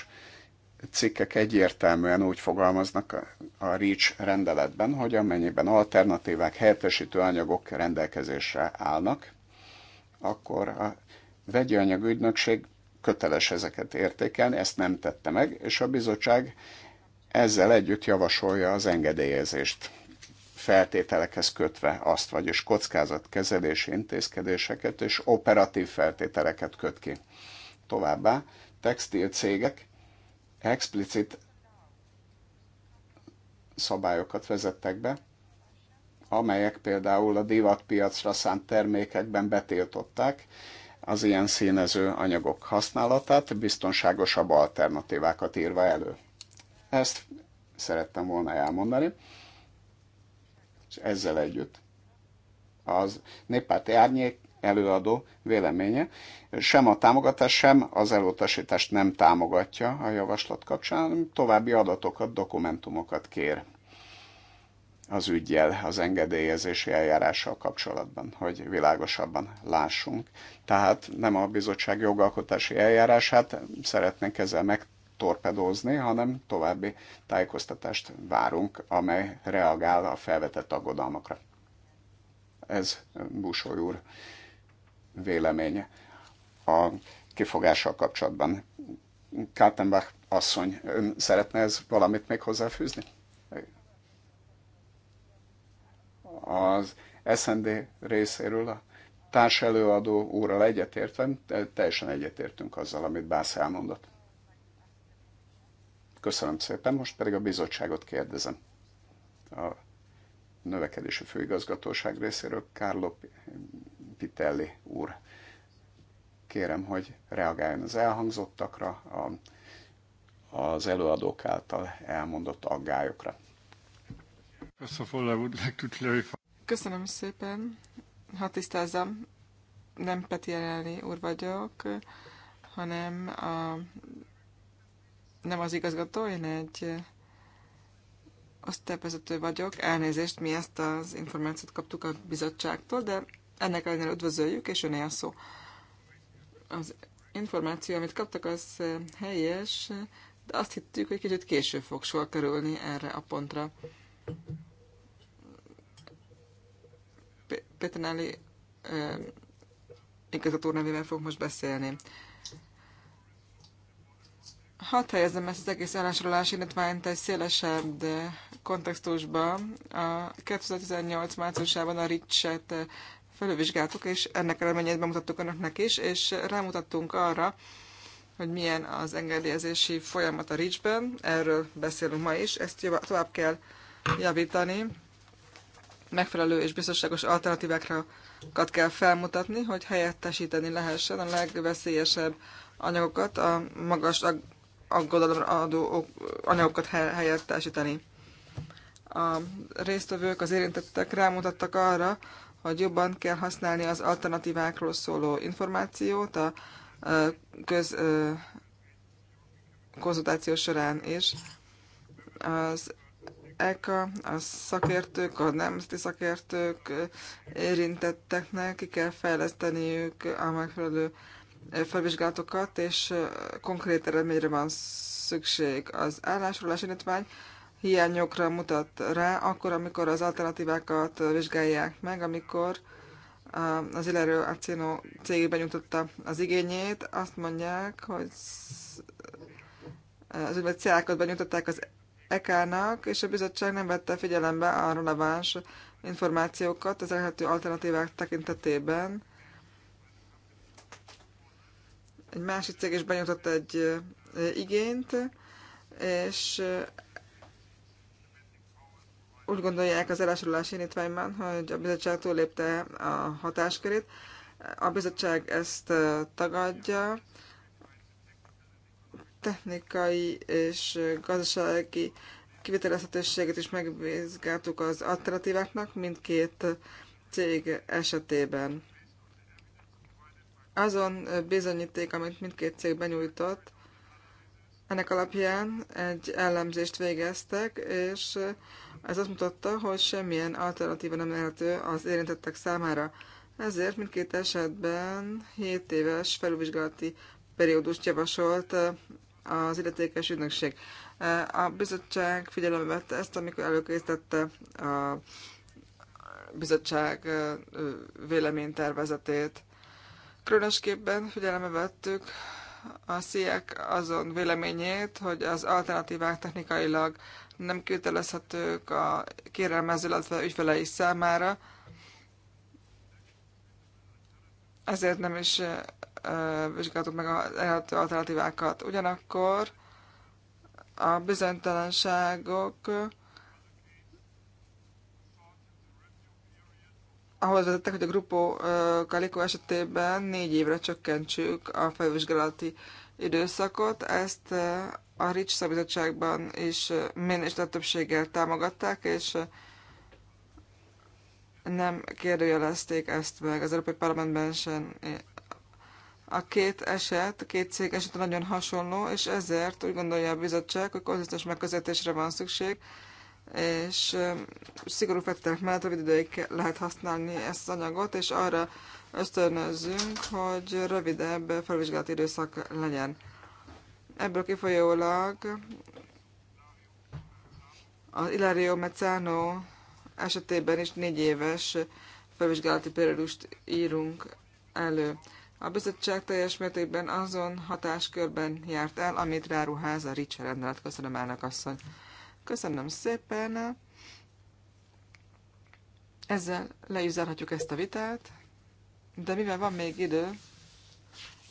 cikkek egyértelműen úgy fogalmaznak a, a REACH rendeletben, hogy amennyiben alternatívák, helyettesítő anyagok rendelkezésre állnak, akkor a vegyi anyagügynökség köteles ezeket értékelni, ezt nem tette meg, és a bizottság ezzel együtt javasolja az engedélyezést feltételekhez kötve azt, vagyis kockázatkezelési intézkedéseket és operatív feltételeket köt ki. Továbbá textil cégek explicit szabályokat vezettek be, amelyek például a divatpiacra szánt termékekben betiltották az ilyen színező anyagok használatát biztonságosabb alternatívákat írva elő. Ezt szerettem volna elmondani, és ezzel együtt az néppárti árnyék előadó véleménye sem a támogatás, sem az elutasítást nem támogatja a javaslat kapcsán, további adatokat, dokumentumokat kér az ügyjel, az engedélyezési eljárással kapcsolatban, hogy világosabban lássunk. Tehát nem a bizottság jogalkotási eljárását szeretnénk ezzel megtorpedózni, hanem további tájékoztatást várunk, amely reagál a felvetett aggodalmakra. Ez Busoly úr véleménye a kifogással kapcsolatban. Kaltenbach asszony, ön szeretne ez valamit még hozzáfűzni? az SND részéről a társ előadó úrral egyetértve, teljesen egyetértünk azzal, amit Bász elmondott. Köszönöm szépen, most pedig a bizottságot kérdezem. A növekedési főigazgatóság részéről Carlo Pitelli úr. Kérem, hogy reagáljon az elhangzottakra, a, az előadók által elmondott aggályokra. Köszönöm szépen. Ha tisztázzam, nem Peti Jelenli úr vagyok, hanem a, nem az igazgató, én egy osztályvezető vagyok. Elnézést, mi ezt az információt kaptuk a bizottságtól, de ennek ellenére üdvözöljük, és öné a szó. Az információ, amit kaptak, az helyes, de azt hittük, hogy kicsit később fog sor kerülni erre a pontra. Petinelli igazgató nevével fogok most beszélni. Hadd helyezem ezt az egész állásolási indítványt egy szélesebb kontextusba. A 2018 márciusában a Ricset felülvizsgáltuk, és ennek eredményét bemutattuk önöknek is, és rámutattunk arra, hogy milyen az engedélyezési folyamat a Ricsben. Erről beszélünk ma is, ezt tovább kell javítani megfelelő és biztonságos alternatívákat kell felmutatni, hogy helyettesíteni lehessen a legveszélyesebb anyagokat, a magas aggodalomra adó anyagokat helyettesíteni. A résztvevők, az érintettek rámutattak arra, hogy jobban kell használni az alternatívákról szóló információt a köz konzultáció során is. Az ECA, a szakértők, a nemzeti szakértők érintetteknek ki kell fejleszteniük a megfelelő felvizsgálatokat, és konkrét eredményre van szükség. Az állásolás indítvány hiányokra mutat rá, akkor, amikor az alternatívákat vizsgálják meg, amikor az Ilerio Acino cégében nyújtotta az igényét, azt mondják, hogy az ügyvéd célákat benyújtották az Ekárnak, és a bizottság nem vette figyelembe a releváns információkat az elhető alternatívák tekintetében. Egy másik cég is benyújtott egy igényt, és úgy gondolják az elásolási indítványban, hogy a bizottság túllépte a hatáskörét. A bizottság ezt tagadja, technikai és gazdasági kivitelezhetőséget is megvizsgáltuk az alternatíváknak mindkét cég esetében. Azon bizonyíték, amit mindkét cég benyújtott, ennek alapján egy ellenzést végeztek, és ez azt mutatta, hogy semmilyen alternatíva nem lehető az érintettek számára. Ezért mindkét esetben 7 éves felülvizsgálati periódust javasolt az illetékes ügynökség. A bizottság figyelembe vette ezt, amikor előkészítette a bizottság véleménytervezetét. Különösképpen figyelembe vettük a SZIEK azon véleményét, hogy az alternatívák technikailag nem kötelezhetők a kérelmező, illetve ügyfelei számára, ezért nem is vizsgáltuk meg a lehető alternatívákat. Ugyanakkor a bizonytalanságok ahhoz vezettek, hogy a Grupo kaliko esetében négy évre csökkentsük a felvizsgálati időszakot. Ezt a RICS szabizottságban is minősített többséggel támogatták, és nem kérdőjelezték ezt meg az Európai Parlamentben sem, a két eset, a két cég eset nagyon hasonló, és ezért úgy gondolja a bizottság, hogy konzisztens megközelítésre van szükség, és um, szigorú feltételek mellett rövid ideig lehet használni ezt az anyagot, és arra ösztönözünk, hogy rövidebb felvizsgálati időszak legyen. Ebből kifolyólag az Ilario Mezzano esetében is négy éves felvizsgálati periódust írunk elő. A bizottság teljes mértékben azon hatáskörben járt el, amit ráruház a Ricse rendelet. Köszönöm, elnök asszony. Köszönöm szépen. Ezzel leüzelhatjuk ezt a vitát, de mivel van még idő,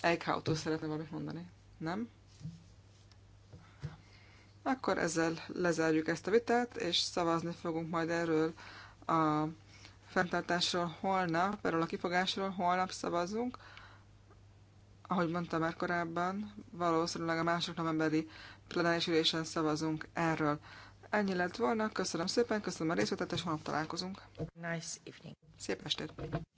Eichhautól szeretne valamit mondani, nem? Akkor ezzel lezárjuk ezt a vitát, és szavazni fogunk majd erről a fenntartásról holnap, erről a kifogásról holnap szavazunk ahogy mondtam már korábban, valószínűleg a második novemberi plenáris ülésen szavazunk erről. Ennyi lett volna, köszönöm szépen, köszönöm a részletet, és holnap találkozunk. Nice evening. Szép estét!